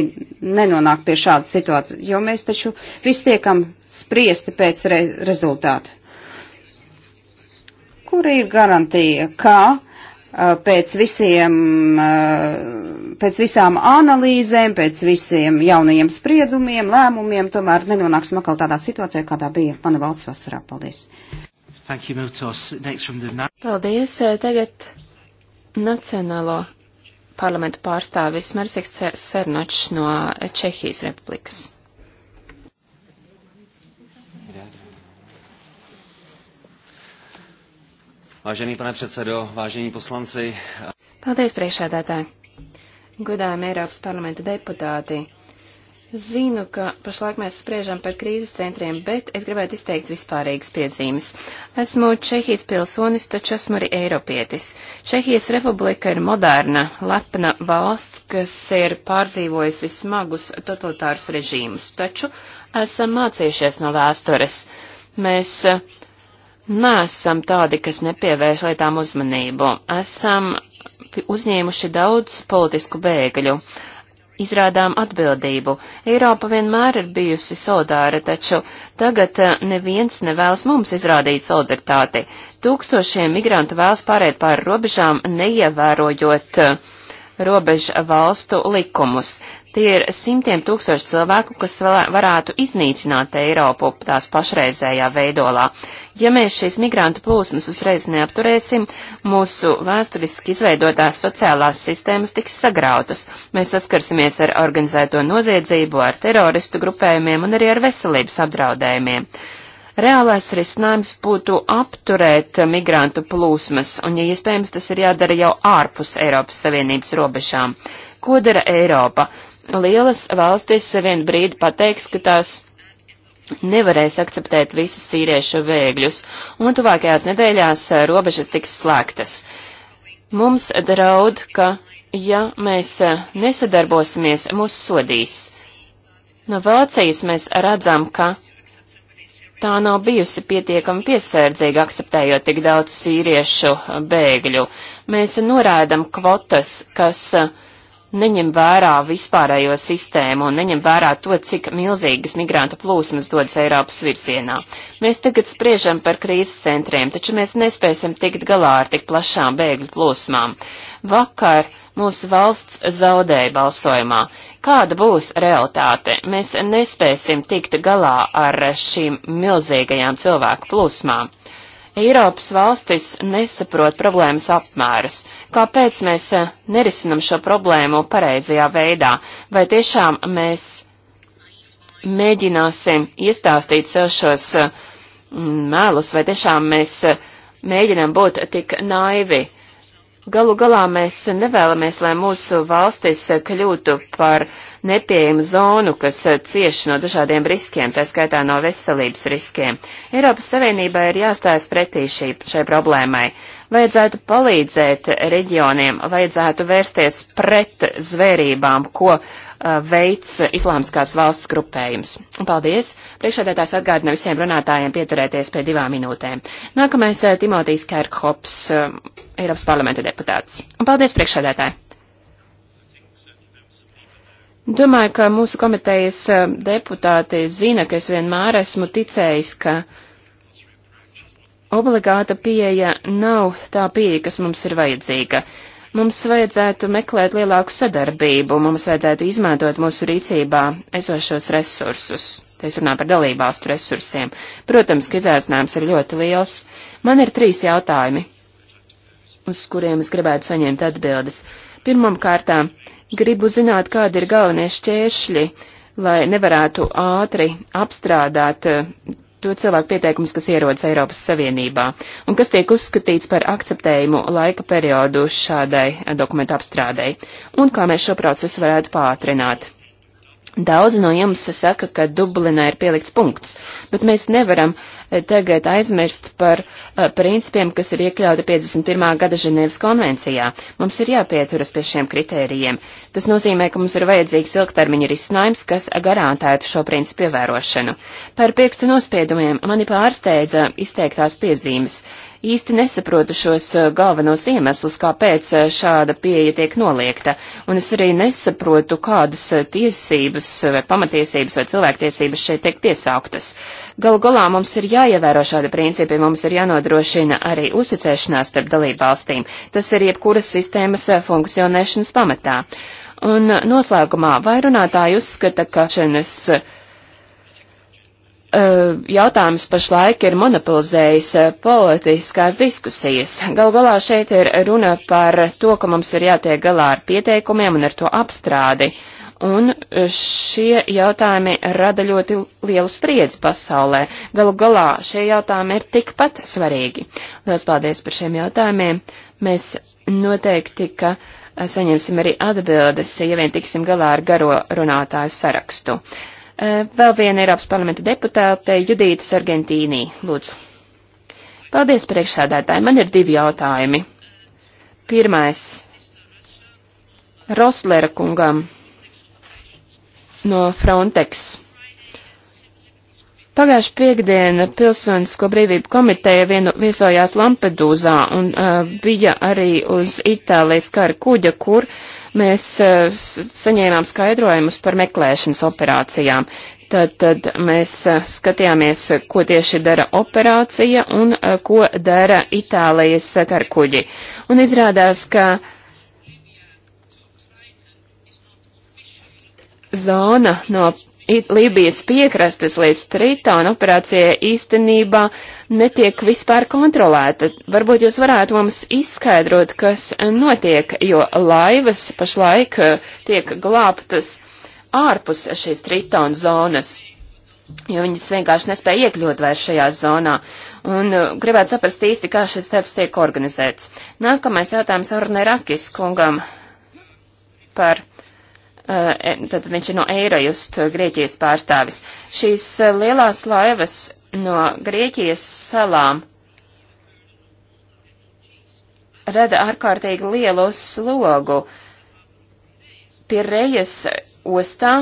nenonāk pie šādas situācijas, jo mēs taču visi tiekam spriesti pēc re rezultātu. Kur ir garantija, ka pēc, visiem, pēc visām analīzēm, pēc visiem jaunajiem spriedumiem, lēmumiem, tomēr nenonāksim atkal tādā situācijā, kādā bija mana valsts vasarā. Paldies! Thank you, Miltos. Next from the... Paldies. Tagad Nacionālo parlamentu pārstāvis Marsiks Sernočs no Čehijas republikas. Vážený pane předsedo, vážení poslanci. Paldies, priekšādātā. Godājumi Eiropas parlamenta deputāti. Zinu, ka pašlaik mēs spriežam par krīzes centriem, bet es gribētu izteikt vispārīgas piezīmes. Esmu Čehijas pilsonis, taču esmu arī eiropietis. Čehijas republika ir moderna, lepna valsts, kas ir pārdzīvojusi smagus totalitārus režīmus, taču esam mācījušies no vēstures. Mēs eh, neesam tādi, kas nepievērš lietām uzmanību. Esam uzņēmuši daudz politisku bēgļu izrādām atbildību. Eiropa vienmēr ir bijusi solidāra, taču tagad eh, neviens nevēlas mums izrādīt solidaritāti. Tūkstošiem migrantu vēlas pārēt pāri robežām, neievērojot uh, robežu valstu likumus. Tie ir simtiem tūkstoši cilvēku, kas varētu iznīcināt Eiropu tās pašreizējā veidolā. Ja mēs šīs migrantu plūsmas uzreiz neapturēsim, mūsu vēsturiski izveidotās sociālās sistēmas tiks sagrautas. Mēs saskarsimies ar organizēto noziedzību, ar teroristu grupējumiem un arī ar veselības apdraudējumiem. Reālais risinājums būtu apturēt migrantu plūsmas, un, ja iespējams, tas ir jādara jau ārpus Eiropas Savienības robežām. Ko dara Eiropa? Lielas valstis vien brīdi pateiks, ka tās nevarēs akceptēt visus sīriešu vēgļus, un tuvākajās nedēļās eh, robežas tiks slēgtas. Mums draud, ka, ja mēs eh, nesadarbosimies, mūs sodīs. No Vācijas mēs redzam, ka tā nav bijusi pietiekami piesardzīga, akceptējot tik daudz sīriešu bēgļu. Mēs norādam kvotas, kas uh, neņem vērā vispārējo sistēmu un neņem vērā to, cik milzīgas migrantu plūsmas dodas Eiropas virzienā. Mēs tagad spriežam par krīzes centriem, taču mēs nespēsim tikt galā ar tik plašām bēgļu plūsmām. Vakar uh, mūsu valsts zaudēja balsojumā. Kāda būs realitāte? Mēs nespēsim tikt galā ar šīm milzīgajām cilvēku plūsmām. Eiropas valstis nesaprot problēmas apmērus. Kāpēc mēs nerisinam šo problēmu pareizajā veidā? Vai tiešām mēs mēģināsim iestāstīt sev šos mm, mēlus, vai tiešām mēs mēģinam būt tik naivi? Galu galā mēs nevēlamies, lai mūsu valstis kļūtu par nepieejamu zonu, kas cieš no dažādiem riskiem, tā skaitā no veselības riskiem. Eiropas Savienībai ir jāstājas pretī šī, šai problēmai. Vajadzētu palīdzēt reģioniem, vajadzētu vērsties pret zvērībām, ko uh, veids islāmskās valsts grupējums. Paldies! Priekšādētājs atgādina visiem runātājiem pieturēties pie divām minūtēm. Nākamais uh, Timotijs Kērkhops, uh, Eiropas parlamenta deputāts. Paldies, priekšādētāji! Domāju, ka mūsu komitejas uh, deputāti zina, ka es vienmēr esmu ticējis, ka uh, Obligāta pieeja nav tā pieeja, kas mums ir vajadzīga. Mums vajadzētu meklēt lielāku sadarbību, mums vajadzētu izmantot mūsu rīcībā esošos resursus. Te es runāju par dalībvalstu resursiem. Protams, ka izaicinājums ir ļoti liels. Man ir trīs jautājumi, uz kuriem es gribētu saņemt atbildes. Pirmam kārtām, gribu zināt, kādi ir galvenie šķēršļi, lai nevarētu ātri apstrādāt eh, to cilvēku pieteikumus, kas ierodas Eiropas Savienībā un kas tiek uzskatīts par akceptējumu laika periodu šādai eh, dokumentu apstrādei un kā mēs šo procesu varētu pātrināt. Daudzi no jums saka, ka Dublinā ir pielikts punkts, bet mēs nevaram Eh, tagad aizmirst par eh, principiem, kas ir iekļauti 51. gada Ženēvas konvencijā. Mums ir jāpieturas pie šiem kritērijiem. Tas nozīmē, ka mums ir vajadzīgs ilgtermiņa risinājums, kas garantētu šo principu ievērošanu. Par piekstu nospiedumiem mani pārsteidza izteiktās piezīmes. Īsti nesaprotu šos eh, galvenos iemeslus, kāpēc šāda pieeja tiek noliekta, un es arī nesaprotu, kādas tiesības vai pamatiesības vai cilvēktiesības šeit tiek piesauktas. Galu galā mums ir jā jāievēro šādi principi, mums ir jānodrošina arī uzticēšanās starp dalību valstīm. Tas ir jebkuras sistēmas eh, funkcionēšanas pamatā. Un eh, noslēgumā, vai runātāji uzskata, ka šenes eh, jautājums pašlaik ir monopolizējis politiskās diskusijas. Gal galā šeit ir runa par to, ka mums ir jātiek galā ar pieteikumiem un ar to apstrādi. Uh, un e, šie jautājumi rada ļoti lielu spriedzi pasaulē. Galu galā šie jautājumi ir tikpat svarīgi. Lielas paldies par šiem jautājumiem. Mēs noteikti, ka e, saņemsim arī atbildes, ja vien tiksim galā ar garo runātāju sarakstu. E, vēl viena Eiropas parlamenta deputāte Judīta Sargentīnī, lūdzu. Paldies priekšsādātāji, man ir divi jautājumi. Pirmais. Roslera kungam no Frontex. Pagājuši piekdiena Pilsonisko brīvību komiteja vienu, viesojās Lampedūzā un uh, bija arī uz Itālijas kara kuģa, kur mēs uh, saņēmām skaidrojumus par meklēšanas operācijām. Tad, tad mēs uh, skatījāmies, ko tieši dara operācija un uh, ko dara Itālijas kara kuģi. Un izrādās, ka uh, zona no Lībijas piekrastes līdz Tritona operācijai īstenībā netiek vispār kontrolēta. Varbūt jūs varētu mums izskaidrot, kas notiek, jo laivas pašlaik eh, tiek glābtas ārpus šīs Tritona zonas, jo viņas vienkārši nespēja iekļūt vairs šajā zonā. Un eh, gribētu saprast īsti, kā šis steps tiek organizēts. Nākamais jautājums Ornerakis kungam par Eh, tad viņš ir no Eirojust eh, Grieķijas pārstāvis. Šīs eh, lielās laivas no Grieķijas salām rada ārkārtīgi lielu slogu. Pie rejas ostā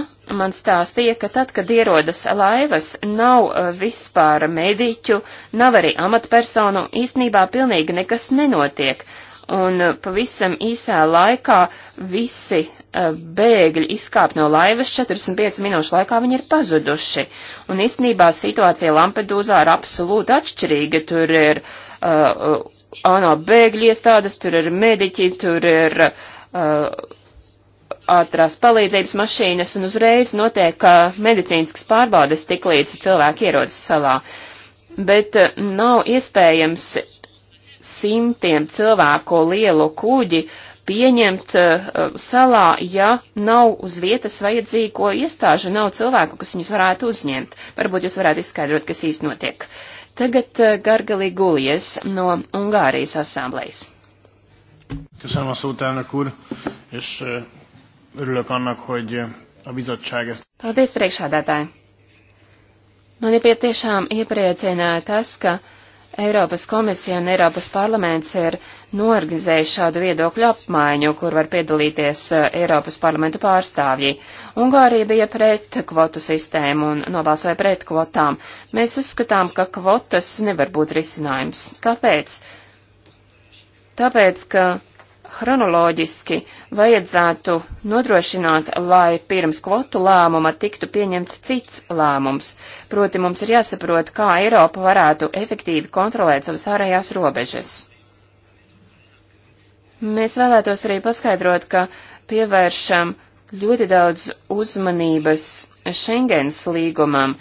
man stāstīja, ka tad, kad ierodas laivas, nav vispār mediķu, nav arī amatpersonu, īstenībā pilnīgi nekas nenotiek un eh, pavisam īsā laikā visi uh, bēgļi izkāp no laivas, 45 minūšu laikā viņi ir pazuduši. Un īstenībā situācija Lampedūzā ir absolūti atšķirīga. Tur ir uh, ANO bēgļi iestādes, tur ir mediķi, tur ir uh, ātrās palīdzības mašīnas, un uzreiz notiek uh, medicīniskas pārbaudes, tik līdz cilvēki ierodas salā. Bet uh, nav iespējams simtiem cilvēku lielu kuģi pieņemt uh, salā, ja nav uz vietas vajadzīgo iestāžu, nav cilvēku, kas viņus varētu uzņemt. Varbūt jūs varētu izskaidrot, kas īsti notiek. Tagad uh, Gargalī Gulies no Ungārijas asamblējas. Köszönöm a szót, elnök úr, és eh, örülök annak, hogy a bizottság ezt... Paldies, priekšādātāji! Mani patiešām iepriecināja tas, ka uh, Eiropas komisija un Eiropas parlaments ir norganizējuši šādu viedokļu apmaiņu, kur var piedalīties eh, Eiropas parlamentu pārstāvji. Ungārija bija pret kvotu sistēmu un nobalsoja pret kvotām. Mēs uzskatām, ka kvotas nevar būt risinājums. Kāpēc? Tāpēc, ka Hronoloģiski vajadzētu nodrošināt, lai pirms kvotu lēmuma tiktu pieņemts cits lēmums. Proti mums ir jāsaprot, kā Eiropa varētu efektīvi kontrolēt savas ārējās robežas. Mēs vēlētos arī paskaidrot, ka pievēršam ļoti daudz uzmanības Schengens līgumam.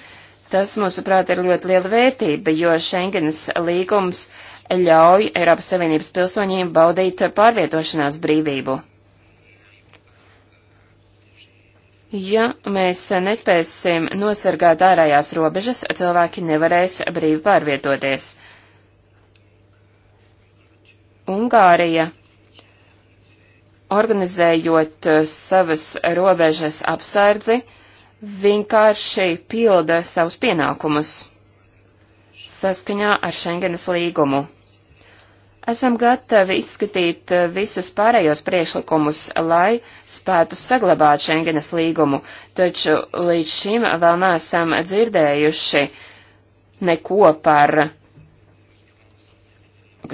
Tas, mūsuprāt, ir ļoti liela vērtība, jo Schengens līgums ļauj Eiropas Savienības pilsoņiem baudīt pārvietošanās brīvību. Ja mēs nespēsim nosargāt ārējās robežas, cilvēki nevarēs brīvi pārvietoties. Ungārija, organizējot savas robežas apsardzi, vienkārši pilda savus pienākumus saskaņā ar Schengenas līgumu. Esam gatavi izskatīt eh, visus pārējos priekšlikumus, lai spētu saglabāt Schengenas līgumu, taču līdz šim vēl neesam dzirdējuši neko par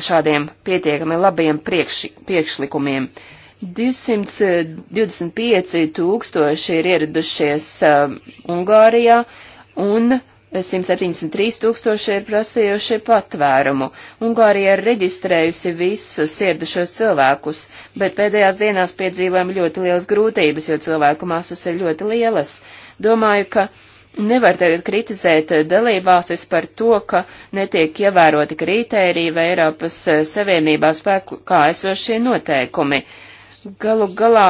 šādiem pietiekami labiem priekš, priekšlikumiem. 225 eh, tūkstoši ir ieradušies uh, Ungārijā un 173 tūkstoši ir prasījuši patvērumu. Ungārija ir reģistrējusi visus ieradušos cilvēkus, bet pēdējās dienās piedzīvojam ļoti lielas grūtības, jo cilvēku masas ir ļoti lielas. Domāju, ka nevar tagad kritizēt dalībvalstis par to, ka netiek ievēroti kritēriji vai Eiropas Savienībā spēku kā esošie noteikumi. Galu galā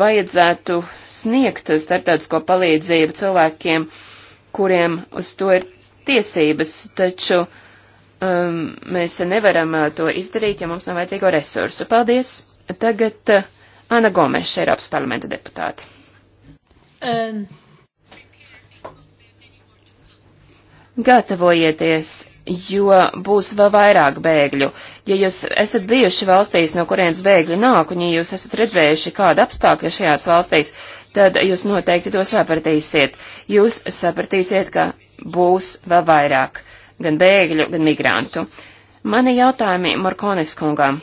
vajadzētu sniegt starptautisko palīdzību cilvēkiem, uh, kuriem uz to ir tiesības, taču um, mēs nevaram uh, to izdarīt, ja mums nav vajadzīgo resursu. Paldies! Tagad uh, Ana Gomeša, Eiropas parlamenta deputāte. Um. Gatavojieties, jo būs vēl vairāk bēgļu. Ja jūs esat bijuši valstīs, no kurienes bēgļi nāk, un ja jūs esat redzējuši, kāda apstākļa šajās valstīs, tad jūs noteikti to sapratīsiet. Jūs sapratīsiet, ka būs vēl vairāk gan bēgļu, gan migrantu. Mani jautājumi Markonis kungam.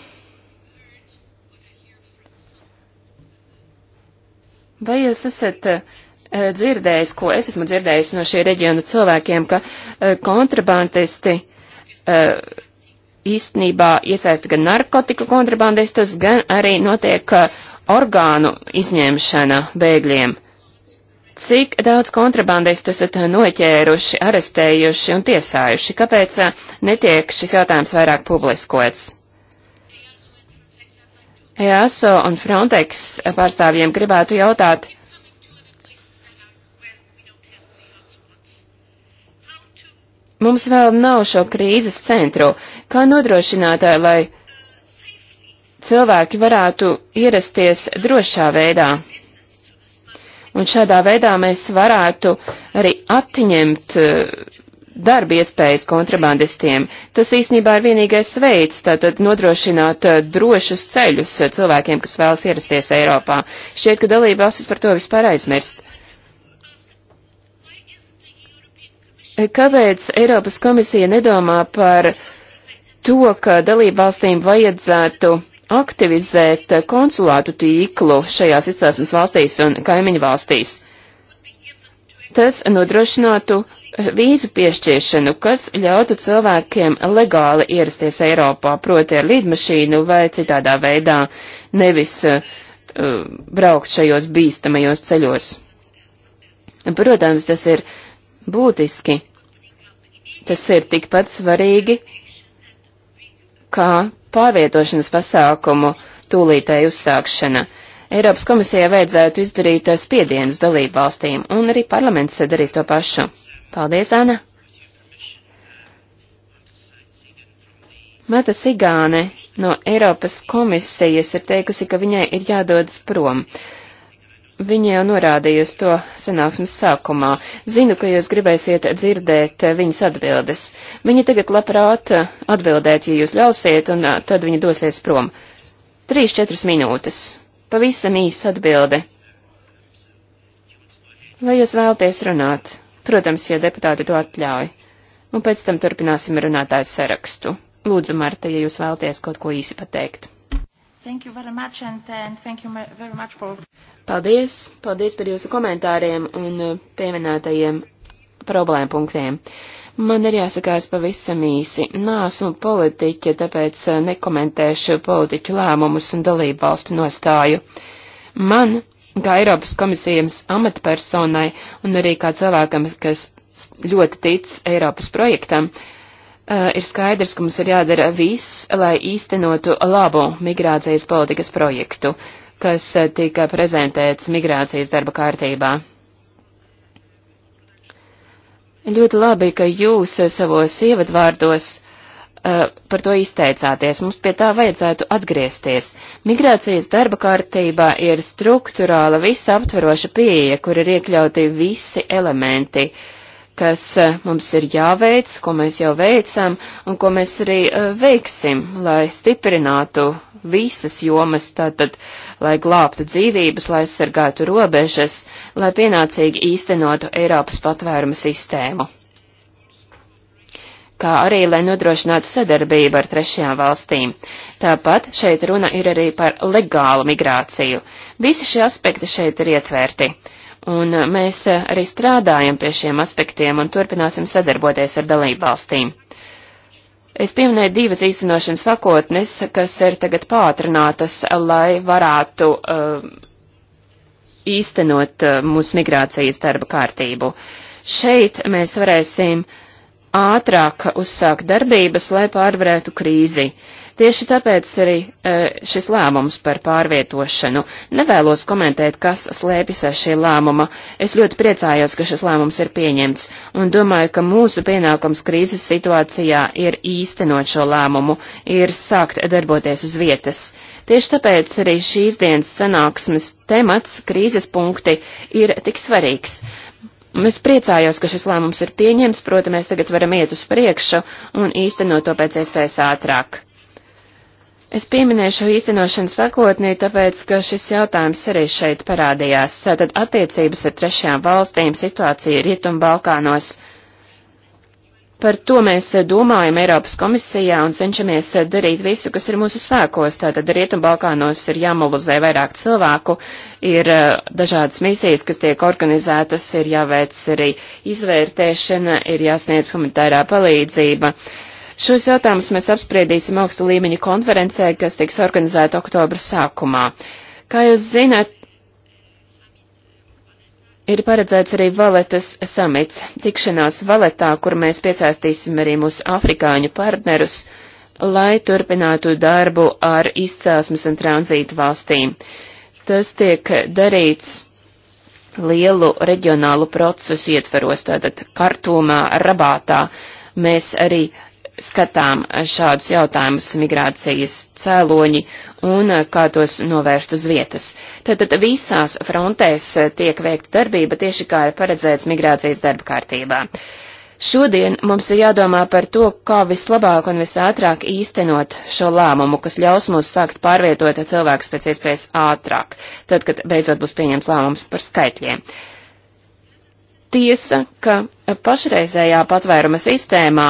Vai jūs esat eh, dzirdējis, ko es esmu dzirdējis no šī reģiona cilvēkiem, ka eh, kontrabandisti eh, īstenībā iesaista gan narkotiku kontrabandistus, gan arī notiek orgānu izņemšana bēgļiem. Cik daudz kontrabandistu esat noķēruši, arestējuši un tiesājuši? Kāpēc eh, netiek šis jautājums vairāk publiskots? EASO un Frontex pārstāvjiem gribētu jautāt, mums vēl nav šo krīzes centru. Kā nodrošināt, eh, lai cilvēki varētu ierasties drošā veidā. Un šādā veidā mēs varētu arī atņemt eh, darba iespējas kontrabandistiem. Tas īsnībā ir vienīgais veids, tātad nodrošināt eh, drošus ceļus eh, cilvēkiem, kas vēlas ierasties Eiropā. Šķiet, ka dalība valstis par to vispār aizmirst. Kāpēc Eiropas komisija nedomā par to, ka dalību valstīm vajadzētu aktivizēt konsulātu tīklu šajās izcelsmes valstīs un kaimiņu valstīs. Tas nodrošinātu vīzu piešķiršanu, kas ļautu cilvēkiem legāli ierasties Eiropā, proti ar līdmašīnu vai citādā veidā, nevis uh, braukt šajos bīstamajos ceļos. Protams, tas ir būtiski. Tas ir tikpat svarīgi kā pārvietošanas pasākumu tūlītēji uzsākšana. Eiropas komisijai vajadzētu izdarīt spiedienus dalību valstīm, un arī parlaments darīs to pašu. Paldies, Ana! Mata Sigāne no Eiropas komisijas ir teikusi, ka viņai ir jādodas prom. Uh, Viņa jau norādīja uz to sanāksmes sākumā. Zinu, ka jūs gribēsiet dzirdēt eh, viņas atbildes. Viņa tagad labprāt eh, atbildēt, ja jūs ļausiet, un eh, tad viņa dosies prom. Trīs, četras minūtes. Pavisam īsa atbilde. Vai jūs vēlties runāt? Protams, ja deputāti to atļauj. Un pēc tam turpināsim runātājs sarakstu. Lūdzu, Marta, ja jūs vēlties kaut ko īsi pateikt. Thank you very much and, and thank you very much for... Paldies, paldies par jūsu komentāriem un uh, pieminētajiem problēmu punktiem. Man ir jāsakās pavisam īsi. Nāsmu politiķe, tāpēc uh, nekomentēšu politiķu lēmumus un dalību valstu nostāju. Man, kā Eiropas komisijas amatpersonai un arī kā cilvēkam, kas ļoti tic Eiropas projektam, uh, Eh, ir skaidrs, ka mums ir jādara viss, lai īstenotu labu migrācijas politikas projektu, kas eh, tika prezentēts migrācijas darba kārtībā. Ļoti labi, ka jūs eh, savos ievadvārdos uh, par to izteicāties. Mums pie tā vajadzētu atgriezties. Migrācijas darba kārtībā ir struktūrāla visaptveroša pieeja, kur ir iekļauti visi elementi uh, kas eh, mums ir jāveic, ko mēs jau veicam un ko mēs arī eh, veiksim, lai stiprinātu visas jomas, tātad, lai glābtu dzīvības, lai sargātu robežas, lai pienācīgi īstenotu Eiropas patvēruma sistēmu kā arī, lai nodrošinātu sadarbību ar trešajām valstīm. Tāpat šeit runa ir arī par legālu migrāciju. Visi šie aspekti šeit ir ietvērti. Un eh, mēs eh, arī strādājam pie šiem aspektiem un turpināsim sadarboties ar dalībvalstīm. Es pieminēju divas īstenošanas fakotnes, kas ir tagad pātrinātas, lai varētu uh, īstenot uh, mūsu migrācijas darba kārtību. Šeit mēs varēsim ātrāk uzsākt darbības, lai pārvarētu krīzi. Uh, Tieši tāpēc arī e, šis lēmums par pārvietošanu. Nevēlos komentēt, kas slēpjas aiz šī lēmuma. Es ļoti priecājos, ka šis lēmums ir pieņemts, un domāju, ka mūsu pienākums krīzes situācijā ir īstenot šo lēmumu, ir sākt darboties uz vietas. Tieši tāpēc arī šīs dienas sanāksmes temats, krīzes punkti, ir tik svarīgs. Es priecājos, ka šis lēmums ir pieņemts, proti mēs tagad varam iet uz priekšu un īstenot to pēc iespējas ātrāk. Es pieminēšu īstenošanas pakotnī, tāpēc, ka šis jautājums arī šeit parādījās. Tātad attiecības ar trešajām valstīm situācija Rietumbalkānos. Par to mēs domājam Eiropas komisijā un cenšamies darīt visu, kas ir mūsu spēkos. Tātad Rietumbalkānos ir jāmobilizē vairāk cilvēku, ir eh, dažādas misijas, kas tiek organizētas, ir jāveic arī izvērtēšana, ir jāsniedz humanitārā palīdzība. Uh, Šos jautājumus mēs apspriedīsim augsta līmeņa konferencē, kas tiks organizēta oktobra sākumā. Kā jūs zināt, Ir paredzēts arī Valetas samits, tikšanās Valetā, kur mēs piesaistīsim arī mūsu afrikāņu partnerus, lai turpinātu darbu ar izcelsmes un tranzītu valstīm. Tas tiek darīts lielu reģionālu procesu ietveros, tātad Kartumā, Rabātā. Mēs arī skatām šādus jautājumus migrācijas cēloņi un kā tos novērst uz vietas. Tātad visās frontēs tiek veikta darbība tieši kā ir paredzēts migrācijas darba kārtībā. Šodien mums ir jādomā par to, kā vislabāk un visātrāk īstenot šo lēmumu, kas ļaus mums sākt pārvietot cilvēkus pēc iespējas ātrāk, tad, kad beidzot būs pieņems lēmums par skaitļiem. Tiesa, ka pašreizējā patvēruma sistēmā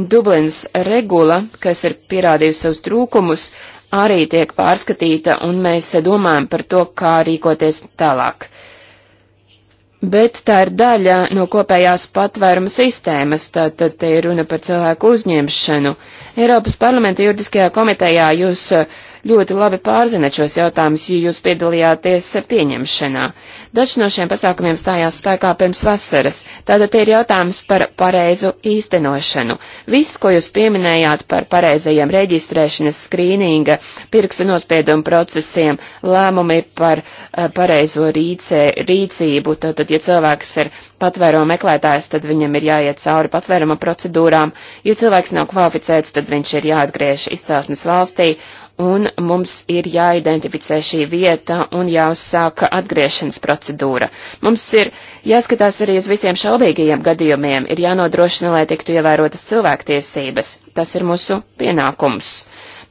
Dublins regula, kas ir pierādījusi savus trūkumus, arī tiek pārskatīta, un mēs domājam par to, kā rīkoties tālāk. Bet tā ir daļa no kopējās patvēruma sistēmas, tātad te ir runa par cilvēku uzņemšanu. Eiropas parlamenta juridiskajā komitejā jūs uh, ļoti labi pārzinat šos jautājumus, jo jūs piedalījāties pieņemšanā. Daži no šiem pasākumiem stājās spēkā pirms vasaras, tātad tie ir jautājums par pareizu īstenošanu. Viss, ko jūs pieminējāt par pareizajiem reģistrēšanas skrīninga, pirkstu nospiedumu procesiem, lēmumi par uh, pareizo rīcē, rīcību, tātad, ja cilvēks ir patvērumu meklētājs, tad viņam ir jāiet cauri patvērumu procedūrām, ja cilvēks nav kvalificēts, tad viņš ir jāatgriež izcelsmes valstī, un mums ir jāidentificē šī vieta un jāuzsāk atgriešanas procedūra. Mums ir jāskatās arī uz visiem šaubīgajiem gadījumiem, ir jānodrošina, lai tiktu ievērotas cilvēktiesības. Tas ir mūsu pienākums.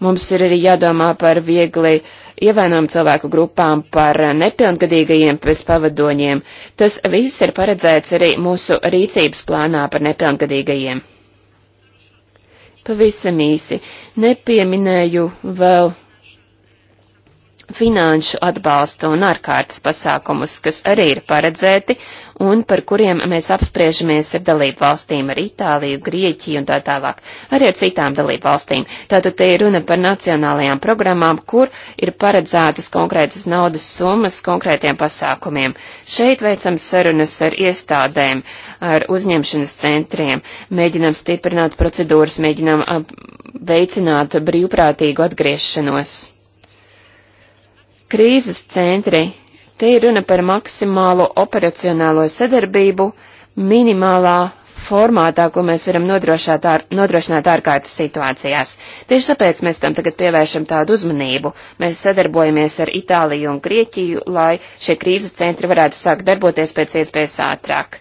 Mums ir arī jādomā par viegli ievainojumu cilvēku grupām, par nepilngadīgajiem bezpavadoņiem. Tas viss ir paredzēts arī mūsu rīcības plānā par nepilngadīgajiem. Pavisam īsi. Nepieminēju vēl finanšu atbalstu un ārkārtas pasākumus, kas arī ir paredzēti un par kuriem mēs apspriežamies ar dalību valstīm, ar Itāliju, Grieķiju un tā tālāk, arī ar citām dalību valstīm. Tātad te ir runa par nacionālajām programmām, kur ir paredzētas konkrētas naudas summas konkrētiem pasākumiem. Šeit veicam sarunas ar iestādēm, ar uzņemšanas centriem, mēģinam stiprināt procedūras, mēģinam veicināt brīvprātīgu atgriešanos. Krīzes centri Te ir runa par maksimālo operacionālo sadarbību, minimālā formātā, ko mēs varam nodrošināt, ār, nodrošināt ārkārtas situācijās. Tieši tāpēc mēs tam tagad pievēršam tādu uzmanību. Mēs sadarbojamies ar Itāliju un Grieķiju, lai šie krīzes centri varētu sākt darboties pēc iespējas ātrāk.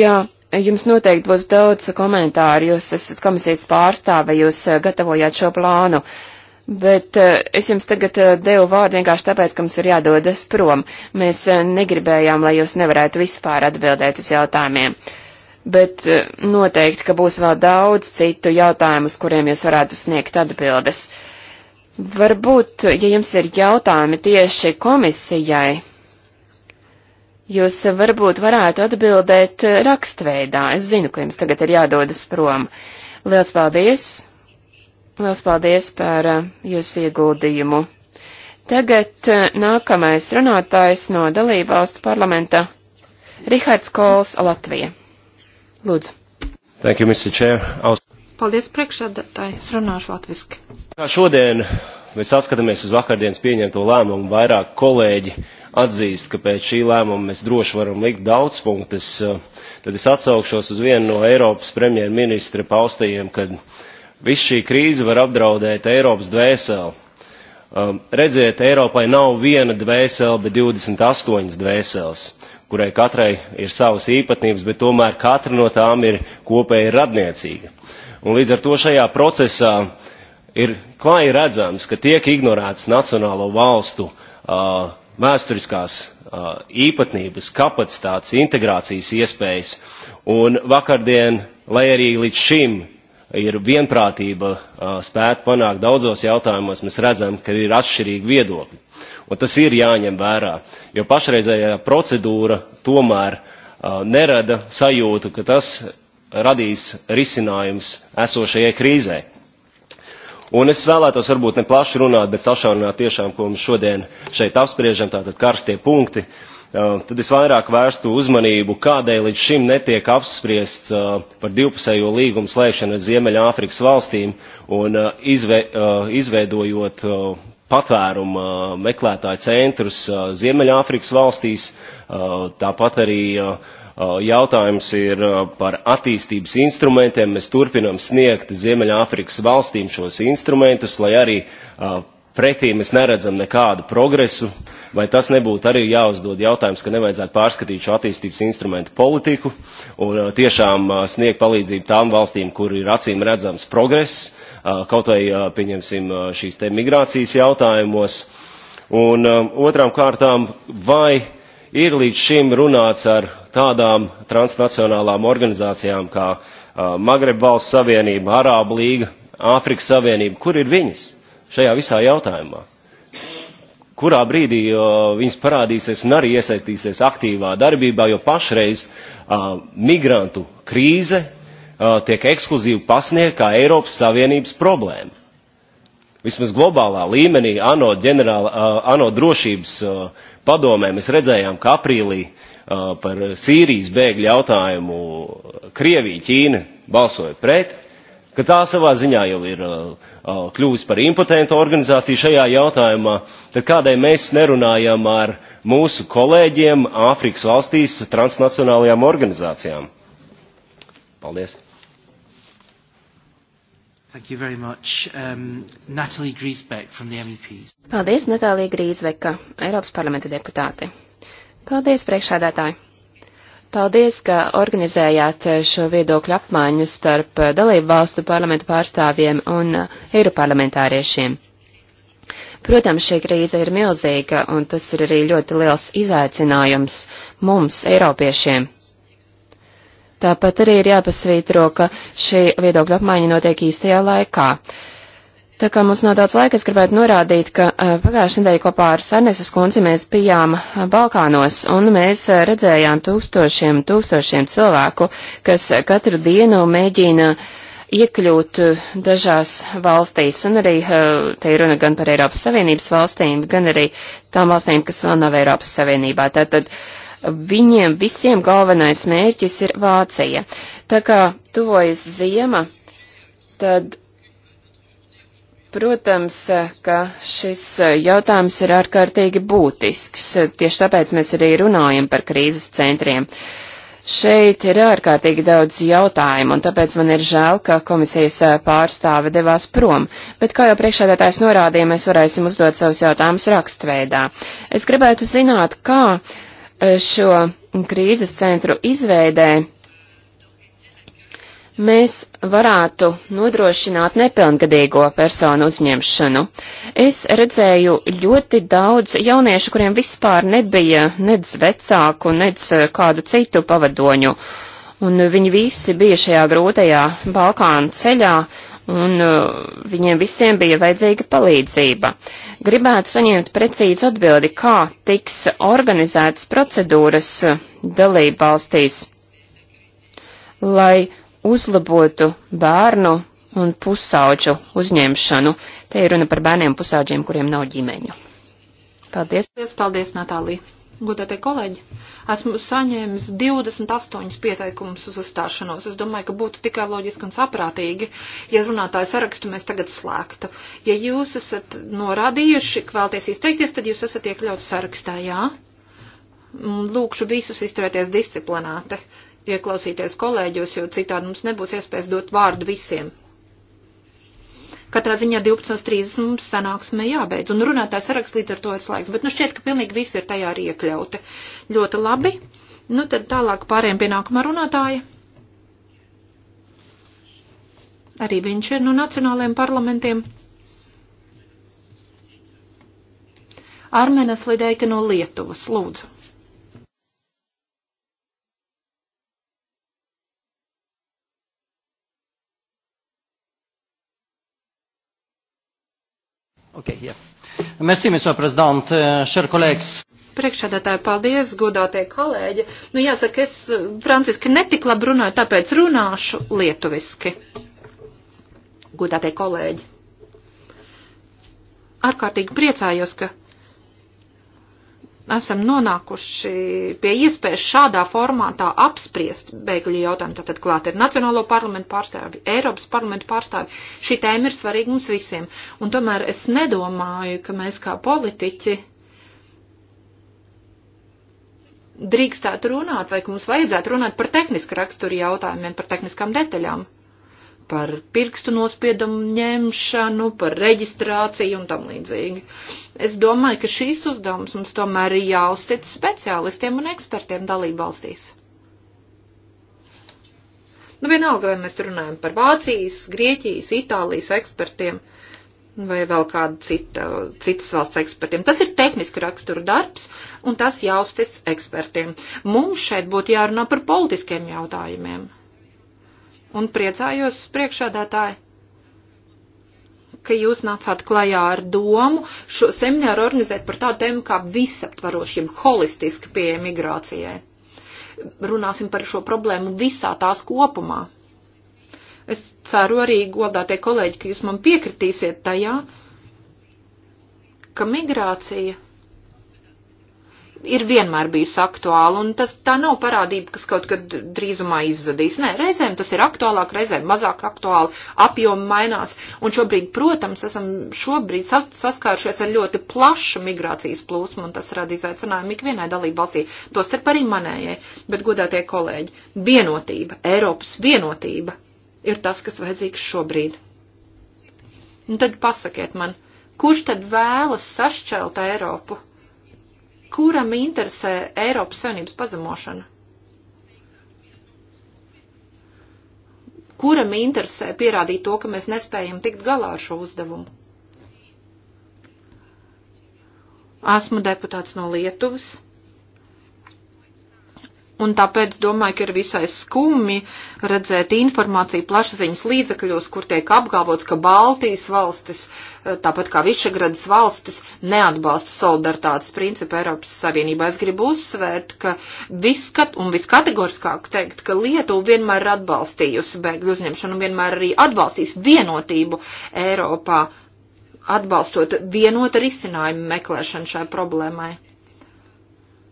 Jā, jums noteikti būs daudz komentāru, jūs esat komisijas pārstāve, jūs eh, gatavojāt šo plānu. Uh, Bet eh, es jums tagad eh, devu vārdu vienkārši tāpēc, ka mums ir jādodas prom. Mēs eh, negribējām, lai jūs nevarētu vispār atbildēt uz jautājumiem. Bet noteikti, ka būs vēl daudz citu jautājumu, uz kuriem jūs varētu sniegt atbildes. Varbūt, ja jums ir jautājumi tieši komisijai, jūs varbūt varētu atbildēt rakstveidā. Es zinu, ka jums tagad ir jādodas prom. Liels paldies! Lielas paldies par eh, jūsu ieguldījumu. Tagad eh, nākamais runātājs no dalībvalstu parlamenta - Rihards Kols, Latvija. Lūdzu. Thank you, Mr. Chair. I'll... Paldies, priekšsēdētāji. Es runāšu latviski. Kā šodien mēs atskatāmies uz vakardienas pieņemto lēmumu, vairāk kolēģi atzīst, ka pēc šī lēmuma mēs droši varam likt daudz punktus, eh, tad es atsaukšos uz vienu no Eiropas premjerministra paustajiem, kad Viss šī krīze var apdraudēt Eiropas dvēseli. Um, redziet, Eiropai nav viena dvēsele, bet 28 dvēseles, kurai katrai ir savas īpatnības, bet tomēr katra no tām ir kopēji radniecīga. Un līdz ar to šajā procesā ir klāji redzams, ka tiek ignorēts nacionālo valstu uh, vēsturiskās uh, īpatnības, kapacitātes, integrācijas iespējas. Un vakardien, lai arī līdz šim ir vienprātība spēt panākt daudzos jautājumos, mēs redzam, ka ir atšķirīgi viedokļi. Un tas ir jāņem vērā, jo pašreizējā procedūra tomēr nerada sajūtu, ka tas radīs risinājums esošajai krīzē. Un es vēlētos varbūt ne plaši runāt, bet sašaurināt tiešām, ko mums šodien šeit apspriežam, tātad karstie punkti. Uh, tad es vairāk vērstu uzmanību, kādēļ līdz šim netiek apspriests par divpusējo līgumu slēgšanu ar Ziemeļāfrikas valstīm un izve, izveidojot patvērumu meklētāju centrus Ziemeļāfrikas valstīs, tāpat arī jautājums ir par attīstības instrumentiem. Mēs turpinam sniegt Ziemeļāfrikas valstīm šos instrumentus, lai arī pretī mēs neredzam nekādu progresu, vai tas nebūtu arī jāuzdod jautājums, ka nevajadzētu pārskatīt šo attīstības instrumentu politiku un uh, tiešām uh, sniegt palīdzību tām valstīm, kur ir acīm redzams progress, uh, kaut vai, pieņemsim, šīs te migrācijas jautājumos. Un um, otrām kārtām, vai ir līdz šim runāts ar tādām transnacionālām organizācijām kā Magreb valsts savienība, Arābu līga, Āfrikas savienība, kur ir viņas? šajā visā jautājumā. Kurā brīdī uh, viņas parādīsies un arī iesaistīsies aktīvā darbībā, jo pašreiz uh, migrantu krīze uh, tiek ekskluzīvi pasniegt kā Eiropas Savienības problēma. Vismaz globālā līmenī ANO, ģenerāla, uh, ANO drošības uh, padomē mēs redzējām, ka aprīlī uh, par Sīrijas bēgļu jautājumu Krievija, Ķīna balsoja pret, ka tā savā ziņā jau ir uh, uh, kļuvusi par impotentu organizāciju šajā jautājumā, tad kādēļ mēs nerunājam ar mūsu kolēģiem Āfrikas valstīs transnacionālajām organizācijām? Paldies! Thank you very much. Um, Natalie Griesbeck from the MEPs. Paldies, Natālija Grīsbeka, Eiropas parlamenta deputāte. Paldies, priekšādātāji! Paldies, ka organizējāt eh, šo viedokļu apmaiņu starp eh, dalību valstu parlamentu pārstāvjiem un eh, eiroparlamentāriešiem. Protams, šī krīze ir milzīga, un tas ir arī ļoti liels izaicinājums mums, eiropiešiem. Tāpat arī ir jāpasvītro, ka šī viedokļa apmaiņa notiek īstajā laikā. Uh, Tā kā mums nav daudz laika, es gribētu norādīt, ka eh, pagājušajā nedēļā kopā ar Sarneses kundzi mēs bijām eh, Balkānos, un mēs eh, redzējām tūkstošiem, tūkstošiem cilvēku, kas katru dienu mēģina iekļūt dažās valstīs, un arī te ir runa gan par Eiropas Savienības valstīm, gan arī tām valstīm, kas vēl nav Eiropas Savienībā. Tātad, Viņiem visiem galvenais mērķis ir Vācija. Tā kā tuvojas ziema, tad Protams, ka šis jautājums ir ārkārtīgi būtisks, tieši tāpēc mēs arī runājam par krīzes centriem. Šeit ir ārkārtīgi daudz jautājumu, un tāpēc man ir žēl, ka komisijas pārstāve devās prom, bet, kā jau priekšādātājs norādīja, mēs varēsim uzdot savus jautājumus rakstveidā. Es gribētu zināt, kā eh, šo krīzes centru izveidē mēs varētu nodrošināt nepilngadīgo personu uzņemšanu. Es redzēju ļoti daudz jauniešu, kuriem vispār nebija nedz vecāku, nedz eh, kādu citu pavadoņu, un viņi visi bija šajā grūtajā Balkānu ceļā, un eh, viņiem visiem bija vajadzīga palīdzība. Gribētu saņemt precīzu atbildi, kā tiks organizētas procedūras eh, dalība valstīs, lai uzlabotu bērnu un pusauģu uzņemšanu. Te ir runa par bērniem pusauģiem, kuriem nav ģimeņu. Paldies. Paldies, paldies Natālija. Godātie kolēģi, esmu saņēmis 28 pieteikumus uz uzstāšanos. Es domāju, ka būtu tikai loģiski un saprātīgi, ja runātāju sarakstu mēs tagad slēgtu. Ja jūs esat norādījuši, ka vēlties izteikties, tad jūs esat iekļauts sarakstā, jā? Lūkšu visus izturēties disciplinēti ieklausīties kolēģos, jo citādi mums nebūs iespējas dot vārdu visiem. Katrā ziņā 12.30 mums sanāksme jābeidz, un runātājs saraksts līdz ar to ir slēgts, bet nu šķiet, ka pilnīgi visi ir tajā arī iekļauti. Ļoti labi. Nu tad tālāk pārējiem pie nākamā runātāja. Arī viņš ir no nacionālajiem parlamentiem. Armenes Lideika no Lietuvas, lūdzu. Okay, yeah. Merci, monsieur président, euh, chers collègues. Priekšādātāji, paldies, godātie kolēģi. Nu, jāsaka, es eh, franciski netik labi runāju, tāpēc runāšu lietuviski. Godātie kolēģi. Ārkārtīgi priecājos, ka esam nonākuši pie iespējas šādā formātā apspriest bēgļu jautājumu. Tātad klāt ir Nacionālo parlamentu pārstāvi, Eiropas parlamentu pārstāvi. Šī tēma ir svarīga mums visiem. Un tomēr es nedomāju, ka mēs kā politiķi drīkstētu runāt vai ka mums vajadzētu runāt par tehniska rakstura jautājumiem, par tehniskām detaļām par pirkstu nospiedumu ņemšanu, par reģistrāciju un tam līdzīgi. Es domāju, ka šīs uzdevums mums tomēr ir jāuztic speciālistiem un ekspertiem dalībvalstīs. Nu, vienalga, vai mēs runājam par Vācijas, Grieķijas, Itālijas ekspertiem vai vēl kādu cita, citas valsts ekspertiem. Tas ir tehniski rakstura darbs, un tas jāuztic ekspertiem. Mums šeit būtu jārunā par politiskiem jautājumiem un priecājos priekšādātāji, ka jūs nācāt klajā ar domu šo semināru organizēt par tādu tēmu kā visaptvarošiem, holistiski pieeja migrācijai. Runāsim par šo problēmu visā tās kopumā. Es ceru arī, godātie kolēģi, ka jūs man piekritīsiet tajā, ka migrācija ir vienmēr bijis aktuāli, un tas tā nav parādība, kas kaut kad drīzumā izzudīs. Nē, reizēm tas ir aktuālāk, reizēm mazāk aktuāli, apjomi mainās, un šobrīd, protams, esam šobrīd saskāršies ar ļoti plašu migrācijas plūsmu, un tas rada izaicinājumu ikvienai dalību valstī, tostarp arī manējai, bet godātie kolēģi, vienotība, Eiropas vienotība ir tas, kas vajadzīgs šobrīd. Un tad pasakiet man, kurš tad vēlas sašķelt Eiropu? kuram interesē Eiropas Savienības pazemošana? Kuram interesē pierādīt to, ka mēs nespējam tikt galā ar šo uzdevumu? Esmu deputāts no Lietuvas. Un tāpēc domāju, ka ir visai skumji redzēt informāciju plašsaziņas līdzakļos, kur tiek apgalvots, ka Baltijas valstis, eh, tāpat kā Višagradas valstis, neatbalsta solidaritātes principu Eiropas Savienībā. Es gribu uzsvērt, ka viskat, un viskategoriskāk teikt, ka Lietuva vienmēr ir atbalstījusi bēgļu uzņemšanu un vienmēr arī atbalstīs vienotību Eiropā, atbalstot vienota risinājuma meklēšanu šai problēmai.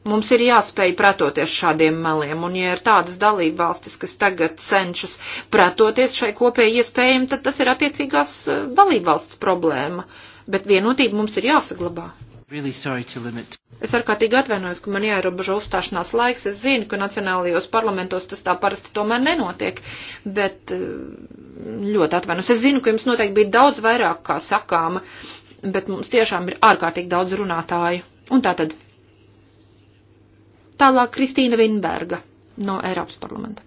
Mums ir jāspēj pretoties šādiem meliem, un ja ir tādas dalība valstis, kas tagad cenšas pretoties šai kopēji iespējami, tad tas ir attiecīgās eh, dalība valsts problēma. Bet vienotība mums ir jāsaglabā. Really es ārkārtīgi atvainojos, ka man jāierobežo uzstāšanās laiks. Es zinu, ka nacionālajos parlamentos tas tā parasti tomēr nenotiek, bet eh, ļoti atvainojos. Es zinu, ka jums noteikti bija daudz vairāk kā sakāma, bet mums tiešām ir ārkārtīgi daudz runātāju. Un tā tad Tālāk Kristīna Vinberga no Eiropas parlamenta.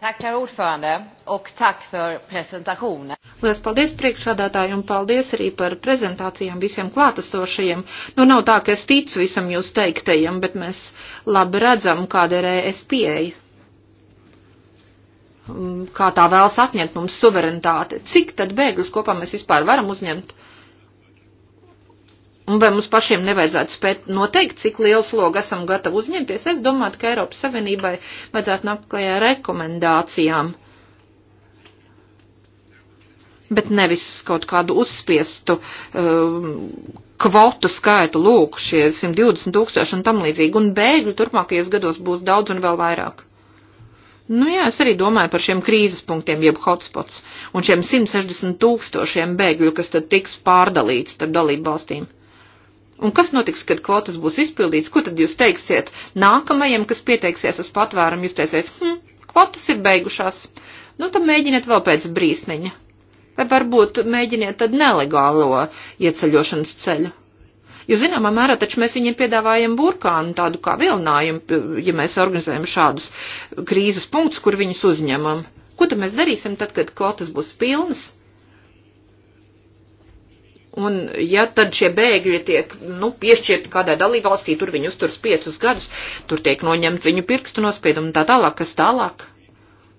Tackar ordförande och tack för presentationen. Lielas paldies priekšādātāji un paldies arī par prezentācijām visiem klātesošajiem. Nu, nav tā, ka es ticu visam jūs teiktajam, bet mēs labi redzam, kāda ir ES pieeja. Mm, kā tā vēlas atņemt mums suverenitāti. Cik tad bēgļus kopā mēs vispār varam uzņemt? Uh, Un vai mums pašiem nevajadzētu spēt noteikt, cik lielu slogu esam gatavi uzņemties? Es domāju, ka Eiropas Savienībai vajadzētu nākt klajā rekomendācijām, bet nevis kaut kādu uzspiestu um, kvotu skaitu, lūk, šie 120 tūkstoši un tam līdzīgi. Un bēgļu turpmākajos gados būs daudz un vēl vairāk. Nu jā, es arī domāju par šiem krīzes punktiem, jeb hotspots, un šiem 160 tūkstošiem bēgļu, kas tad tiks pārdalīts starp dalību valstīm. Un kas notiks, kad kvotas būs izpildīts? Ko tad jūs teiksiet nākamajam, kas pieteiksies uz patvērumu? Jūs teiksiet, hm, kvotas ir beigušās. Nu, tad mēģiniet vēl pēc brīsniņa. Vai varbūt mēģiniet tad nelegālo ieceļošanas ceļu? Jo zināmā mērā taču mēs viņiem piedāvājam burkānu tādu kā vilinājumu, ja mēs organizējam šādus krīzes punktus, kur viņus uzņemam. Ko tad mēs darīsim tad, kad kvotas būs pilnas? Un, ja tad šie bēgļi tiek nu, piešķirti kādai dalībvalstī, tur viņi uzturs piecus gadus, tur tiek noņemt viņu pirkstu nospiedumu un tā tālāk, kas tālāk.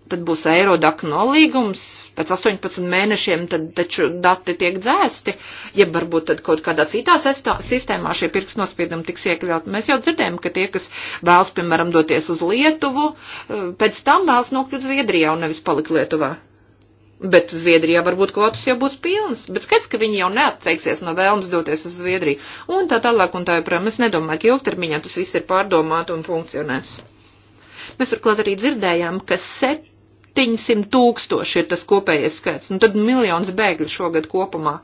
Tad būs eirodak nolīgums, pēc 18 mēnešiem tad taču dati tiek dzēsti, ja varbūt tad kaut kādā citā sestā, sistēmā šie pirkstu nospiedumi tiks iekļaut. Mēs jau dzirdējam, ka tie, kas vēlas, piemēram, doties uz Lietuvu, eh, pēc tam vēlas nokļūt Zviedrijā un nevis palikt Lietuvā. Bet Zviedrijā varbūt kvotas jau būs pilnas, bet skats, ka viņi jau neatteiksies no vēlmes doties uz Zviedriju. Un tā tālāk un tā joprojām. Es nedomāju, ka ilgtermiņā tas viss ir pārdomāts un funkcionēs. Mēs turklāt arī dzirdējām, ka sep 700 tūkstoši ir tas kopējais skaits. Nu, tad miljons bēgļu šogad kopumā.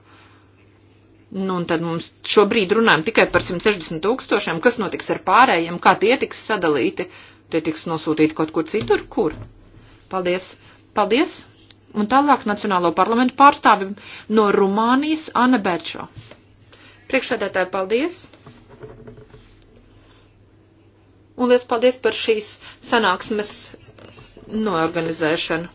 Nu, un tad mums šobrīd runājam tikai par 160 tūkstošiem. Kas notiks ar pārējiem? Kā tie tiks sadalīti? Tie tiks nosūtīti kaut kur citur? Kur? Paldies! Paldies! Un tālāk Nacionālo parlamentu pārstāvim no Rumānijas Anna Berčo. Priekšsēdētāji, paldies! Un liels paldies par šīs sanāksmes noorganizēšanu.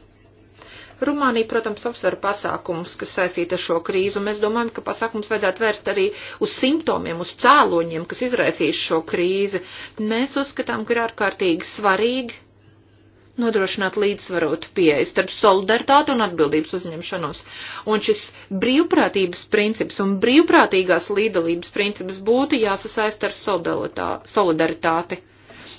Rumānija, protams, apsver pasākumus, kas saistīta ar šo krīzi, un mēs domājam, ka pasākums vajadzētu vērst arī uz simptomiem, uz cēloņiem, kas izraisīs šo krīzi. Mēs uzskatām, ka ir ārkārtīgi svarīgi nodrošināt līdzsvarotu pieeju starp solidaritāti un atbildības uzņemšanos. Un šis brīvprātības princips un brīvprātīgās līdalības princips būtu jāsasaist ar solidaritāti.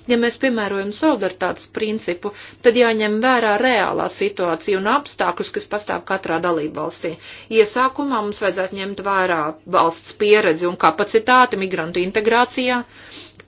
Ja mēs piemērojam solidaritātes principu, tad jāņem vērā reālā situācija un apstākļus, kas pastāv katrā dalību valstī. Iesākumā mums vajadzētu ņemt vērā valsts pieredzi un kapacitāti migrantu integrācijā,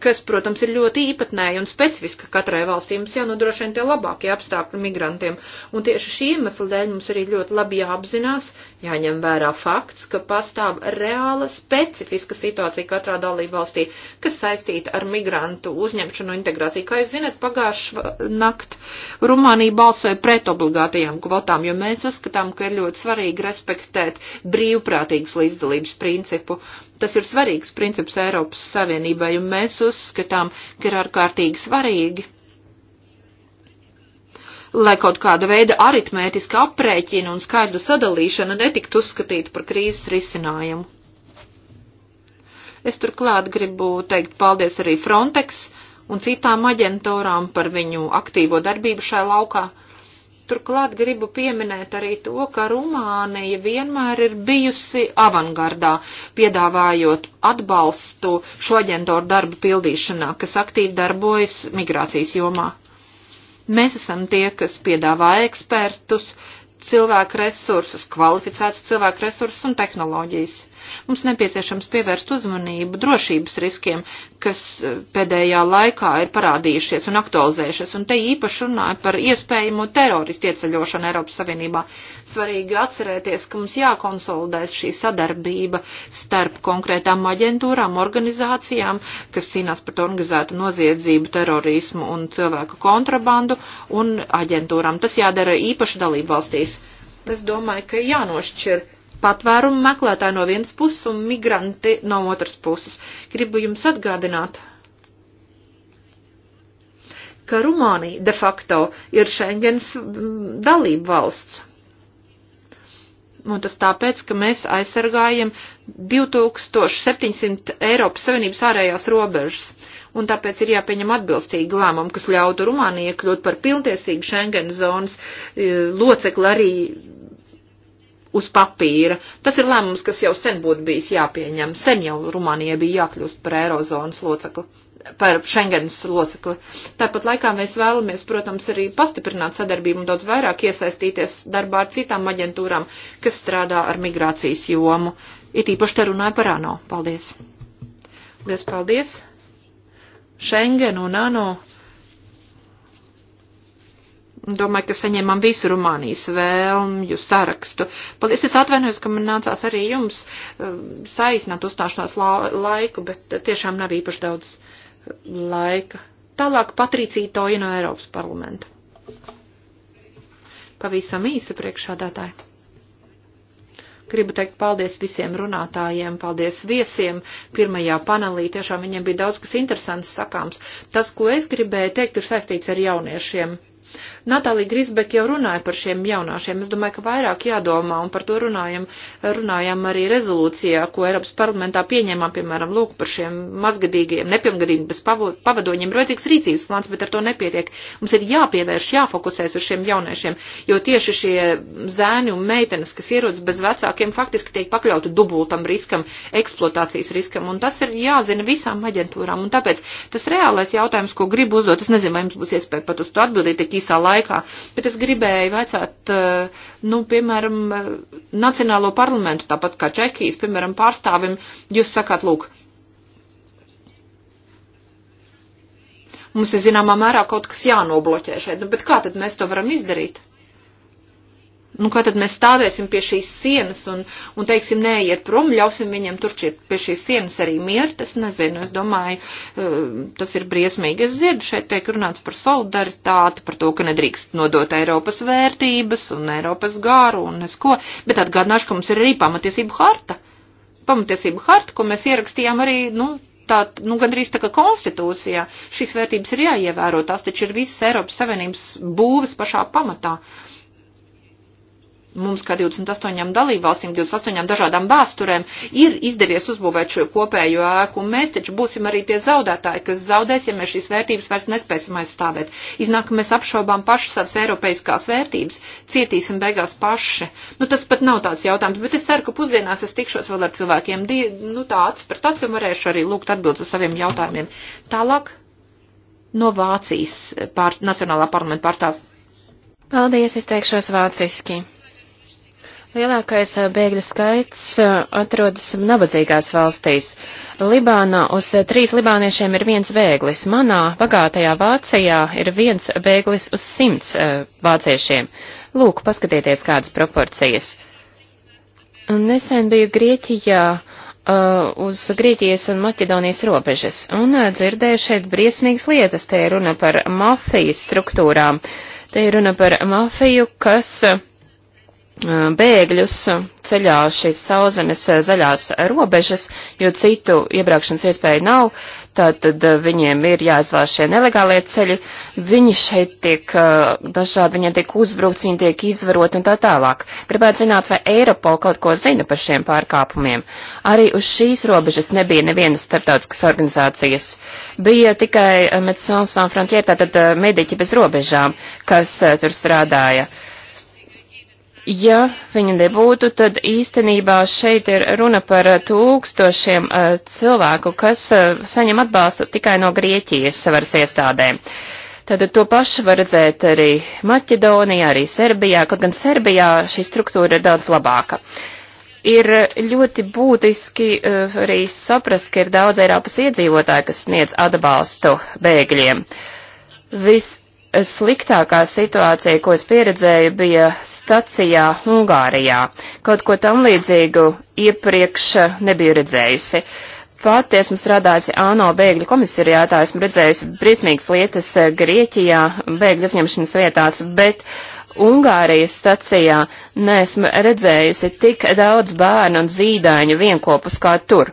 kas, protams, ir ļoti īpatnēja un specifiska katrai valstī. Mums jānodrošina tie labākie apstākļi migrantiem. Un tieši šī iemesla dēļ mums arī ļoti labi jāapzinās, jāņem vērā fakts, ka pastāv reāla specifiska situācija katrā dalība valstī, kas saistīta ar migrantu uzņemšanu un integrāciju. Kā jūs zinat, pagājušā nakt Rumānija balsoja pret obligātajām kvotām, jo mēs uzskatām, ka ir ļoti svarīgi respektēt brīvprātīgas līdzdalības principu. Tas ir svarīgs princips Eiropas Savienībai, un mēs uz uzskatām, ka ir ārkārtīgi svarīgi, lai kaut kāda veida aritmētiska aprēķina un skaidru sadalīšana netiktu uzskatīta par krīzes risinājumu. Es turklāt gribu teikt paldies arī Frontex un citām aģentūrām par viņu aktīvo darbību šai laukā. Turklāt gribu pieminēt arī to, ka Rumānija vienmēr ir bijusi avangardā, piedāvājot atbalstu šo aģentoru darbu pildīšanā, kas aktīvi darbojas migrācijas jomā. Mēs esam tie, kas piedāvā ekspertus, cilvēku resursus, kvalificētus cilvēku resursus un tehnoloģijas. Mums nepieciešams pievērst uzmanību drošības riskiem, kas eh, pēdējā laikā ir parādījušies un aktualizējušies, un te īpaši runāja par iespējamo teroristu ieceļošanu Eiropas Savienībā. Svarīgi atcerēties, ka mums jākonsolidēs šī sadarbība starp konkrētām aģentūrām, organizācijām, kas cīnās par organizētu noziedzību, terorismu un cilvēku kontrabandu, un aģentūrām. Tas jādara īpaši dalību valstīs. Es domāju, ka jānošķir patvērumu meklētāji no vienas puses un migranti no otras puses. Gribu jums atgādināt, ka Rumānija de facto ir Schengens mm, dalība valsts. Un tas tāpēc, ka mēs aizsargājam 2700 Eiropas Savienības ārējās robežas. Un tāpēc ir jāpieņem atbilstīgi lēmumi, kas ļautu Rumānijai kļūt par pilntiesīgu Schengen zonas eh, locekli arī uz papīra. Tas ir lēmums, kas jau sen būtu bijis jāpieņem. Sen jau Rumānija bija jākļūst par Eirozonas locekli par Schengens locekli. Tāpat laikā mēs vēlamies, protams, arī pastiprināt sadarbību un daudz vairāk iesaistīties darbā ar citām aģentūrām, kas strādā ar migrācijas jomu. It īpaši te runāja par ANO. Paldies! Lies paldies! Schengen un ANO Domāju, ka saņēmām visu Rumānijas vēlmju sarakstu. Paldies, es atvainojos, ka man nācās arī jums um, saīsināt uzstāšanās laiku, bet tiešām nav īpaši daudz uh, laika. Tālāk Patricija Toja no Eiropas parlamenta. Pavisam īsi priekšādātāji. Gribu teikt paldies visiem runātājiem, paldies viesiem pirmajā panelī. Tiešām viņiem bija daudz kas interesants sakāms. Tas, ko es gribēju teikt, ir saistīts ar jauniešiem. Natālija Grisbek jau runāja par šiem jaunāšiem. Es domāju, ka vairāk jādomā, un par to runājam, runājam arī rezolūcijā, ko Eiropas parlamentā pieņēmām, piemēram, lūk par šiem mazgadīgiem, nepilngadīgiem, bez pavadoņiem. Ir vajadzīgs rīcības plāns, bet ar to nepietiek. Mums ir jāpievērš, jāfokusēs uz šiem jauniešiem, jo tieši šie zēni un meitenes, kas ierodas bez vecākiem, faktiski tiek pakļauti dubultam riskam, eksploatācijas riskam, un tas ir jāzina visām aģentūrām. Un tāpēc tas reālais jautājums, ko gribu uzdot, es nezinu, vai jums būs iespēja pat uz to atbildēt tik īsā laikā laikā. Bet es gribēju vaicāt, eh, nu, piemēram, Nacionālo parlamentu, tāpat kā Čehijas, piemēram, pārstāvim, jūs sakāt, lūk, mums ir zināmā mērā kaut kas jānobloķē šeit, nu, bet kā tad mēs to varam izdarīt? Nu, kā tad mēs stāvēsim pie šīs sienas un, un teiksim, neiet prom, ļausim viņiem tur šķiet pie šīs sienas arī mieru, tas nezinu, es domāju, eh, tas ir briesmīgi. Es dzirdu, šeit tiek runāts par solidaritāti, par to, ka nedrīkst nodot Eiropas vērtības un Eiropas gāru un es ko, bet atgādināšu, ka mums ir arī pamatiesību harta. Pamatiesību harta, ko mēs ierakstījām arī, nu, tā, nu, gandrīz tā kā konstitūcijā. Šīs vērtības ir jāievēro, tās taču ir visas Eiropas Savienības būvas pašā pamatā. Uh, mums, kā 28 dalībvalstīm, 28 dažādām vēsturēm, ir izdevies uzbūvēt šo kopējo ēku, un mēs taču būsim arī tie zaudētāji, kas zaudēs, ja mēs šīs vērtības vairs nespēsim aizstāvēt. Iznāk, ka mēs apšaubām paši savas eiropeiskās vērtības, cietīsim beigās paši. Nu, tas pat nav tāds jautājums, bet es ceru, ka pusdienās es tikšos vēl ar cilvēkiem, nu, tā acis par tāds, un varēšu arī lūgt atbildes uz saviem jautājumiem. Tālāk no Vācijas pār, Nacionālā parlamenta pārstāvja. Paldies, es teikšos vāciski. Lielākais bēgļu skaits atrodas nabadzīgās valstīs. Libānā uz trīs libāniešiem ir viens bēglis. Manā bagātajā Vācijā ir viens bēglis uz simts vāciešiem. Lūk, paskatieties, kādas proporcijas. Nesen biju Grieķijā uz Grieķijas un Maķedonijas robežas un dzirdēju šeit briesmīgas lietas. Te ir runa par mafijas struktūrām. Te ir runa par mafiju, kas bēgļus ceļā uz šīs sauzemes eh, zaļās robežas, jo citu iebraukšanas iespēju nav, tātad eh, viņiem ir jāizvēl šie nelegālie ceļi, viņi šeit tiek eh, dažādi, viņiem tiek uzbrukts, viņi tiek izvarot un tā tālāk. Gribētu zināt, vai Eiropol kaut ko zina par šiem pārkāpumiem. Arī uz šīs robežas nebija nevienas starptautiskas organizācijas. Bija tikai Medicines Sans Frontier, tātad mediķi bez robežām, kas tur strādāja. Uh, Ja viņa nebūtu, tad īstenībā šeit ir runa par eh, tūkstošiem uh, cilvēku, kas uh, saņem atbalstu tikai no Grieķijas varas iestādēm. Tad to pašu var redzēt arī Maķedonijā, arī Serbijā, kaut gan Serbijā šī struktūra ir daudz labāka. Ir ļoti būtiski uh, arī saprast, ka ir daudz Eiropas iedzīvotāju, kas sniedz atbalstu bēgļiem. Viss sliktākā situācija, ko es pieredzēju, bija stacijā Ungārijā. Kaut ko tam līdzīgu iepriekš nebiju redzējusi. Pati esmu strādājusi ANO bēgļu komisariātā, esmu redzējusi briesmīgas lietas Grieķijā, bēgļu uzņemšanas vietās, bet Ungārijas stacijā neesmu redzējusi tik daudz bērnu un zīdaiņu vienkopus kā tur.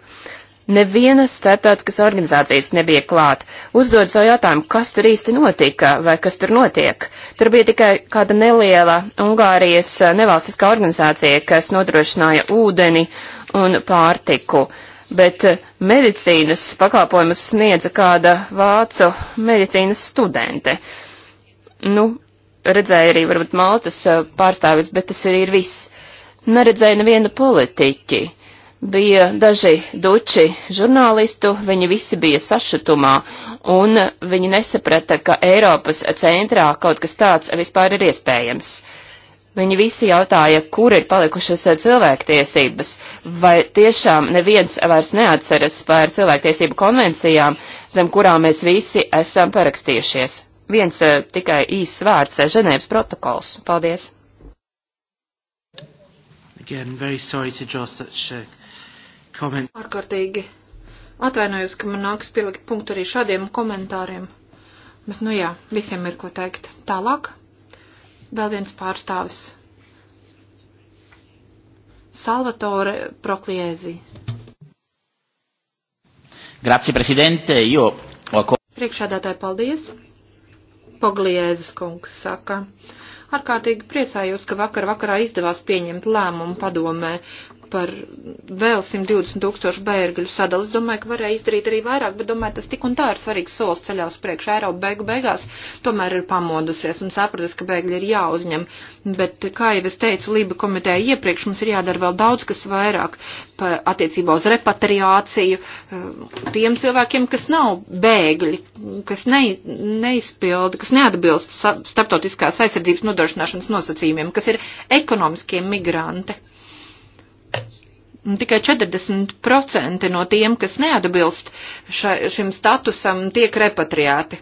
Nevienas starptautiskas organizācijas nebija klāt. Uzdod savu jautājumu, kas tur īsti notika vai kas tur notiek. Tur bija tikai kāda neliela Ungārijas eh, nevalstiskā organizācija, kas nodrošināja ūdeni un pārtiku. Bet eh, medicīnas pakalpojumus sniedza kāda vācu medicīnas studente. Nu, redzēja arī varbūt Maltas eh, pārstāvis, bet tas arī ir viss. Neredzēja nevienu politiķi bija daži duči žurnālistu, viņi visi bija sašutumā, un viņi nesaprata, ka Eiropas centrā kaut kas tāds vispār ir iespējams. Viņi visi jautāja, kur ir palikušas cilvēktiesības, vai tiešām neviens vairs neatceras par cilvēktiesību konvencijām, zem kurām mēs visi esam parakstījušies. Viens eh, tikai īsts vārds eh, - Ženēvas protokols. Paldies! Again, very sorry to draw such uh, comment. Ārkārtīgi atvainojos, ka man nāks pielikt punktu arī šādiem komentāriem. Bet, nu jā, visiem ir ko teikt. Tālāk vēl viens pārstāvis. Salvatore Prokliezi. Grazie, prezidente, jo. Priekšādātāji, paldies. Pogliezes kungs saka. Ārkārtīgi priecājos, ka vakar vakarā izdevās pieņemt lēmumu padomē par vēl 120 tūkstošu bērgļu sadalu. Es domāju, ka varēja izdarīt arī vairāk, bet domāju, tas tik un tā ir svarīgs solis ceļā uz priekšu. Eiropa beigu beigās tomēr ir pamodusies un sapratusi, ka bēgļi ir jāuzņem. Bet, kā jau es teicu, Lība komiteja iepriekš mums ir jādara vēl daudz, kas vairāk pa, attiecībā uz repatriāciju eh, tiem cilvēkiem, kas nav bēgļi, kas ne, neizpilda, kas neatbilst starptautiskās aizsardzības nodrošināšanas nosacījumiem, kas ir ekonomiskie migranti. Mm, tikai 40% no tiem, kas neatbilst ša, šim statusam, tiek repatriēti.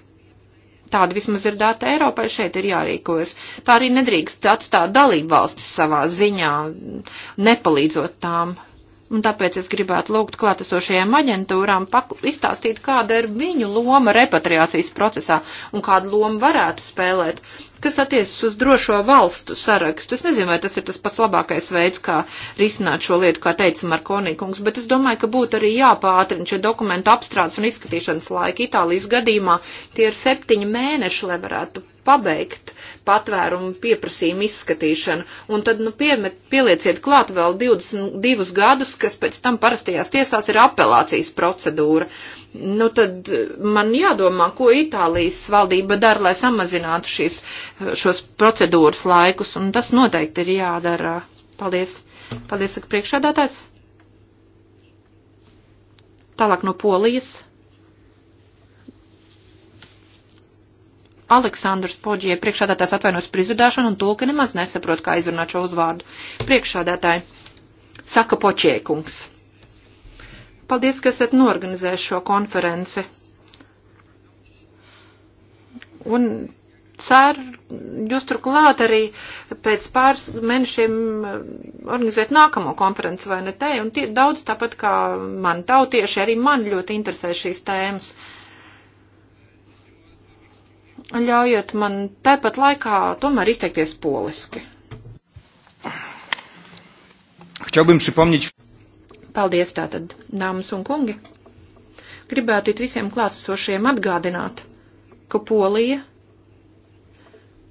Tāda vismaz ir data Eiropai šeit ir jārīkojas. Tā arī nedrīkst atstāt dalību valstis savā ziņā, nepalīdzot tām Un tāpēc es gribētu lūgt klātesošajām aģentūrām izstāstīt, kāda ir viņu loma repatriācijas procesā un kādu lomu varētu spēlēt, kas attiecas uz drošo valstu sarakstu. Es nezinu, vai tas ir tas pats labākais veids, kā risināt šo lietu, kā teica Markonīkungs, bet es domāju, ka būtu arī jāpātrina šie dokumentu apstrādes un izskatīšanas laika. Itālijas gadījumā tie ir septiņi mēneši, lai varētu pabeigt patvērumu pieprasījumu izskatīšanu, un tad, nu, piemet, pielieciet klāt vēl 22 gadus, kas pēc tam parastajās tiesās ir apelācijas procedūra. Nu, tad man jādomā, ko Itālijas valdība dara, lai samazinātu šīs, šos procedūras laikus, un tas noteikti ir jādara. Paldies. Paldies, saka priekšādātājs. Tālāk no Polijas. Aleksandrs Poģie priekšādātājs atvainojas par izrunāšanu un tulka nemaz nesaprot, kā izrunāt šo uzvārdu. Priekšādātāji saka Poķiekungs. Paldies, ka esat norganizējuši šo konferenci. Un ceru, jūs turklāt arī pēc pāris mēnešiem organizēt nākamo konferenci vai ne te, un tie, daudz tāpat kā man tautieši, arī man ļoti interesē šīs tēmas. Uh, ļaujot man tāpat laikā tomēr izteikties poliski. Chciałbym przypomnieć. Paldies tātad, dāmas un kungi. Gribētu it visiem klāsošiem atgādināt, ka Polija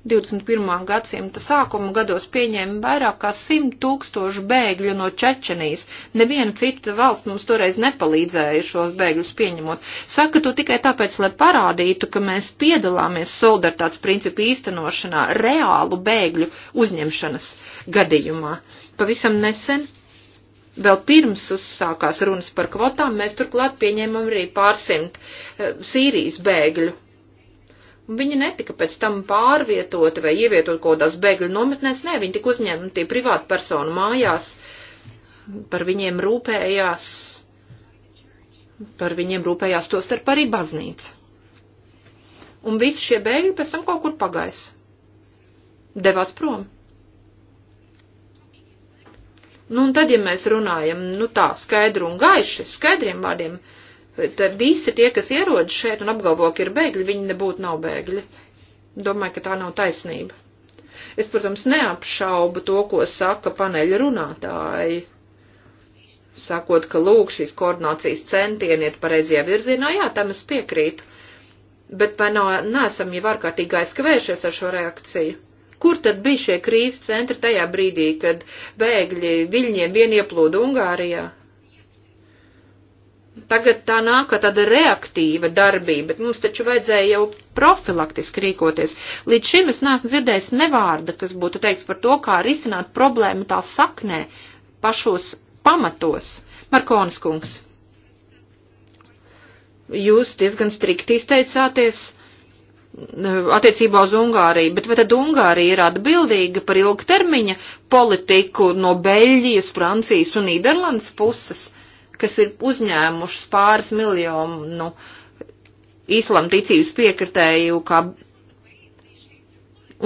21. gadsimta sākuma gados pieņēma vairāk kā 100 tūkstošu bēgļu no Čečenijas. Neviena cita valsts mums toreiz nepalīdzēja šos bēgļus pieņemot. Saka to tikai tāpēc, lai parādītu, ka mēs piedalāmies solidaritātes principu īstenošanā reālu bēgļu uzņemšanas gadījumā. Pavisam nesen. Vēl pirms uzsākās runas par kvotām, mēs turklāt pieņēmām arī pārsimt eh, Sīrijas bēgļu Viņi netika pēc tam pārvietoti vai ievietot kaut kādās bēgļu nometnēs, nē, viņi tika uzņemti privātu personu mājās, par viņiem rūpējās, par viņiem rūpējās to starp arī baznīca. Un visi šie bēgļi pēc tam kaut kur pagais. Devās prom. Nu, un tad, ja mēs runājam, nu tā, skaidru un gaiši, skaidriem vārdiem, uh, Tad visi tie, kas ierodas šeit un apgalvo, ka ir bēgļi, viņi nebūtu nav bēgļi. Domāju, ka tā nav taisnība. Es, protams, neapšaubu to, ko saka paneļa runātāji. Sakot, ka lūk, šīs koordinācijas centieni ir pareizajā virzienā, jā, tam es piekrītu. Bet vai nav, nesam jau ārkārtīgi aizkavējušies ar šo reakciju? Kur tad bija šie krīzes centri tajā brīdī, kad bēgļi viļņiem vien ieplūda Ungārijā? Tagad tā nāk tāda reaktīva darbība, bet mums taču vajadzēja jau profilaktiski rīkoties. Līdz šim es neesmu dzirdējis nevārda, kas būtu teiks par to, kā risināt problēmu tā saknē, pašos pamatos. Markonis kungs, jūs diezgan strikti izteicāties nu, attiecībā uz Ungāriju, bet vai tad Ungārija ir atbildīga par ilgtermiņa politiku no Beļģijas, Francijas un Nīderlandes puses? kas ir uzņēmušas pāris miljonu nu, islam ticības piekritēju, kā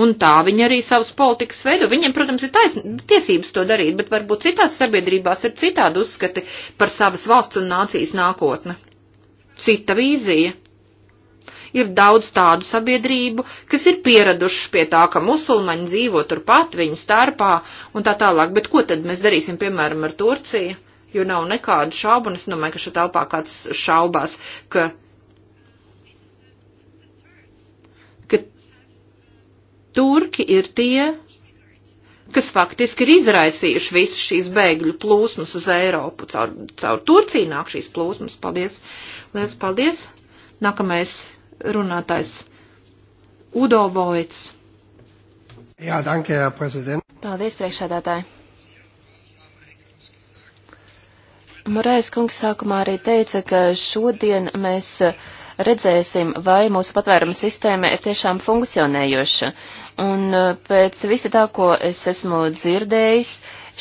Un tā viņi arī savus politikas veido. Viņiem, protams, ir tais, tiesības to darīt, bet varbūt citās sabiedrībās ir citādi uzskati par savas valsts un nācijas nākotne. Cita vīzija. Ir daudz tādu sabiedrību, kas ir pieradušas pie tā, ka musulmaņi dzīvo turpat viņu starpā un tā tālāk, bet ko tad mēs darīsim, piemēram, ar Turciju? jo nav nekādu šaubu, un es domāju, ka šeit telpā kāds šaubās, ka, ka turki ir tie, kas faktiski ir izraisījuši visas šīs bēgļu plūsmas uz Eiropu. Caur, caur Turciju nāk šīs plūsmas. Paldies! Lielas paldies! Nākamais runātājs Udo Voits. Jā, danke, prezident. Paldies, priekšsēdētāji! Morais kungs sākumā arī teica, ka šodien mēs redzēsim, vai mūsu patvēruma sistēma ir tiešām funkcionējoša. Un e, pēc visa tā, ko es esmu dzirdējis,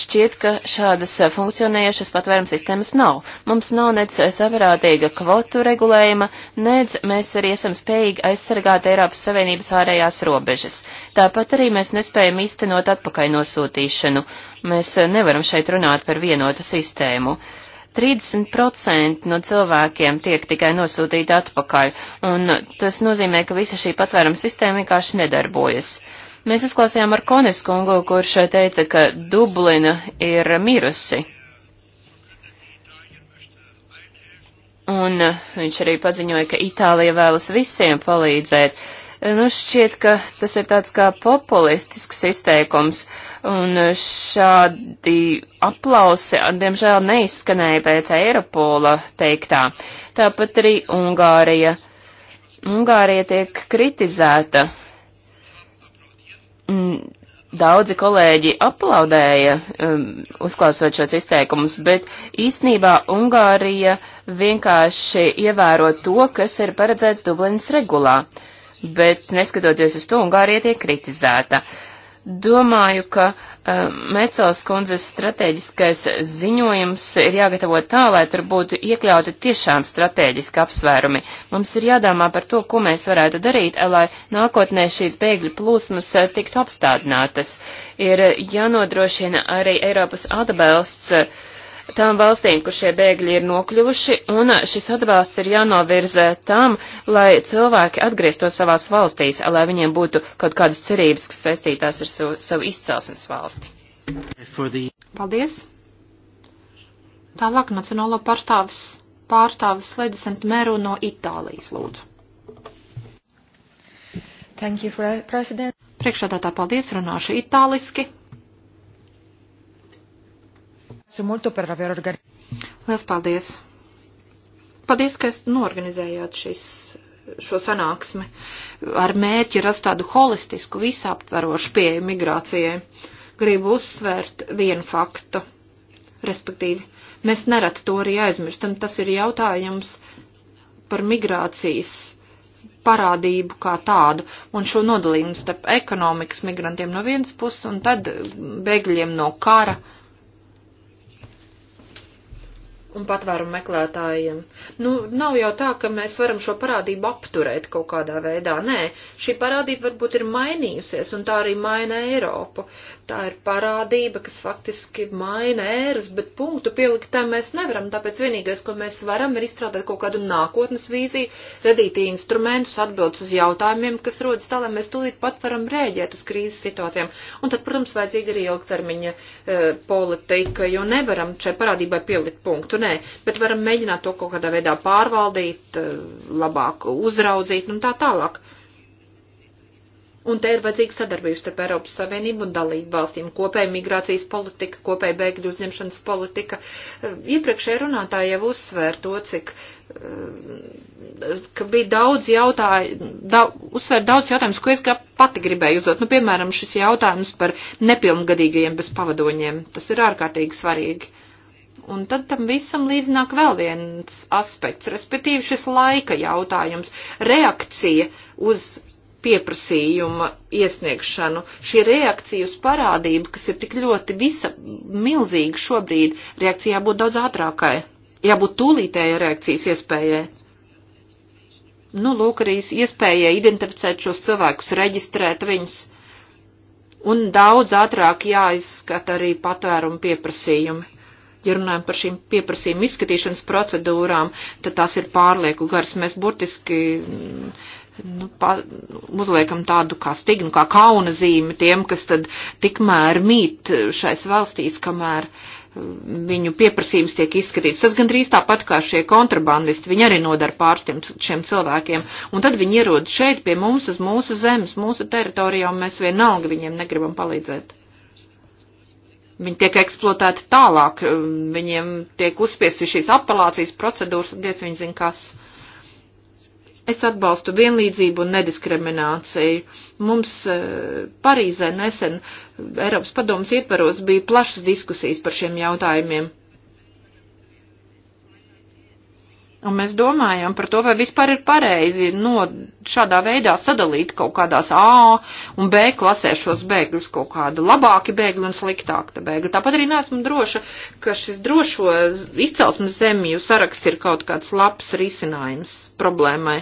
šķiet, ka šādas funkcionējošas patvēruma sistēmas nav. Mums nav nec savarātīga kvotu regulējuma, nec mēs arī esam spējīgi aizsargāt Eiropas Savienības ārējās robežas. Tāpat arī mēs nespējam īstenot atpakaļ nosūtīšanu. Mēs nevaram šeit runāt par vienotu sistēmu. Uh, 30% no cilvēkiem tiek tikai nosūtīti atpakaļ, un tas nozīmē, ka visa šī patvēruma sistēma vienkārši nedarbojas. Mēs uzklausījām ar Konis kungu, kurš teica, ka Dublina ir mirusi. Un viņš arī paziņoja, ka Itālija vēlas visiem palīdzēt. Uh, Nu, šķiet, ka tas ir tāds kā populistisks izteikums, un šādi aplausi, diemžēl, neizskanēja pēc Eiropola teiktā. Tāpat arī Ungārija. Ungārija tiek kritizēta. Mm, daudzi kolēģi aplaudēja, um, uzklausot šos izteikumus, bet īsnībā Ungārija vienkārši ievēro to, kas ir paredzēts Dublinas regulā. Uh, bet neskatoties uz to, Ungārija tiek kritizēta. Domāju, ka uh, eh, Mecels kundzes strateģiskais ziņojums ir jāgatavo tā, lai tur būtu iekļauti tiešām strateģiski apsvērumi. Mums ir jādomā par to, ko mēs varētu darīt, lai nākotnē šīs bēgļu plūsmas uh, tiktu apstādinātas. Ir eh, jānodrošina arī Eiropas atbalsts uh, tām valstīm, kur šie bēgļi ir nokļuvuši, un šis atbalsts ir jānovirzē tam, lai cilvēki atgrieztos savās valstīs, lai viņiem būtu kaut kādas cerības, kas saistītās ar savu, savu izcelsmes valsti. Paldies! Tālāk Nacionālo pārstāvis, pārstāvis Ledisent Mēru no Itālijas lūdzu. Thank you, President. Priekšādā tā paldies, runāšu itāliski. Lielas paldies! Paldies, ka norganizējāt šis, šo sanāksmi ar mērķi rast tādu holistisku, visaptverošu pieeju migrācijai. Gribu uzsvērt vienu faktu, respektīvi, mēs nerad to arī aizmirstam, tas ir jautājums par migrācijas parādību kā tādu un šo nodalījumu starp ekonomikas migrantiem no vienas puses un tad bēgļiem no kara. Uh, un patvērumu meklētājiem. Nu, nav jau tā, ka mēs varam šo parādību apturēt kaut kādā veidā. Nē, šī parādība varbūt ir mainījusies, un tā arī maina Eiropu. Tā ir parādība, kas faktiski maina ēras, bet punktu pielikt tam mēs nevaram. Tāpēc vienīgais, ko mēs varam, ir izstrādāt kaut kādu nākotnes vīziju, radīt instrumentus, atbildes uz jautājumiem, kas rodas tā, lai mēs tūlīt pat varam rēģēt uz krīzes situācijām. Un tad, protams, vajadzīga arī ilgtermiņa e, politika, jo nevaram šai parādībai pielikt punktu nē, bet varam mēģināt to kaut kādā veidā pārvaldīt, eh, labāk uzraudzīt un nu, tā tālāk. Un te ir vajadzīga sadarbības starp Eiropas Savienību un dalību valstīm, kopēja migrācijas politika, kopēja bēgļu uzņemšanas politika. Eh, Iepriekšēji runātāji jau uzsvēra to, cik, eh, ka bija daudz jautājumu, daudz, uzsvēra daudz jautājumus, ko es kā pati gribēju uzdot. Nu, piemēram, šis jautājums par nepilngadīgajiem bez pavadoņiem. Tas ir ārkārtīgi svarīgi. Un tad tam visam līdzināk vēl viens aspekts, respektīvi šis laika jautājums, reakcija uz pieprasījuma iesniegšanu, šī reakcija uz parādību, kas ir tik ļoti visa milzīga šobrīd, reakcija jābūt daudz ātrākai, jābūt tūlītēja reakcijas iespējai. Nu, lūk, arī iespēja identificēt šos cilvēkus, reģistrēt viņus. Un daudz ātrāk jāizskata arī patvērumu pieprasījumi ja runājam par šīm pieprasījuma izskatīšanas procedūrām, tad tās ir pārlieku garas. Mēs burtiski mm, nu, pa, uzliekam tādu kā stignu, kā kauna zīmi tiem, kas tad tikmēr mīt šais valstīs, kamēr mm, viņu pieprasījums tiek izskatīts. Tas gandrīz tāpat kā šie kontrabandisti, viņi arī nodara pārstiem šiem cilvēkiem. Un tad viņi ierod šeit pie mums, uz mūsu zemes, mūsu teritorijā, un mēs vienalga viņiem negribam palīdzēt. Viņi tiek eksploatēti tālāk, um, viņiem tiek uzspiesti šīs apelācijas procedūras, un diez viņi zina, kas. Es atbalstu vienlīdzību un nediskrimināciju. Mums uh, Parīzē nesen Eiropas padomas ietvaros bija plašas diskusijas par šiem jautājumiem. Un mēs domājam par to, vai vispār ir pareizi no šādā veidā sadalīt kaut kādās A un B klasēs šos bēgļus, kaut kāda labāki bēgļi un sliktāka bēgļi. Tāpat arī neesmu droša, ka šis drošo izcelsmes zemju saraksts ir kaut kāds labs risinājums problēmai.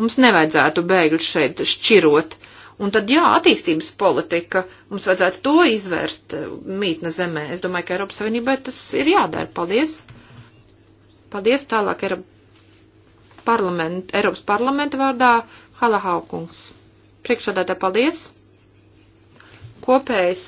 Mums nevajadzētu bēgļus šeit šķirot. Un tad, jā, attīstības politika, mums vajadzētu to izvērst eh, mītne zemē. Es domāju, ka Eiropas Savienībai tas ir jādara. Paldies! Paldies tālāk parlament, Eiropas parlamenta vārdā Halahaukungs. Priekšādātā paldies. Kopējs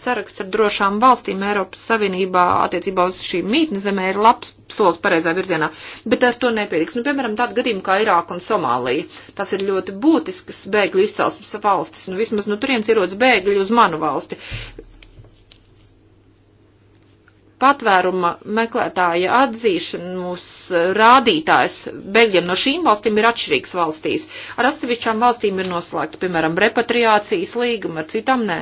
saraksts ar drošām valstīm Eiropas Savienībā attiecībā uz šīm mītnezemē ir labs solis pareizā virzienā, bet ar to nepietiks. Nu, piemēram, tāda gadījuma kā Irāka un Somālija. Tas ir ļoti būtisks bēgļu izcelsmes valstis. Nu, vismaz nu, turiens ierodas bēgļi uz manu valsti patvēruma meklētāja atzīšanas eh, rādītājs bēgļiem no šīm valstīm ir atšķirīgs valstīs. Ar atsevišķām valstīm ir noslēgta, piemēram, repatriācijas līguma, ar citām nē.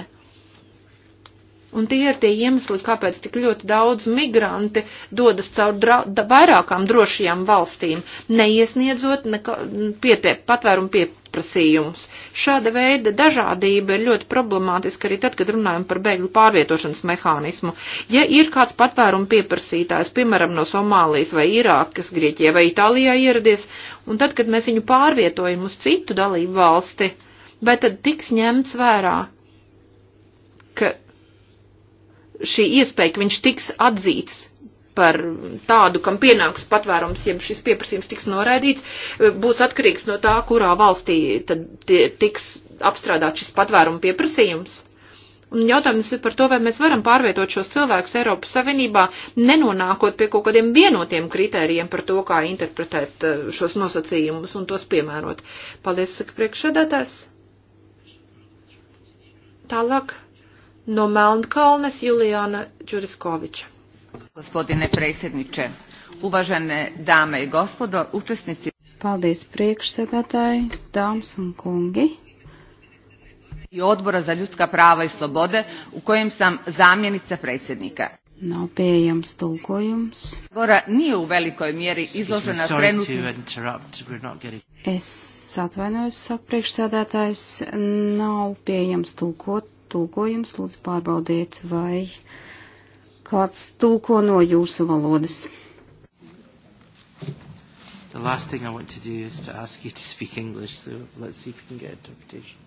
Un tie ir tie iemesli, kāpēc tik ļoti daudz migranti dodas caur dra, da, vairākām drošajām valstīm, neiesniedzot neka, pietie, patvērumu pieprasījumus. Šāda veida dažādība ir ļoti problemātiska arī tad, kad runājam par bēgļu pārvietošanas mehānismu. Ja ir kāds patvērumu pieprasītājs, piemēram, no Somālijas vai Irākas, Grieķijā vai Itālijā ieradies, un tad, kad mēs viņu pārvietojam uz citu dalību valsti, vai tad tiks ņemts vērā? ka šī iespēja, ka viņš tiks atzīts par tādu, kam pienāks patvērums, ja šis pieprasījums tiks noraidīts, būs atkarīgs no tā, kurā valstī tad tiks apstrādāt šis patvērumu pieprasījums. Un jautājums ir par to, vai mēs varam pārvietot šos cilvēkus Eiropas Savienībā, nenonākot pie kaut kādiem vienotiem kritērijiem par to, kā interpretēt eh, šos nosacījumus un tos piemērot. Paldies, saka priekšsēdētājs. Tālāk no Melnkalnes Julijana Đuriskovića. Gospodine predsjedniče, uvažene dame i gospodo, učesnici... Paldies priekšsēdētāji, dāmas un kungi. I odbora za ljudska prava i slobode u kojem sam zamjenica predsjednika. Nav pieejams tulkojums. Gora nije u velikoj mjeri izložena trenutnim... Es atvainojos, saka priekšsēdētājs, nav pieejams tulkot tulkojums. Lūdzu, pārbaudiet, vai kāds tulko no jūsu valodas. The last thing I want to do is to ask you to speak English, so let's see if we can get interpretation.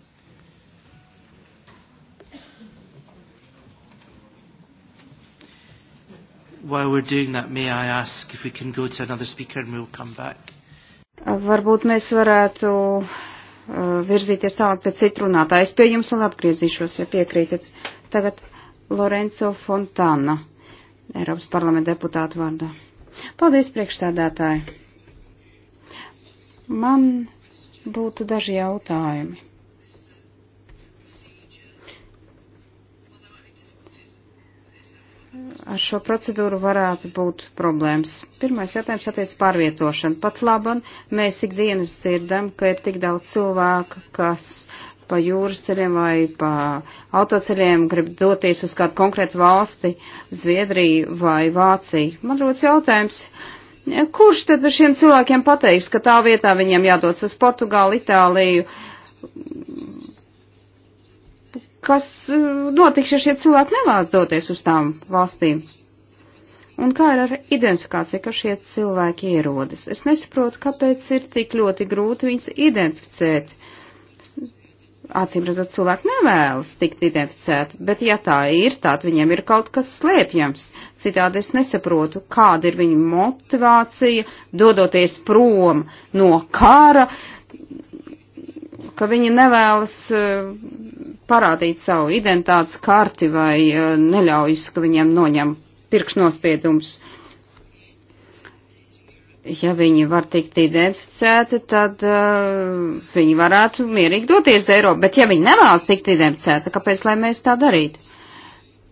While we're doing that, may I ask if we can go to another speaker and we'll come back? Varbūt mēs varētu Uh, virzīties tālāk pēc citu runātāju. Es pie jums vēl atgriezīšos, ja piekrītat. Tagad Lorenzo Fontana, Eiropas parlamenta deputāta vārdā. Paldies, priekšsēdētāji. Man būtu daži jautājumi. ar šo procedūru varētu būt problēmas. Pirmais jautājums attiec pārvietošanu. Pat laban mēs ikdienas dzirdam, ka ir tik daudz cilvēku, kas pa jūras ceļiem vai pa autoceļiem grib doties uz kādu konkrētu valsti, Zviedriju vai Vāciju. Man rodas jautājums, kurš tad šiem cilvēkiem pateiks, ka tā vietā viņiem jādodas uz Portugāli, Itāliju kas e, notiks, ja šie cilvēki nevēlas doties uz tām valstīm? Un kā ir ar identifikāciju, ka šie cilvēki ierodas? Es nesaprotu, kāpēc ir tik ļoti grūti viņus identificēt. Acīm redzot, cilvēki nevēlas tikt identificēti, bet ja tā ir, tad viņiem ir kaut kas slēpjams. Citādi es nesaprotu, kāda ir viņa motivācija dodoties prom no kara, uh, ka viņi nevēlas eh, parādīt savu identitātes karti vai eh, neļaujas, ka viņiem noņem pirkšnospiedumus. Ja viņi var tikt identificēti, tad uh, viņi varētu mierīgi doties Eiropā, bet ja viņi nevēlas tikt identificēti, kāpēc lai mēs tā darītu?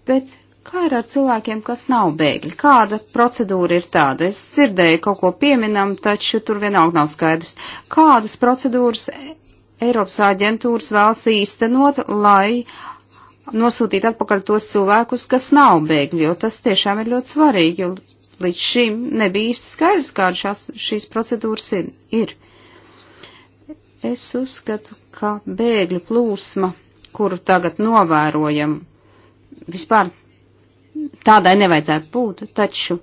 Bet kā ir ar cilvēkiem, kas nav bēgļi? Kāda procedūra ir tāda? Es dzirdēju kaut ko pieminam, taču tur vienalga nav skaidrs. Kādas procedūras Eiropas aģentūras vēlas īstenot, lai nosūtītu atpakaļ tos cilvēkus, kas nav bēgļi, jo tas tiešām ir ļoti svarīgi, jo līdz šim nebija īsti skaidrs, kāda šās, šīs procedūras ir, ir. Es uzskatu, ka bēgļu plūsma, kuru tagad novērojam, vispār tādai nevajadzētu būt, taču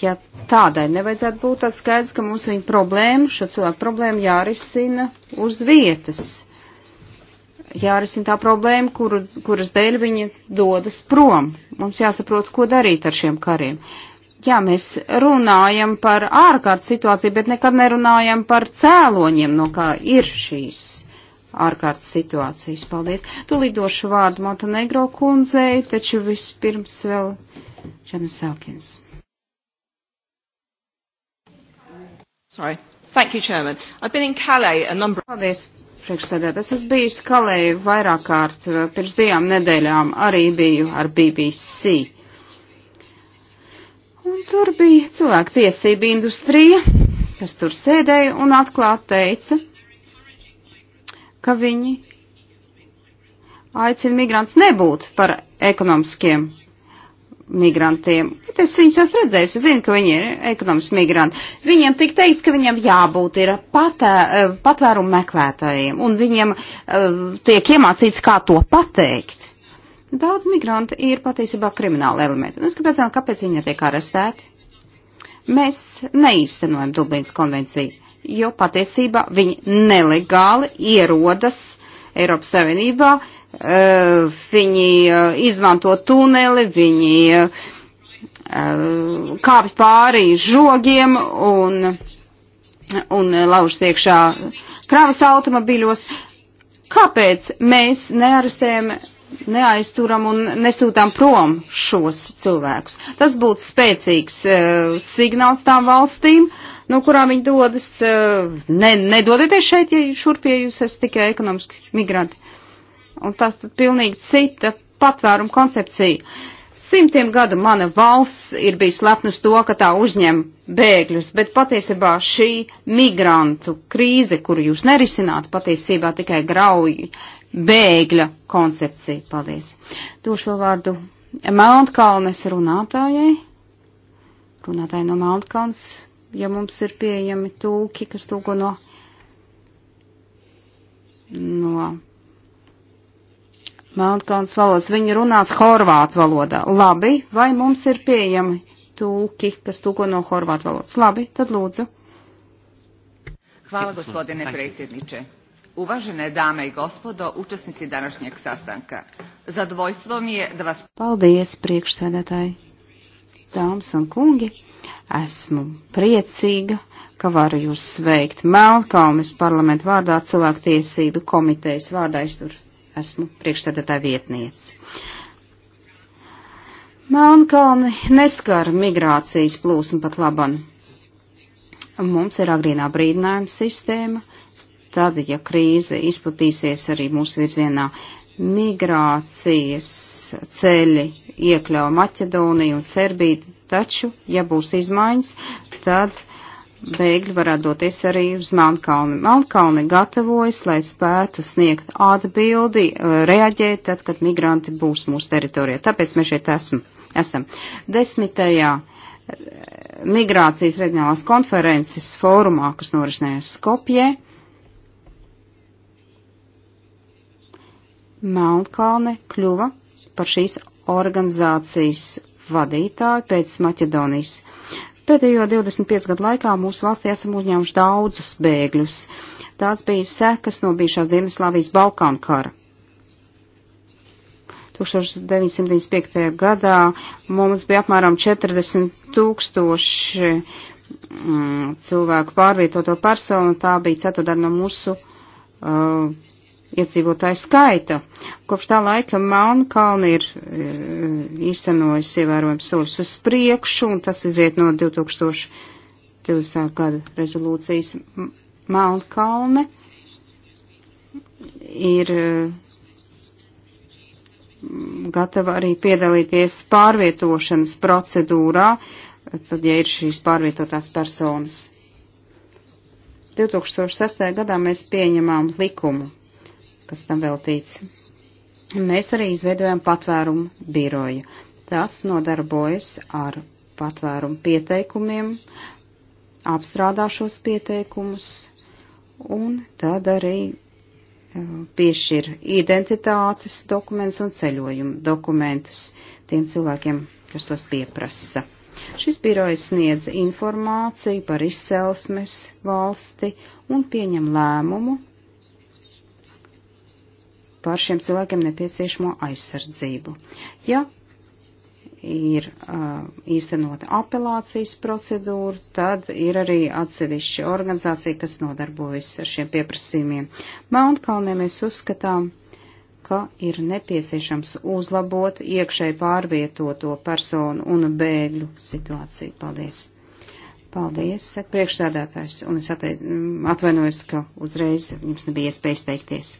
ja tādai nevajadzētu būt, tad skaidrs, ka mums viņa problēma, šo cilvēku problēmu jārisina uz vietas. Jārisina tā problēma, kuru, kuras dēļ viņi dodas prom. Mums jāsaprot, ko darīt ar šiem kariem. Jā, mēs runājam par ārkārtas situāciju, bet nekad nerunājam par cēloņiem, no kā ir šīs ārkārtas situācijas. Paldies. Tu lidošu vārdu Montenegro kundzei, taču vispirms vēl Čanesākins. Sorry. Thank you, Chairman. I've been in Calais a number... Paldies, priekšsēdētājs. Es biju Calais vairāk kārt, eh, pirms divām nedēļām arī biju ar BBC. Un tur bija cilvēku tiesība industrija, kas tur sēdēja un atklāt teica, ka viņi aicina migrants nebūt par ekonomiskiem migrantiem. Bet es viņus esmu redzējis, es zinu, ka viņi ir ekonomiski migranti. Viņiem tik teiks, ka viņiem jābūt ir patē, eh, patvērumu meklētājiem, un viņiem uh, tiek iemācīts, kā to pateikt. Daudz migranti ir patiesībā krimināli elementi, un es gribētu zināt, kāpēc viņi netiek arestēti. Mēs neīstenojam Dublīnas konvenciju, jo patiesībā viņi nelegāli ierodas Eiropas Savienībā, uh, Eh, viņi eh, izmanto tuneli, viņi eh, kāpj pāri žogiem un, un lauž iekšā kravas automobiļos. Kāpēc mēs nearestējam, neaizturam un nesūtām prom šos cilvēkus? Tas būtu spēcīgs uh, signāls tām valstīm, no kurām viņi dodas. Uh, ne, nedodieties šeit, ja šurpie jūs esat tikai ekonomiski migranti. Un tas pilnīgi cita patvērumu koncepcija. Simtiem gadu mana valsts ir bijis lepna uz to, ka tā uzņem bēgļus, bet patiesībā šī migrantu krīze, kuru jūs nerisināt, patiesībā tikai grauj bēgļa koncepciju. Paldies. Došu vēl vārdu Melnkalnes runātājai. Runātāji no Melnkalnes, ja mums ir pieejami tūki, kas tūko no. no Melnkalnas valodas. Viņa runās horvātu valodā. Labi, vai mums ir pieejami tūki, kas tūko no horvātu valodas? Labi, tad lūdzu. Hvala gospodine predsjedniče. Uvažene dame i gospodo, učesnici današnjeg sastanka. Zadvojstvo mi je da vas... Paldies, priekšsēdētāji. Dāmas un kungi, esmu priecīga, ka varu jūs sveikt Melkalnes parlamentu vārdā cilvēktiesību komitejas vārdā. Es tur esmu priekšstādātāja vietniece. Melnkalni neskar migrācijas plūsmu pat laban. Mums ir agrīnā brīdinājuma sistēma, tad, ja krīze izplatīsies arī mūsu virzienā, migrācijas ceļi iekļauj Maķedoniju un Serbiju, taču, ja būs izmaiņas, tad bēgļi varētu doties arī uz Melnkalni. Melnkalni gatavojas, lai spētu sniegt atbildi, eh, reaģēt tad, kad migranti būs mūsu teritorijā. Tāpēc mēs šeit esam. esam. Desmitajā eh, migrācijas reģionālās konferences fórumā, kas norisinājās Skopjē, Melnkalne kļuva par šīs organizācijas vadītāju pēc Maķedonijas Pēdējo 25 gadu laikā mūsu valstī esam uzņēmuši daudzus bēgļus. Tās bija sekas no bijušās Dienvidslāvijas Balkānu kara. 1995. gadā mums bija apmēram 40 tūkstoši mm, cilvēku pārvietoto personu, tā bija ceturtdaļa no mūsu uh, iedzīvotāju skaita. Kopš tā laika Melnkalni ir e, īstenojis ievērojams soļus uz priekšu, un tas iziet no 2020. gada rezolūcijas Melnkalne. Ir e, gatava arī piedalīties pārvietošanas procedūrā, tad, ja ir šīs pārvietotās personas. 2006. gadā mēs pieņemām likumu kas tam veltīts. Mēs arī izveidojam patvērumu biroju. Tas nodarbojas ar patvērumu pieteikumiem, apstrādā šos pieteikumus un tad arī e, piešķir identitātes dokumentus un ceļojumu dokumentus tiem cilvēkiem, kas tos pieprasa. Šis birojs sniedz informāciju par izcelsmes valsti un pieņem lēmumu par šiem cilvēkiem nepieciešamo aizsardzību. Ja ir uh, īstenota apelācijas procedūra, tad ir arī atsevišķa organizācija, kas nodarbojas ar šiem pieprasījumiem. Melnkalnē mēs uzskatām, ka ir nepieciešams uzlabot iekšēji pārvietoto personu un bēgļu situāciju. Paldies! Paldies, priekšsēdētājs, un es atvainojos, ka uzreiz jums nebija iespējas teikties.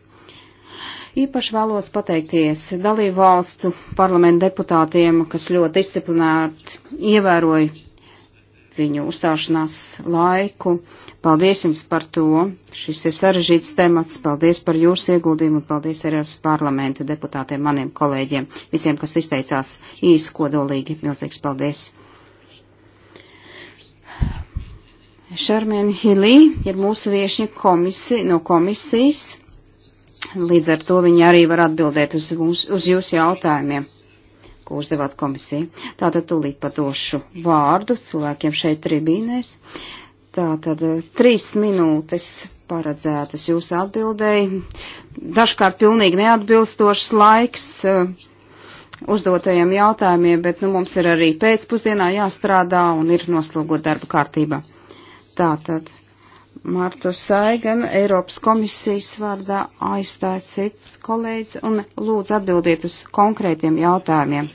Īpaši vēlos pateikties dalību valstu parlamentu deputātiem, kas ļoti disciplinēti ievēroja viņu uzstāšanās laiku. Paldies jums par to. Šis ir sarežģīts temats. Paldies par jūsu ieguldījumu un paldies arī ar parlamenta deputātiem, maniem kolēģiem, visiem, kas izteicās īsi kodolīgi. Milzīgs paldies! Šarmēna Hilī ir mūsu viešņa komisi, no komisijas. Līdz ar to viņi arī var atbildēt uz, uz, uz jūsu jautājumiem, ko uzdevāt komisija. Tātad tūlīt padošu vārdu cilvēkiem šeit tribīnēs. Tātad eh, trīs minūtes paredzētas jūsu atbildēji. Dažkārt pilnīgi neatbilstošs laiks eh, uzdotajiem jautājumiem, bet nu, mums ir arī pēcpusdienā jāstrādā un ir noslogot darba kārtībā. Tātad Martu Saiganu Eiropas komisijas vārdā aizstāja cits kolēģis un lūdzu atbildiet uz konkrētiem jautājumiem.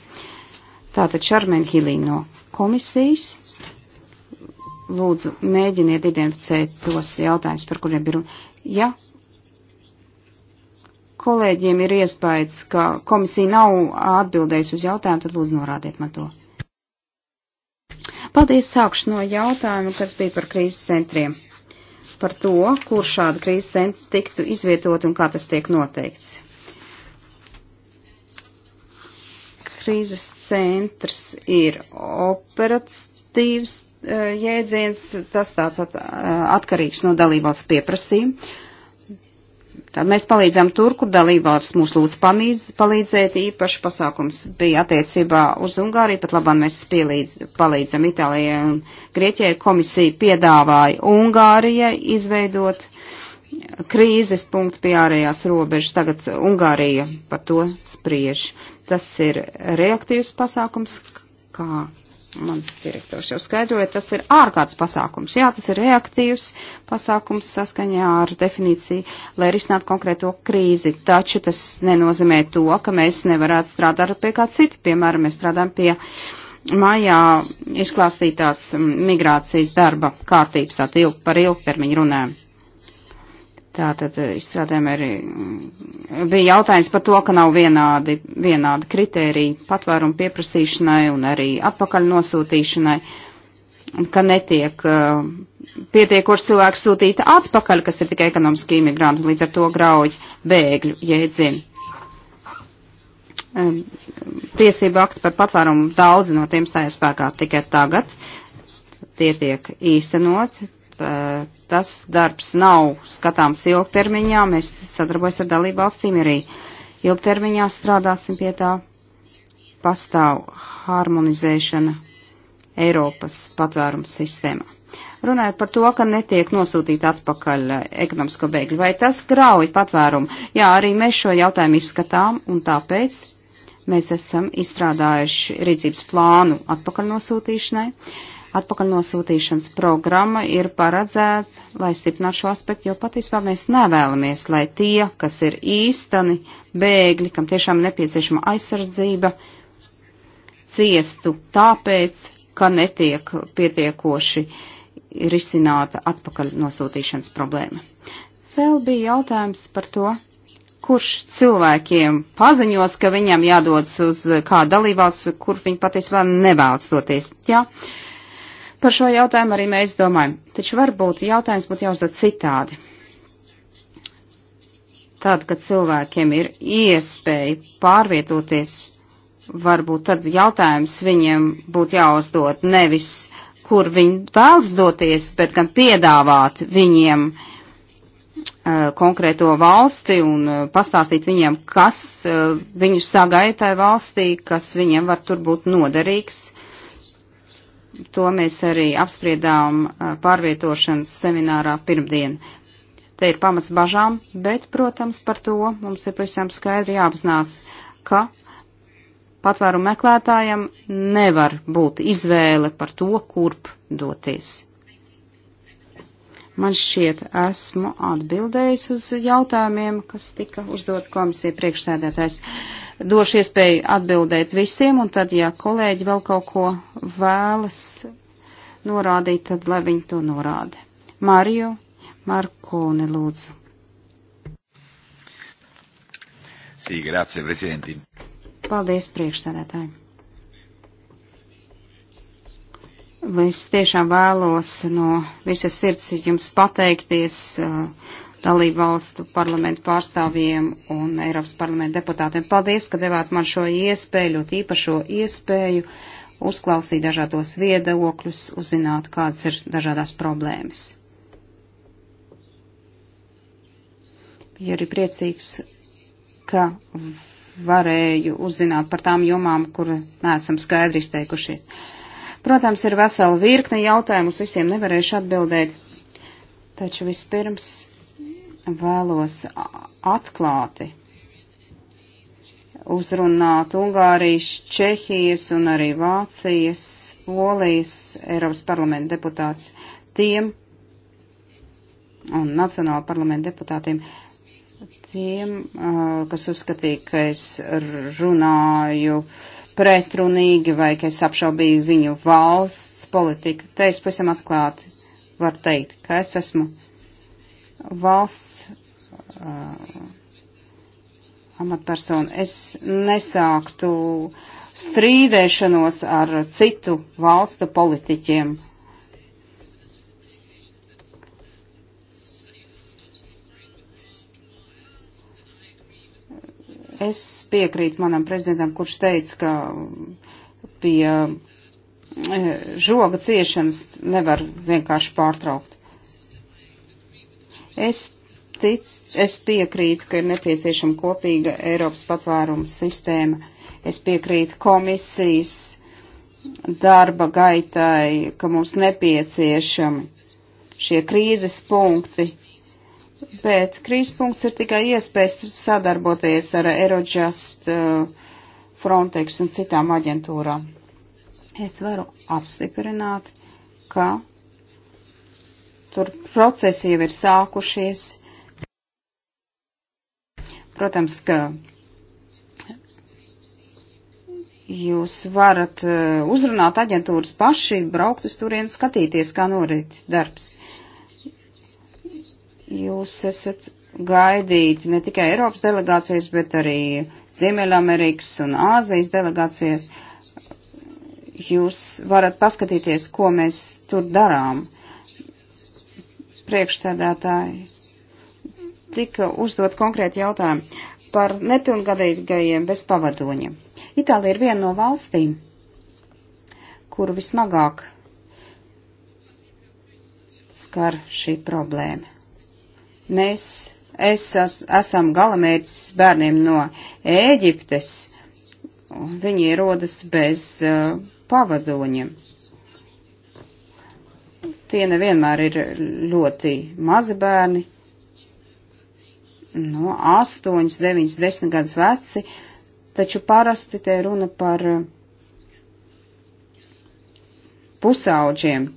Tātad Šarmen Hilī no komisijas. Lūdzu, mēģiniet identificēt tos jautājumus, par kuriem ir runa. Ja kolēģiem ir iespējas, ka komisija nav atbildējusi uz jautājumu, tad lūdzu norādiet man to. Paldies, sākšu no jautājuma, kas bija par krīzes centriem par to, kur šāda krīzes centra tiktu izvietot un kā tas tiek noteikts. Krīzes centrs ir operatīvs eh, jēdziens, tas tātad eh, atkarīgs no dalībvalsts pieprasījuma. Tad mēs palīdzam tur, kur dalībvalsts mūs lūdz pamīdz, palīdzēt. Īpaši pasākums bija attiecībā uz Ungāriju, pat labāk mēs pielīdz, palīdzam Itālijai un Grieķijai. Komisija piedāvāja Ungārijai izveidot krīzes punktu pie ārējās robežas. Tagad Ungārija par to spriež. Tas ir reaktīvs pasākums, kā mans direktors jau skaidroja, tas ir ārkārtas pasākums. Jā, tas ir reaktīvs pasākums saskaņā ar definīciju, lai risinātu konkrēto krīzi, taču tas nenozīmē to, ka mēs nevarētu strādāt pie kā cita. Piemēram, mēs strādājam pie mājā izklāstītās migrācijas darba kārtības, tā ilg par ilgtermiņu runājumu. Tātad eh, izstrādēm arī mm, bija jautājums par to, ka nav vienādi, vienādi kritēriji patvērumu pieprasīšanai un arī atpakaļ nosūtīšanai, ka netiek eh, pietiekoši cilvēki sūtīti atpakaļ, kas ir tikai ekonomiski imigranti, līdz ar to grauj bēgļu jēdzienu. Eh, Tiesība akti par patvērumu daudzi no tiem stājās spēkā tikai tagad. Tie tiek īstenoti, Eh, tas darbs nav skatāms ilgtermiņā, mēs sadarbojas ar dalību valstīm arī ilgtermiņā strādāsim pie tā. Pastāv harmonizēšana Eiropas patvērums sistēmā. Runājot par to, ka netiek nosūtīta atpakaļ eh, ekonomisko bēgļu, vai tas grauj patvērumu? Jā, arī mēs šo jautājumu izskatām, un tāpēc mēs esam izstrādājuši rīcības plānu atpakaļ nosūtīšanai. Uh, atpakaļ nosūtīšanas programma ir paredzēta, lai stiprinātu šo aspektu, jo patiesībā mēs nevēlamies, lai tie, kas ir īstani bēgļi, kam tiešām nepieciešama aizsardzība, ciestu tāpēc, ka netiek pietiekoši risināta atpakaļ nosūtīšanas problēma. Vēl bija jautājums par to, kurš cilvēkiem paziņos, ka viņam jādodas uz kādu dalībās, kur viņi patiesībā nevēlas doties. Jā. Ja? Par šo jautājumu arī mēs domājam. Taču varbūt jautājums būtu jāuzdod citādi. Tad, kad cilvēkiem ir iespēja pārvietoties, varbūt tad jautājums viņiem būtu jāuzdod nevis, kur viņi vēlas doties, bet gan piedāvāt viņiem uh, konkrēto valsti un pastāstīt viņiem, kas viņus sagaida tajā valstī, kas viņiem var tur būt noderīgs. To mēs arī apspriedām pārvietošanas seminārā pirmdien. Te ir pamats bažām, bet, protams, par to mums ir pavisam skaidri jāapzinās, ka patvērumu meklētājam nevar būt izvēle par to, kurp doties. Man šķiet, esmu atbildējis uz jautājumiem, kas tika uzdot komisija priekšsēdētājs. Uh, došu iespēju atbildēt visiem, un tad, ja kolēģi vēl kaut ko vēlas norādīt, tad lai viņi to norāda. Mario Markone, lūdzu. Sī, grazie, prezidenti. Paldies, priekšsēdētāji. Es tiešām vēlos no visas sirds jums pateikties dalību valstu parlamentu pārstāvjiem un Eiropas parlamentu deputātiem. Paldies, ka devāt man šo iespēju, ļoti īpašo iespēju uzklausīt dažādos viedokļus, uzzināt, kādas ir dažādās problēmas. Biju arī priecīgs, ka varēju uzzināt par tām jomām, kur neesam skaidri izteikušies. Protams, ir vesela virkne jautājumu, uz visiem nevarēšu atbildēt, taču vispirms vēlos atklāti uzrunāt Ungārijas, Čehijas un arī Vācijas, Polijas Eiropas parlamenta deputāts tiem un Nacionāla parlamenta deputātiem, tiem, kas uzskatīja, ka es runāju pretrunīgi vai ka es apšaubīju viņu valsts politiku. Te es pavisam atklāti varu teikt, ka es esmu valsts uh, amatpersonu. Es nesāktu strīdēšanos ar citu valstu politiķiem. Es piekrītu manam prezidentam, kurš teica, ka pie eh, žoga ciešanas nevar vienkārši pārtraukt. Es, tic, es piekrītu, ka ir nepieciešama kopīga Eiropas patvēruma sistēma. Es piekrītu komisijas darba gaitai, ka mums nepieciešami šie krīzes punkti, bet krīzes punkts ir tikai iespējas sadarboties ar Eurojust, uh, Frontex un citām aģentūrām. Es varu apstiprināt, ka Tur procesi jau ir sākušies. Protams, ka jūs varat uh, uzrunāt aģentūras paši, braukt uz turienu, skatīties, kā norit darbs. Jūs esat gaidīti ne tikai Eiropas delegācijas, bet arī Ziemeļamerikas un Āzijas delegācijas. Jūs varat paskatīties, ko mēs tur darām priekšsēdētāji, tika uzdot konkrēti jautājumi par nepilngadīgajiem bez pavadoņiem. Itālija ir viena no valstīm, kuru vismagāk skar šī problēma. Mēs es, es, esam galamērķis bērniem no Ēģiptes, viņi rodas bez uh, pavadoņiem. Tie nevienmēr ir ļoti mazi bērni, no 8, 9, 10 gadus veci, taču parasti te runa par eh, pusauģiem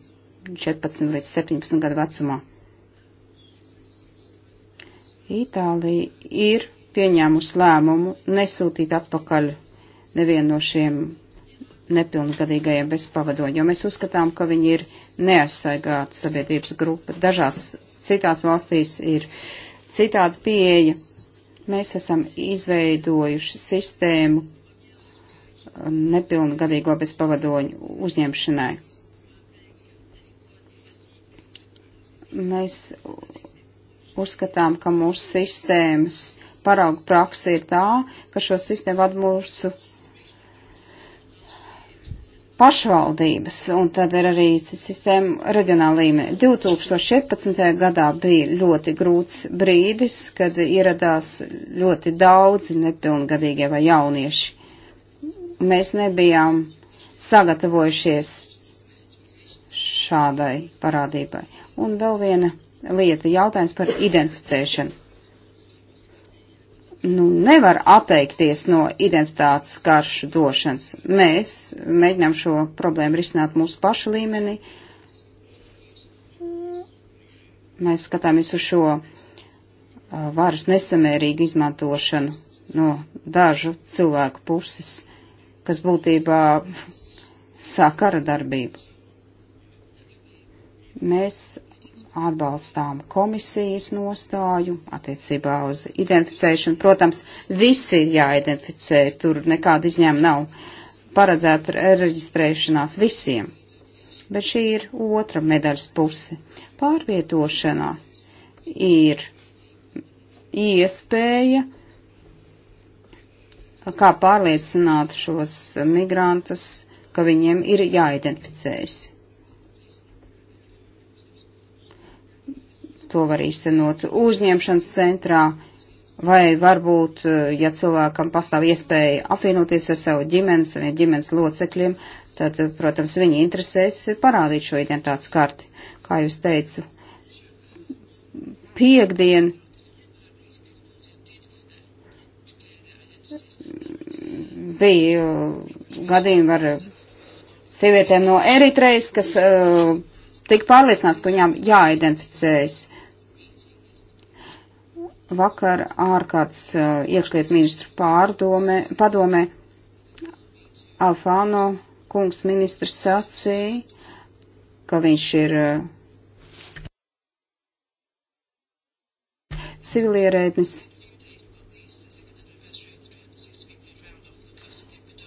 14 līdz 17 gadu vecumā. Itālija ir pieņēmusi lēmumu nesūtīt atpakaļ nevienu no šiem nepilngadīgajiem bez pavadoņa, jo mēs uzskatām, ka viņi ir neaizsargāta sabiedrības grupa. Dažās citās valstīs ir citāda pieeja. Mēs esam izveidojuši sistēmu um, nepilngadīgo bezpavadoņu uzņemšanai. Mēs uzskatām, ka mūsu sistēmas parauga praksa ir tā, ka šo sistēmu atmūsu pašvaldības, un tad ir arī sistēma reģionāla līmenī. 2014. gadā bija ļoti grūts brīdis, kad ieradās ļoti daudzi nepilngadīgie vai jaunieši. Mēs nebijām sagatavojušies šādai parādībai. Un vēl viena lieta - jautājums par identificēšanu nu, nevar atteikties no identitātes karšu došanas. Mēs mēģinām šo problēmu risināt mūsu pašu līmenī. Mēs skatāmies uz šo varas nesamērīgu izmantošanu no dažu cilvēku puses, kas būtībā sāk kara darbību. Mēs atbalstām komisijas nostāju attiecībā uz identificēšanu. Protams, visi ir jāidentificē, tur nekāda izņēma nav paredzēta reģistrēšanās visiem. Bet šī ir otra medaļas puse. Pārvietošanā ir iespēja, kā pārliecināt šos migrantus, ka viņiem ir jāidentificējas. to var īstenot uzņemšanas centrā, vai varbūt, eh, ja cilvēkam pastāv iespēja apvienoties ar savu ģimenes vai ģimenes locekļiem, tad, eh, protams, viņi interesēs parādīt šo identitātes karti. Kā jūs teicu, piekdien bija eh, gadījumi ar sievietēm no Eritrejas, kas uh, tika pārliecināts, ka viņām jāidentificējas vakar ārkārtas iekšliet ministru pārdome, padomē Alfāno kungs ministrs sacīja, ka viņš ir civilierēdnis.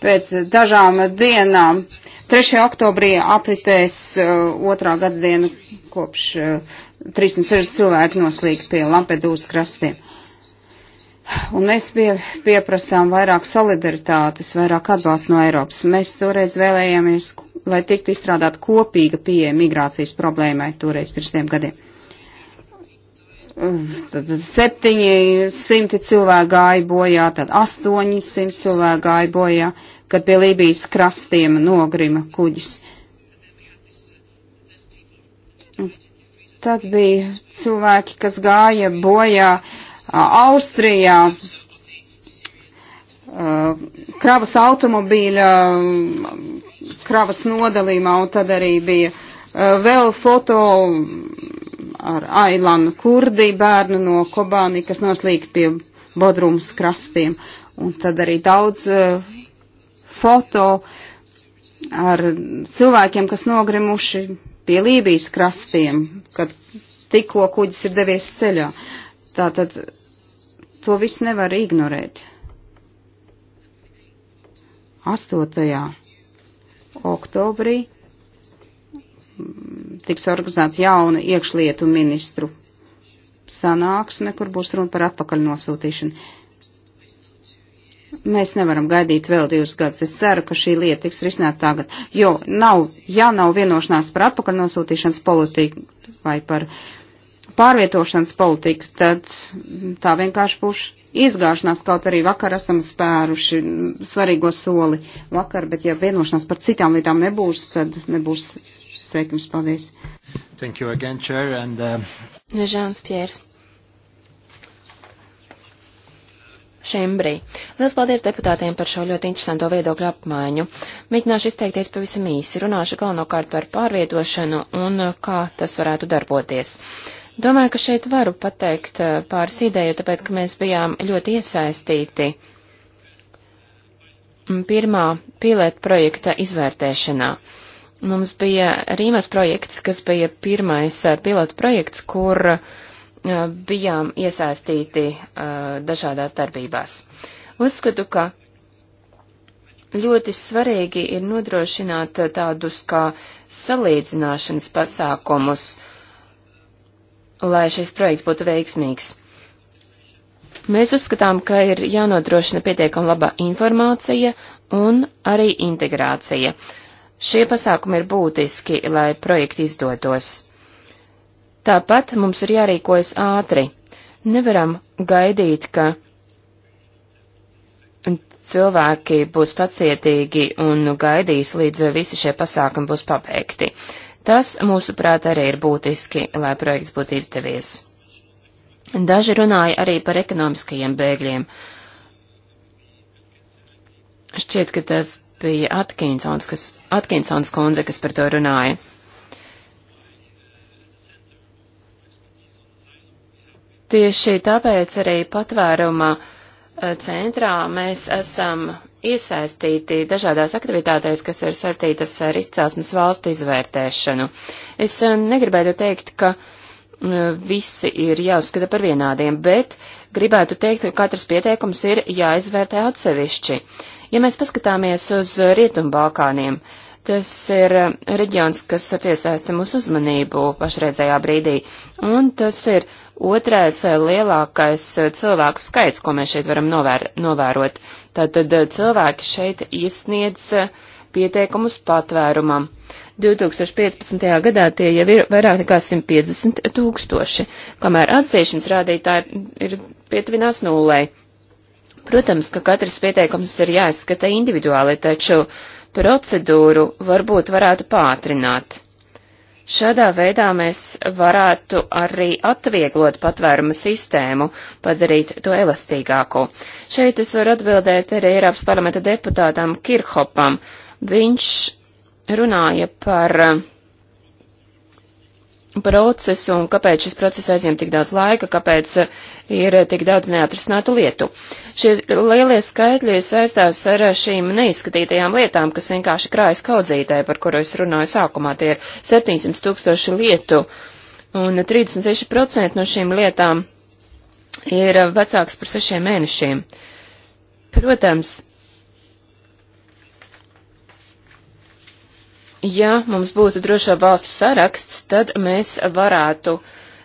Pēc dažām dienām 3. oktobrī apritēs uh, otrā gada diena kopš 360 uh, cilvēki noslīg pie Lampedūras krastiem. Un mēs pie, pieprasām vairāk solidaritātes, vairāk atbalsts no Eiropas. Mēs toreiz vēlējāmies, lai tiktu izstrādāt kopīga pieeja migrācijas problēmai toreiz pirms tiem gadiem. Tad 700 cilvēki gāja bojā, tad 800 cilvēki gāja bojā. Uh, kad pie Lībijas krastiem nogrima kuģis. Tad bija cilvēki, kas gāja bojā Austrijā, kravas automobīļa, kravas nodalījumā, un tad arī bija vēl foto ar Ailanu Kurdi bērnu no Kobāni, kas noslīg pie Bodrums krastiem. Un tad arī daudz uh, foto ar cilvēkiem, kas nogrimuši pie Lībijas krastiem, kad tikko kuģis ir devies ceļā. Tātad to visu nevar ignorēt. Astotajā oktobrī tiks organizēta jauna iekšlietu ministru sanāksme, kur būs runa par atpakaļ nosūtīšanu mēs nevaram gaidīt vēl divus gadus. Es ceru, ka šī lieta tiks risināta tagad, jo nav, ja nav vienošanās par atpakaļ nosūtīšanas politiku vai par pārvietošanas politiku, tad tā vienkārši būs izgāšanās, kaut arī vakar esam spēruši svarīgo soli vakar, bet ja vienošanās par citām lietām nebūs, tad nebūs sveikums. Paldies. Thank you again, Chair. And, uh... Žāns Piers. Šembrī. Lielas paldies deputātiem par šo ļoti interesanto viedokļu apmaiņu. Mēģināšu izteikties pavisam īsi. Runāšu galvenokārt par pārvietošanu un uh, kā tas varētu darboties. Domāju, ka šeit varu pateikt uh, pāris ideju, tāpēc, ka mēs bijām ļoti iesaistīti mm, pirmā pilēta projekta izvērtēšanā. Mums bija Rīmas projekts, kas bija pirmais uh, pilota projekts, kur uh, bijām iesaistīti dažādās darbībās. Uzskatu, ka ļoti svarīgi ir nodrošināt tādus kā salīdzināšanas pasākumus, lai šis projekts būtu veiksmīgs. Mēs uzskatām, ka ir jānodrošina pietiekama laba informācija un arī integrācija. Šie pasākumi ir būtiski, lai projekti izdotos. Tāpat mums ir jārīkojas ātri. Nevaram gaidīt, ka cilvēki būs pacietīgi un gaidīs, līdz visi šie pasākumi būs pabeigti. Tas, mūsuprāt, arī ir būtiski, lai projekts būtu izdevies. Daži runāja arī par ekonomiskajiem bēgļiem. Šķiet, ka tas bija Atkinsons, kas, Atkinsons kundze, kas par to runāja. Tieši tāpēc arī patvēruma eh, centrā mēs esam iesaistīti dažādās aktivitātēs, kas ir saistītas ar izcelsmes valstu izvērtēšanu. Es eh, negribētu teikt, ka eh, visi ir jāuzskata par vienādiem, bet gribētu teikt, ka katrs pieteikums ir jāizvērtē atsevišķi. Ja mēs paskatāmies uz Rietumbalkāniem, Balkāniem, Tas ir reģions, kas piesaista mūsu uzmanību pašreizējā brīdī, un tas ir otrais lielākais cilvēku skaits, ko mēs šeit varam novēr novērot. Tātad cilvēki šeit iesniedz pieteikumus patvērumam. 2015. gadā tie jau ir vairāk nekā 150 tūkstoši, kamēr atsiešanas rādītāji ir pietuvinās nulē. Protams, ka katrs pieteikums ir jāizskata individuāli, taču uh, procedūru varbūt varētu pātrināt. Šādā veidā mēs varētu arī atvieglot patvērumu sistēmu, padarīt to elastīgāku. Šeit es varu atbildēt arī Eiropas parlamenta deputātam Kirchhopam. Viņš runāja par uh, procesu un kāpēc šis process aizņem tik daudz laika, kāpēc eh, ir eh, tik daudz neatrisinātu lietu. Šie lielie skaitļi saistās ar eh, šīm neizskatītajām lietām, kas vienkārši krājas kaudzītē, par kuru es runāju sākumā. Tie ir 700 tūkstoši lietu, un 36% no šīm lietām ir vecāks par sešiem mēnešiem. Protams, ja mums būtu drošo valstu saraksts, tad mēs varētu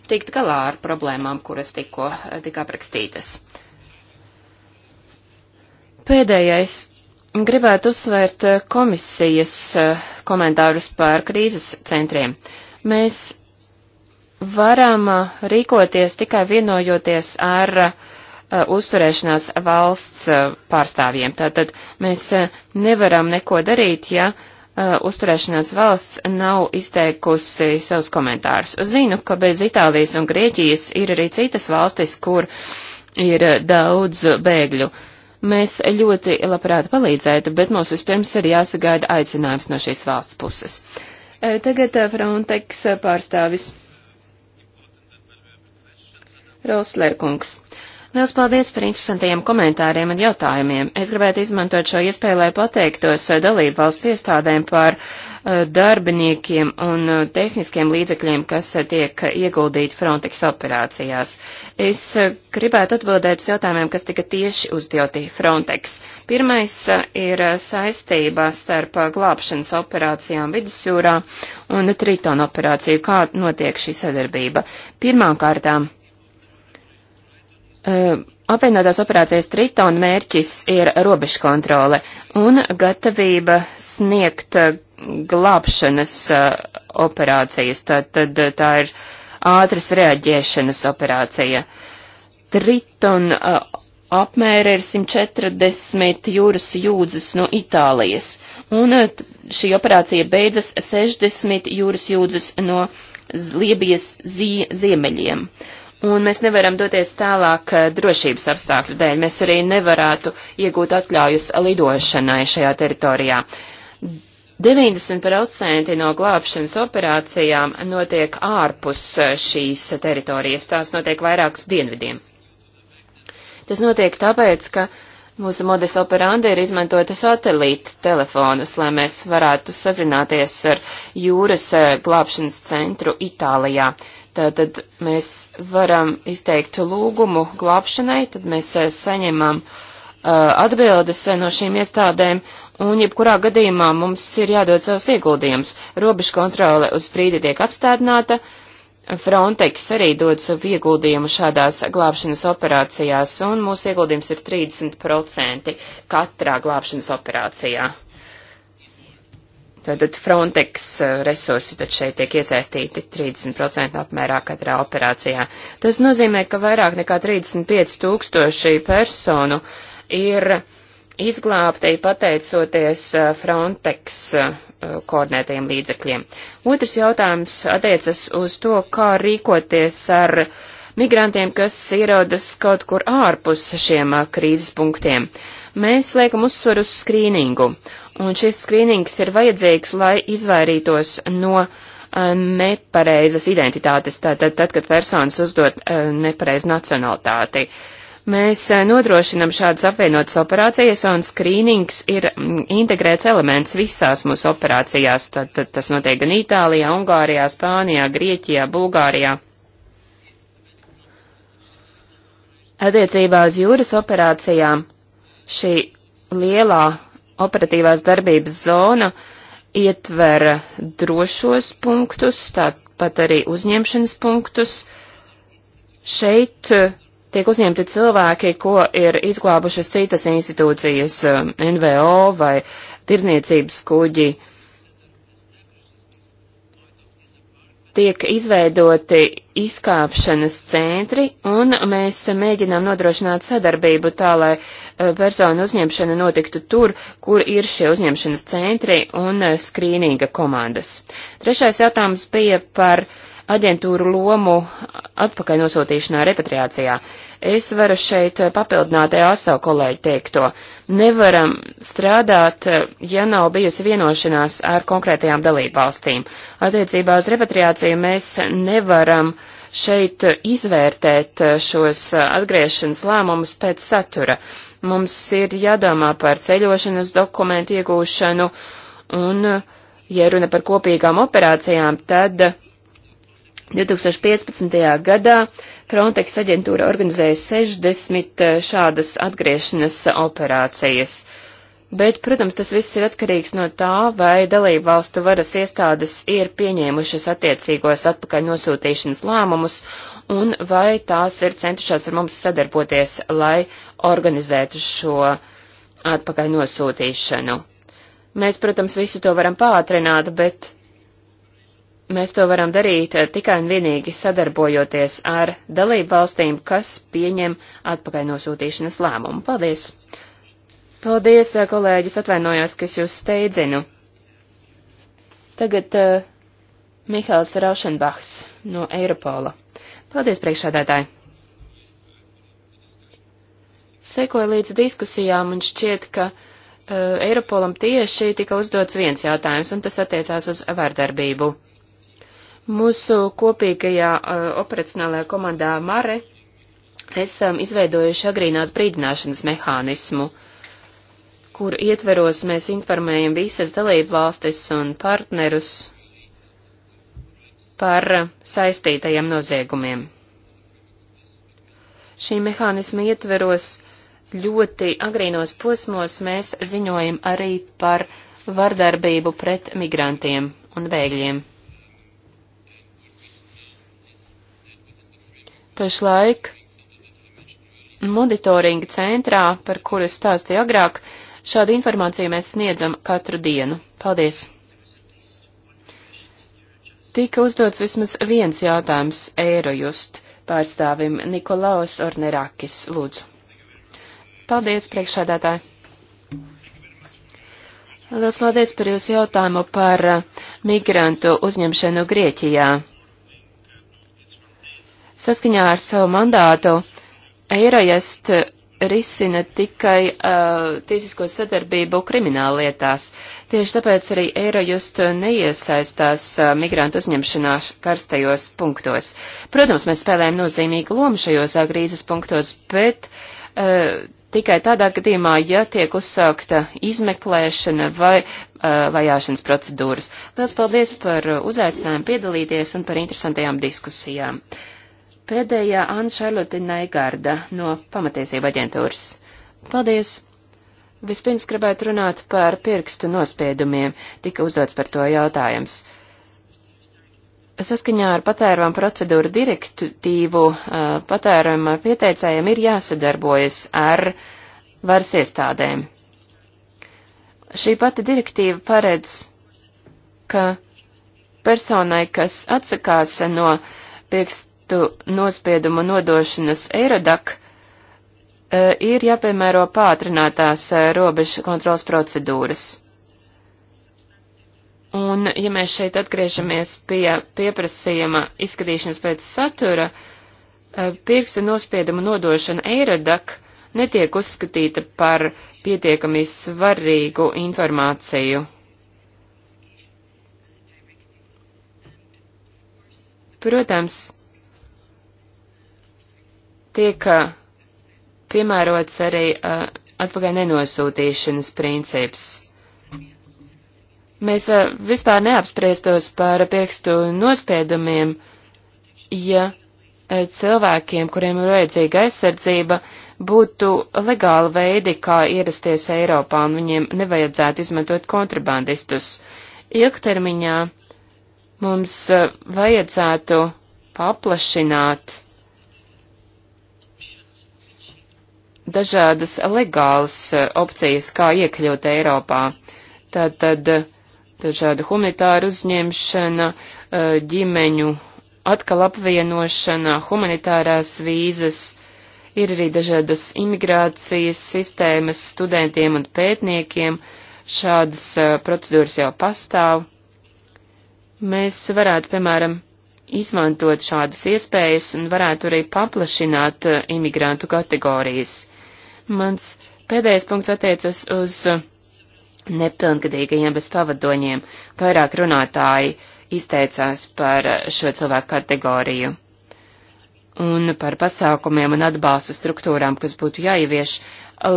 tikt galā ar problēmām, kuras tikko eh, tika aprakstītas. Pēdējais. Gribētu uzsvērt eh, komisijas eh, komentārus par krīzes centriem. Mēs varam rīkoties tikai vienojoties ar uh, uzturēšanās valsts pārstāvjiem. Tātad mēs nevaram neko darīt, ja uh, Eh, uzturēšanās valsts nav izteikusi savus komentārus. Zinu, ka bez Itālijas un Grieķijas ir arī citas valstis, kur ir daudz bēgļu. Mēs ļoti labprāt palīdzētu, bet mums vispirms ir jāsagaida aicinājums no šīs valsts puses. Eh, tagad eh, Frontex pārstāvis. Roslērkungs. Liels paldies par interesantajiem komentāriem un jautājumiem. Es gribētu izmantot šo iespēju, lai pateiktos eh, dalību valstu iestādēm par eh, darbiniekiem un eh, tehniskiem līdzekļiem, kas tiek ieguldīti Frontex operācijās. Es gribētu atbildēt uz jautājumiem, kas tika tieši uzdoti Frontex. Pirmais ir saistībā starp glābšanas operācijām vidusjūrā un Triton operāciju, kā notiek šī sadarbība. Pirmām kārtām Ehm, apvienotās operācijas Triton mērķis ir robežkontrole un gatavība sniegt eh, glābšanas eh, operācijas, tad, tad eh, tā ir ātras reaģēšanas operācija. Triton apmēra ir 140 jūras jūdzes no Itālijas, un šī operācija beidzas 60 jūras jūdzes no Liebijas ziemeļiem. Uh, Un mēs nevaram doties tālāk eh, drošības apstākļu dēļ. Mēs arī nevarētu iegūt atļaujas lidošanai šajā teritorijā. 90% no glābšanas operācijām notiek ārpus eh, šīs teritorijas, tās notiek vairākus dienvidiem. Tas notiek tāpēc, ka mūsu modes operandi ir izmantota satelīta telefonus, lai mēs varētu sazināties ar jūras eh, glābšanas centru Itālijā. Uh, Tātad mēs varam izteikt lūgumu glābšanai, tad mēs eh, saņemam uh, atbildes eh, no šīm iestādēm, un jebkurā gadījumā mums ir jādod savus ieguldījums. Robežu kontrole uz brīdi tiek apstādināta, Frontex arī dod savu ieguldījumu šādās glābšanas operācijās, un mūsu ieguldījums ir 30% katrā glābšanas operācijā. Tātad Frontex eh, resursi tad šeit tiek iesaistīti 30% apmērā katrā operācijā. Tas nozīmē, ka vairāk nekā 35 tūkstoši personu ir izglābti pateicoties eh, Frontex eh, koordinētajiem līdzekļiem. Otrs jautājums attiecas uz to, kā rīkoties ar migrantiem, kas ierodas kaut kur ārpus šiem krīzes punktiem. Mēs liekam uzsvaru uz skrīningu Un šis skrīnings ir vajadzīgs, lai izvairītos no eh, nepareizas identitātes, tātad, tad, kad personas uzdod eh, nepareizu nacionalitāti. Mēs eh, nodrošinam šādas apvienotas operācijas, un skrīnings ir mm, integrēts elements visās mūsu operācijās. Tad, tad tas notiek gan Itālijā, Ungārijā, Spānijā, Grieķijā, Bulgārijā. Attiecībā uz jūras operācijām šī lielā operatīvās darbības zona ietver drošos punktus, tāpat arī uzņemšanas punktus. Šeit eh, tiek uzņemti cilvēki, ko ir izglābušas citas institūcijas, eh, NVO vai tirzniecības kuģi tiek izveidoti izkāpšanas centri, un mēs mēģinām nodrošināt sadarbību tā, lai e, personu uzņemšana notiktu tur, kur ir šie uzņemšanas centri un e, skrīninga komandas. Trešais jautājums bija par uh, aģentūru lomu atpakaļ nosūtīšanā, repatriācijā. Es varu šeit papildināt EASO kolēģi teikto. Nevaram strādāt, ja nav bijusi vienošanās ar konkrētajām dalībvalstīm. Attiecībā uz repatriāciju mēs nevaram šeit izvērtēt šos atgriešanas lēmumus pēc satura. Mums ir jādomā par ceļošanas dokumentu iegūšanu un, ja runa par kopīgām operācijām, tad 2015. gadā Frontex aģentūra organizēja 60 eh, šādas atgriešanas operācijas. Bet, protams, tas viss ir atkarīgs no tā, vai dalību valstu varas iestādes ir pieņēmušas attiecīgos atpakaļ nosūtīšanas lēmumus un vai tās ir centušās ar mums sadarboties, lai organizētu šo atpakaļ nosūtīšanu. Mēs, protams, visu to varam pātrināt, bet mēs to varam darīt eh, tikai un vienīgi sadarbojoties ar dalību valstīm, kas pieņem atpakaļ nosūtīšanas lēmumu. Paldies! Paldies, eh, kolēģis, atvainojos, ka es jūs steidzinu. Tagad uh, eh, Mihāls Raušenbachs no Eiropola. Paldies, priekšādētāji! Sekoja līdz diskusijām un šķiet, ka uh, Eiropolam tieši tika uzdots viens jautājums, un tas attiecās uz vardarbību. Mūsu kopīgajā uh, operacionālajā komandā Mare esam izveidojuši agrīnās brīdināšanas mehānismu, kur ietveros mēs informējam visas dalību valstis un partnerus par saistītajiem noziegumiem. Šī mehānisma ietveros ļoti agrīnos posmos mēs ziņojam arī par vardarbību pret migrantiem un bēgļiem. Pašlaik monitoringa centrā, par kuru es stāstīju agrāk, šādu informāciju mēs sniedzam katru dienu. Paldies! Tika uzdots vismaz viens jautājums Eirojust pārstāvim Nikolaus Ornerakis, lūdzu. Paldies, priekšādātāji! Lielas paldies par jūsu jautājumu par migrantu uzņemšanu Grieķijā. Saskaņā ar savu mandātu Eirojust risina tikai uh, tiesisko sadarbību krimināllietās. Tieši tāpēc arī Eirojust neiesaistās uh, migrantu uzņemšanā karstajos punktos. Protams, mēs spēlējam nozīmīgu lomu šajos krīzes punktos, bet uh, tikai tādā gadījumā, ja tiek uzsākta izmeklēšana vai uh, vajāšanas procedūras. Lielas paldies par uzaicinājumu piedalīties un par interesantajām diskusijām. Uh, Pēdējā Anna Šarlote Naigarda no pamatiesība aģentūras. Paldies! Vispirms gribētu runāt par pirkstu nospiedumiem, tika uzdots par to jautājums. Saskaņā ar patērvām procedūru direktīvu uh, patērvām pieteicējiem ir jāsadarbojas ar varas iestādēm. Šī pati direktīva paredz, ka personai, kas atsakās no pirkstu citu nospiedumu nodošanas Eirodak eh, ir jāpiemēro pātrinātās eh, robežu kontrols procedūras. Un, ja mēs šeit atgriežamies pie pieprasījuma izskatīšanas pēc satura, eh, pirkstu nospiedumu nodošana Eirodak netiek uzskatīta par pietiekami svarīgu informāciju. Protams, tiek piemērots arī uh, atpakaļ nenosūtīšanas princips. Mēs uh, vispār neapspriestos par pirkstu nospiedumiem, ja uh, cilvēkiem, kuriem ir vajadzīga aizsardzība, būtu legāli veidi, kā ierasties Eiropā un viņiem nevajadzētu izmantot kontrabandistus. Ilgtermiņā mums uh, vajadzētu paplašināt dažādas legālas eh, opcijas, kā iekļūt Eiropā. Tātad eh, dažāda humanitāra uzņemšana, eh, ģimeņu atkal apvienošana, humanitārās vīzas, ir arī dažādas imigrācijas sistēmas studentiem un pētniekiem, šādas procedūras jau pastāv. Mēs varētu, piemēram, izmantot šādas iespējas un varētu arī paplašināt imigrantu kategorijas. Mans pēdējais punkts attiecas uz uh, nepilngadīgajiem bez pavadoņiem. Vairāk runātāji izteicās par uh, šo cilvēku kategoriju un par pasākumiem un atbalsta struktūrām, kas būtu jāievieš,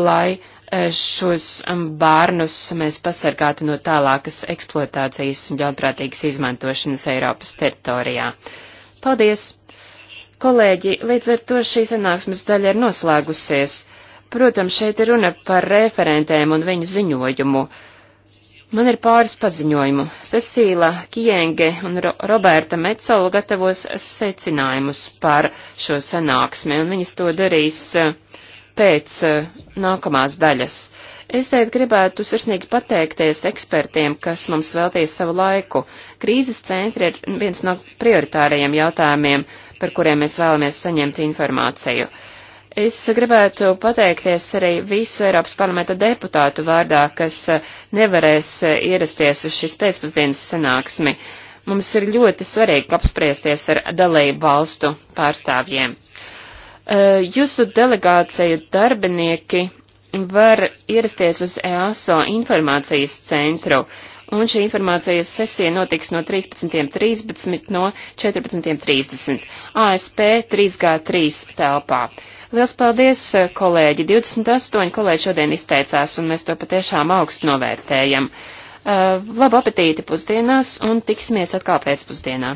lai uh, šos um, bērnus mēs pasargātu no tālākas eksploatācijas un ļaunprātīgas izmantošanas Eiropas teritorijā. Paldies! Kolēģi, līdz ar to šī sanāksmes daļa ir noslēgusies. Protams, šeit ir runa par referentēm un viņu ziņojumu. Man ir pāris paziņojumu. Cecīla Kienge un Ro Roberta Metzola gatavos secinājumus par šo sanāksmi, un viņas to darīs eh, pēc eh, nākamās daļas. Es šeit gribētu sirsnīgi pateikties ekspertiem, kas mums veltīja savu laiku. Krīzes centri ir viens no prioritārajiem jautājumiem, par kuriem mēs vēlamies saņemt informāciju. Uh, Es gribētu pateikties arī visu Eiropas parlamenta deputātu vārdā, kas eh, nevarēs eh, ierasties uz šis pēcpusdienas sanāksmi. Mums ir ļoti svarīgi apspriesties ar dalību valstu pārstāvjiem. Eh, jūsu delegāciju darbinieki var ierasties uz EASO informācijas centru, un šī informācijas sesija notiks no 13.13 .13, no 14.30 ASP 3G3 telpā. Liels paldies, eh, kolēģi! 28 kolēģi šodien izteicās, un mēs to patiešām augstu novērtējam. Uh, labu apetīti pusdienās, un tiksimies atkal pēcpusdienā!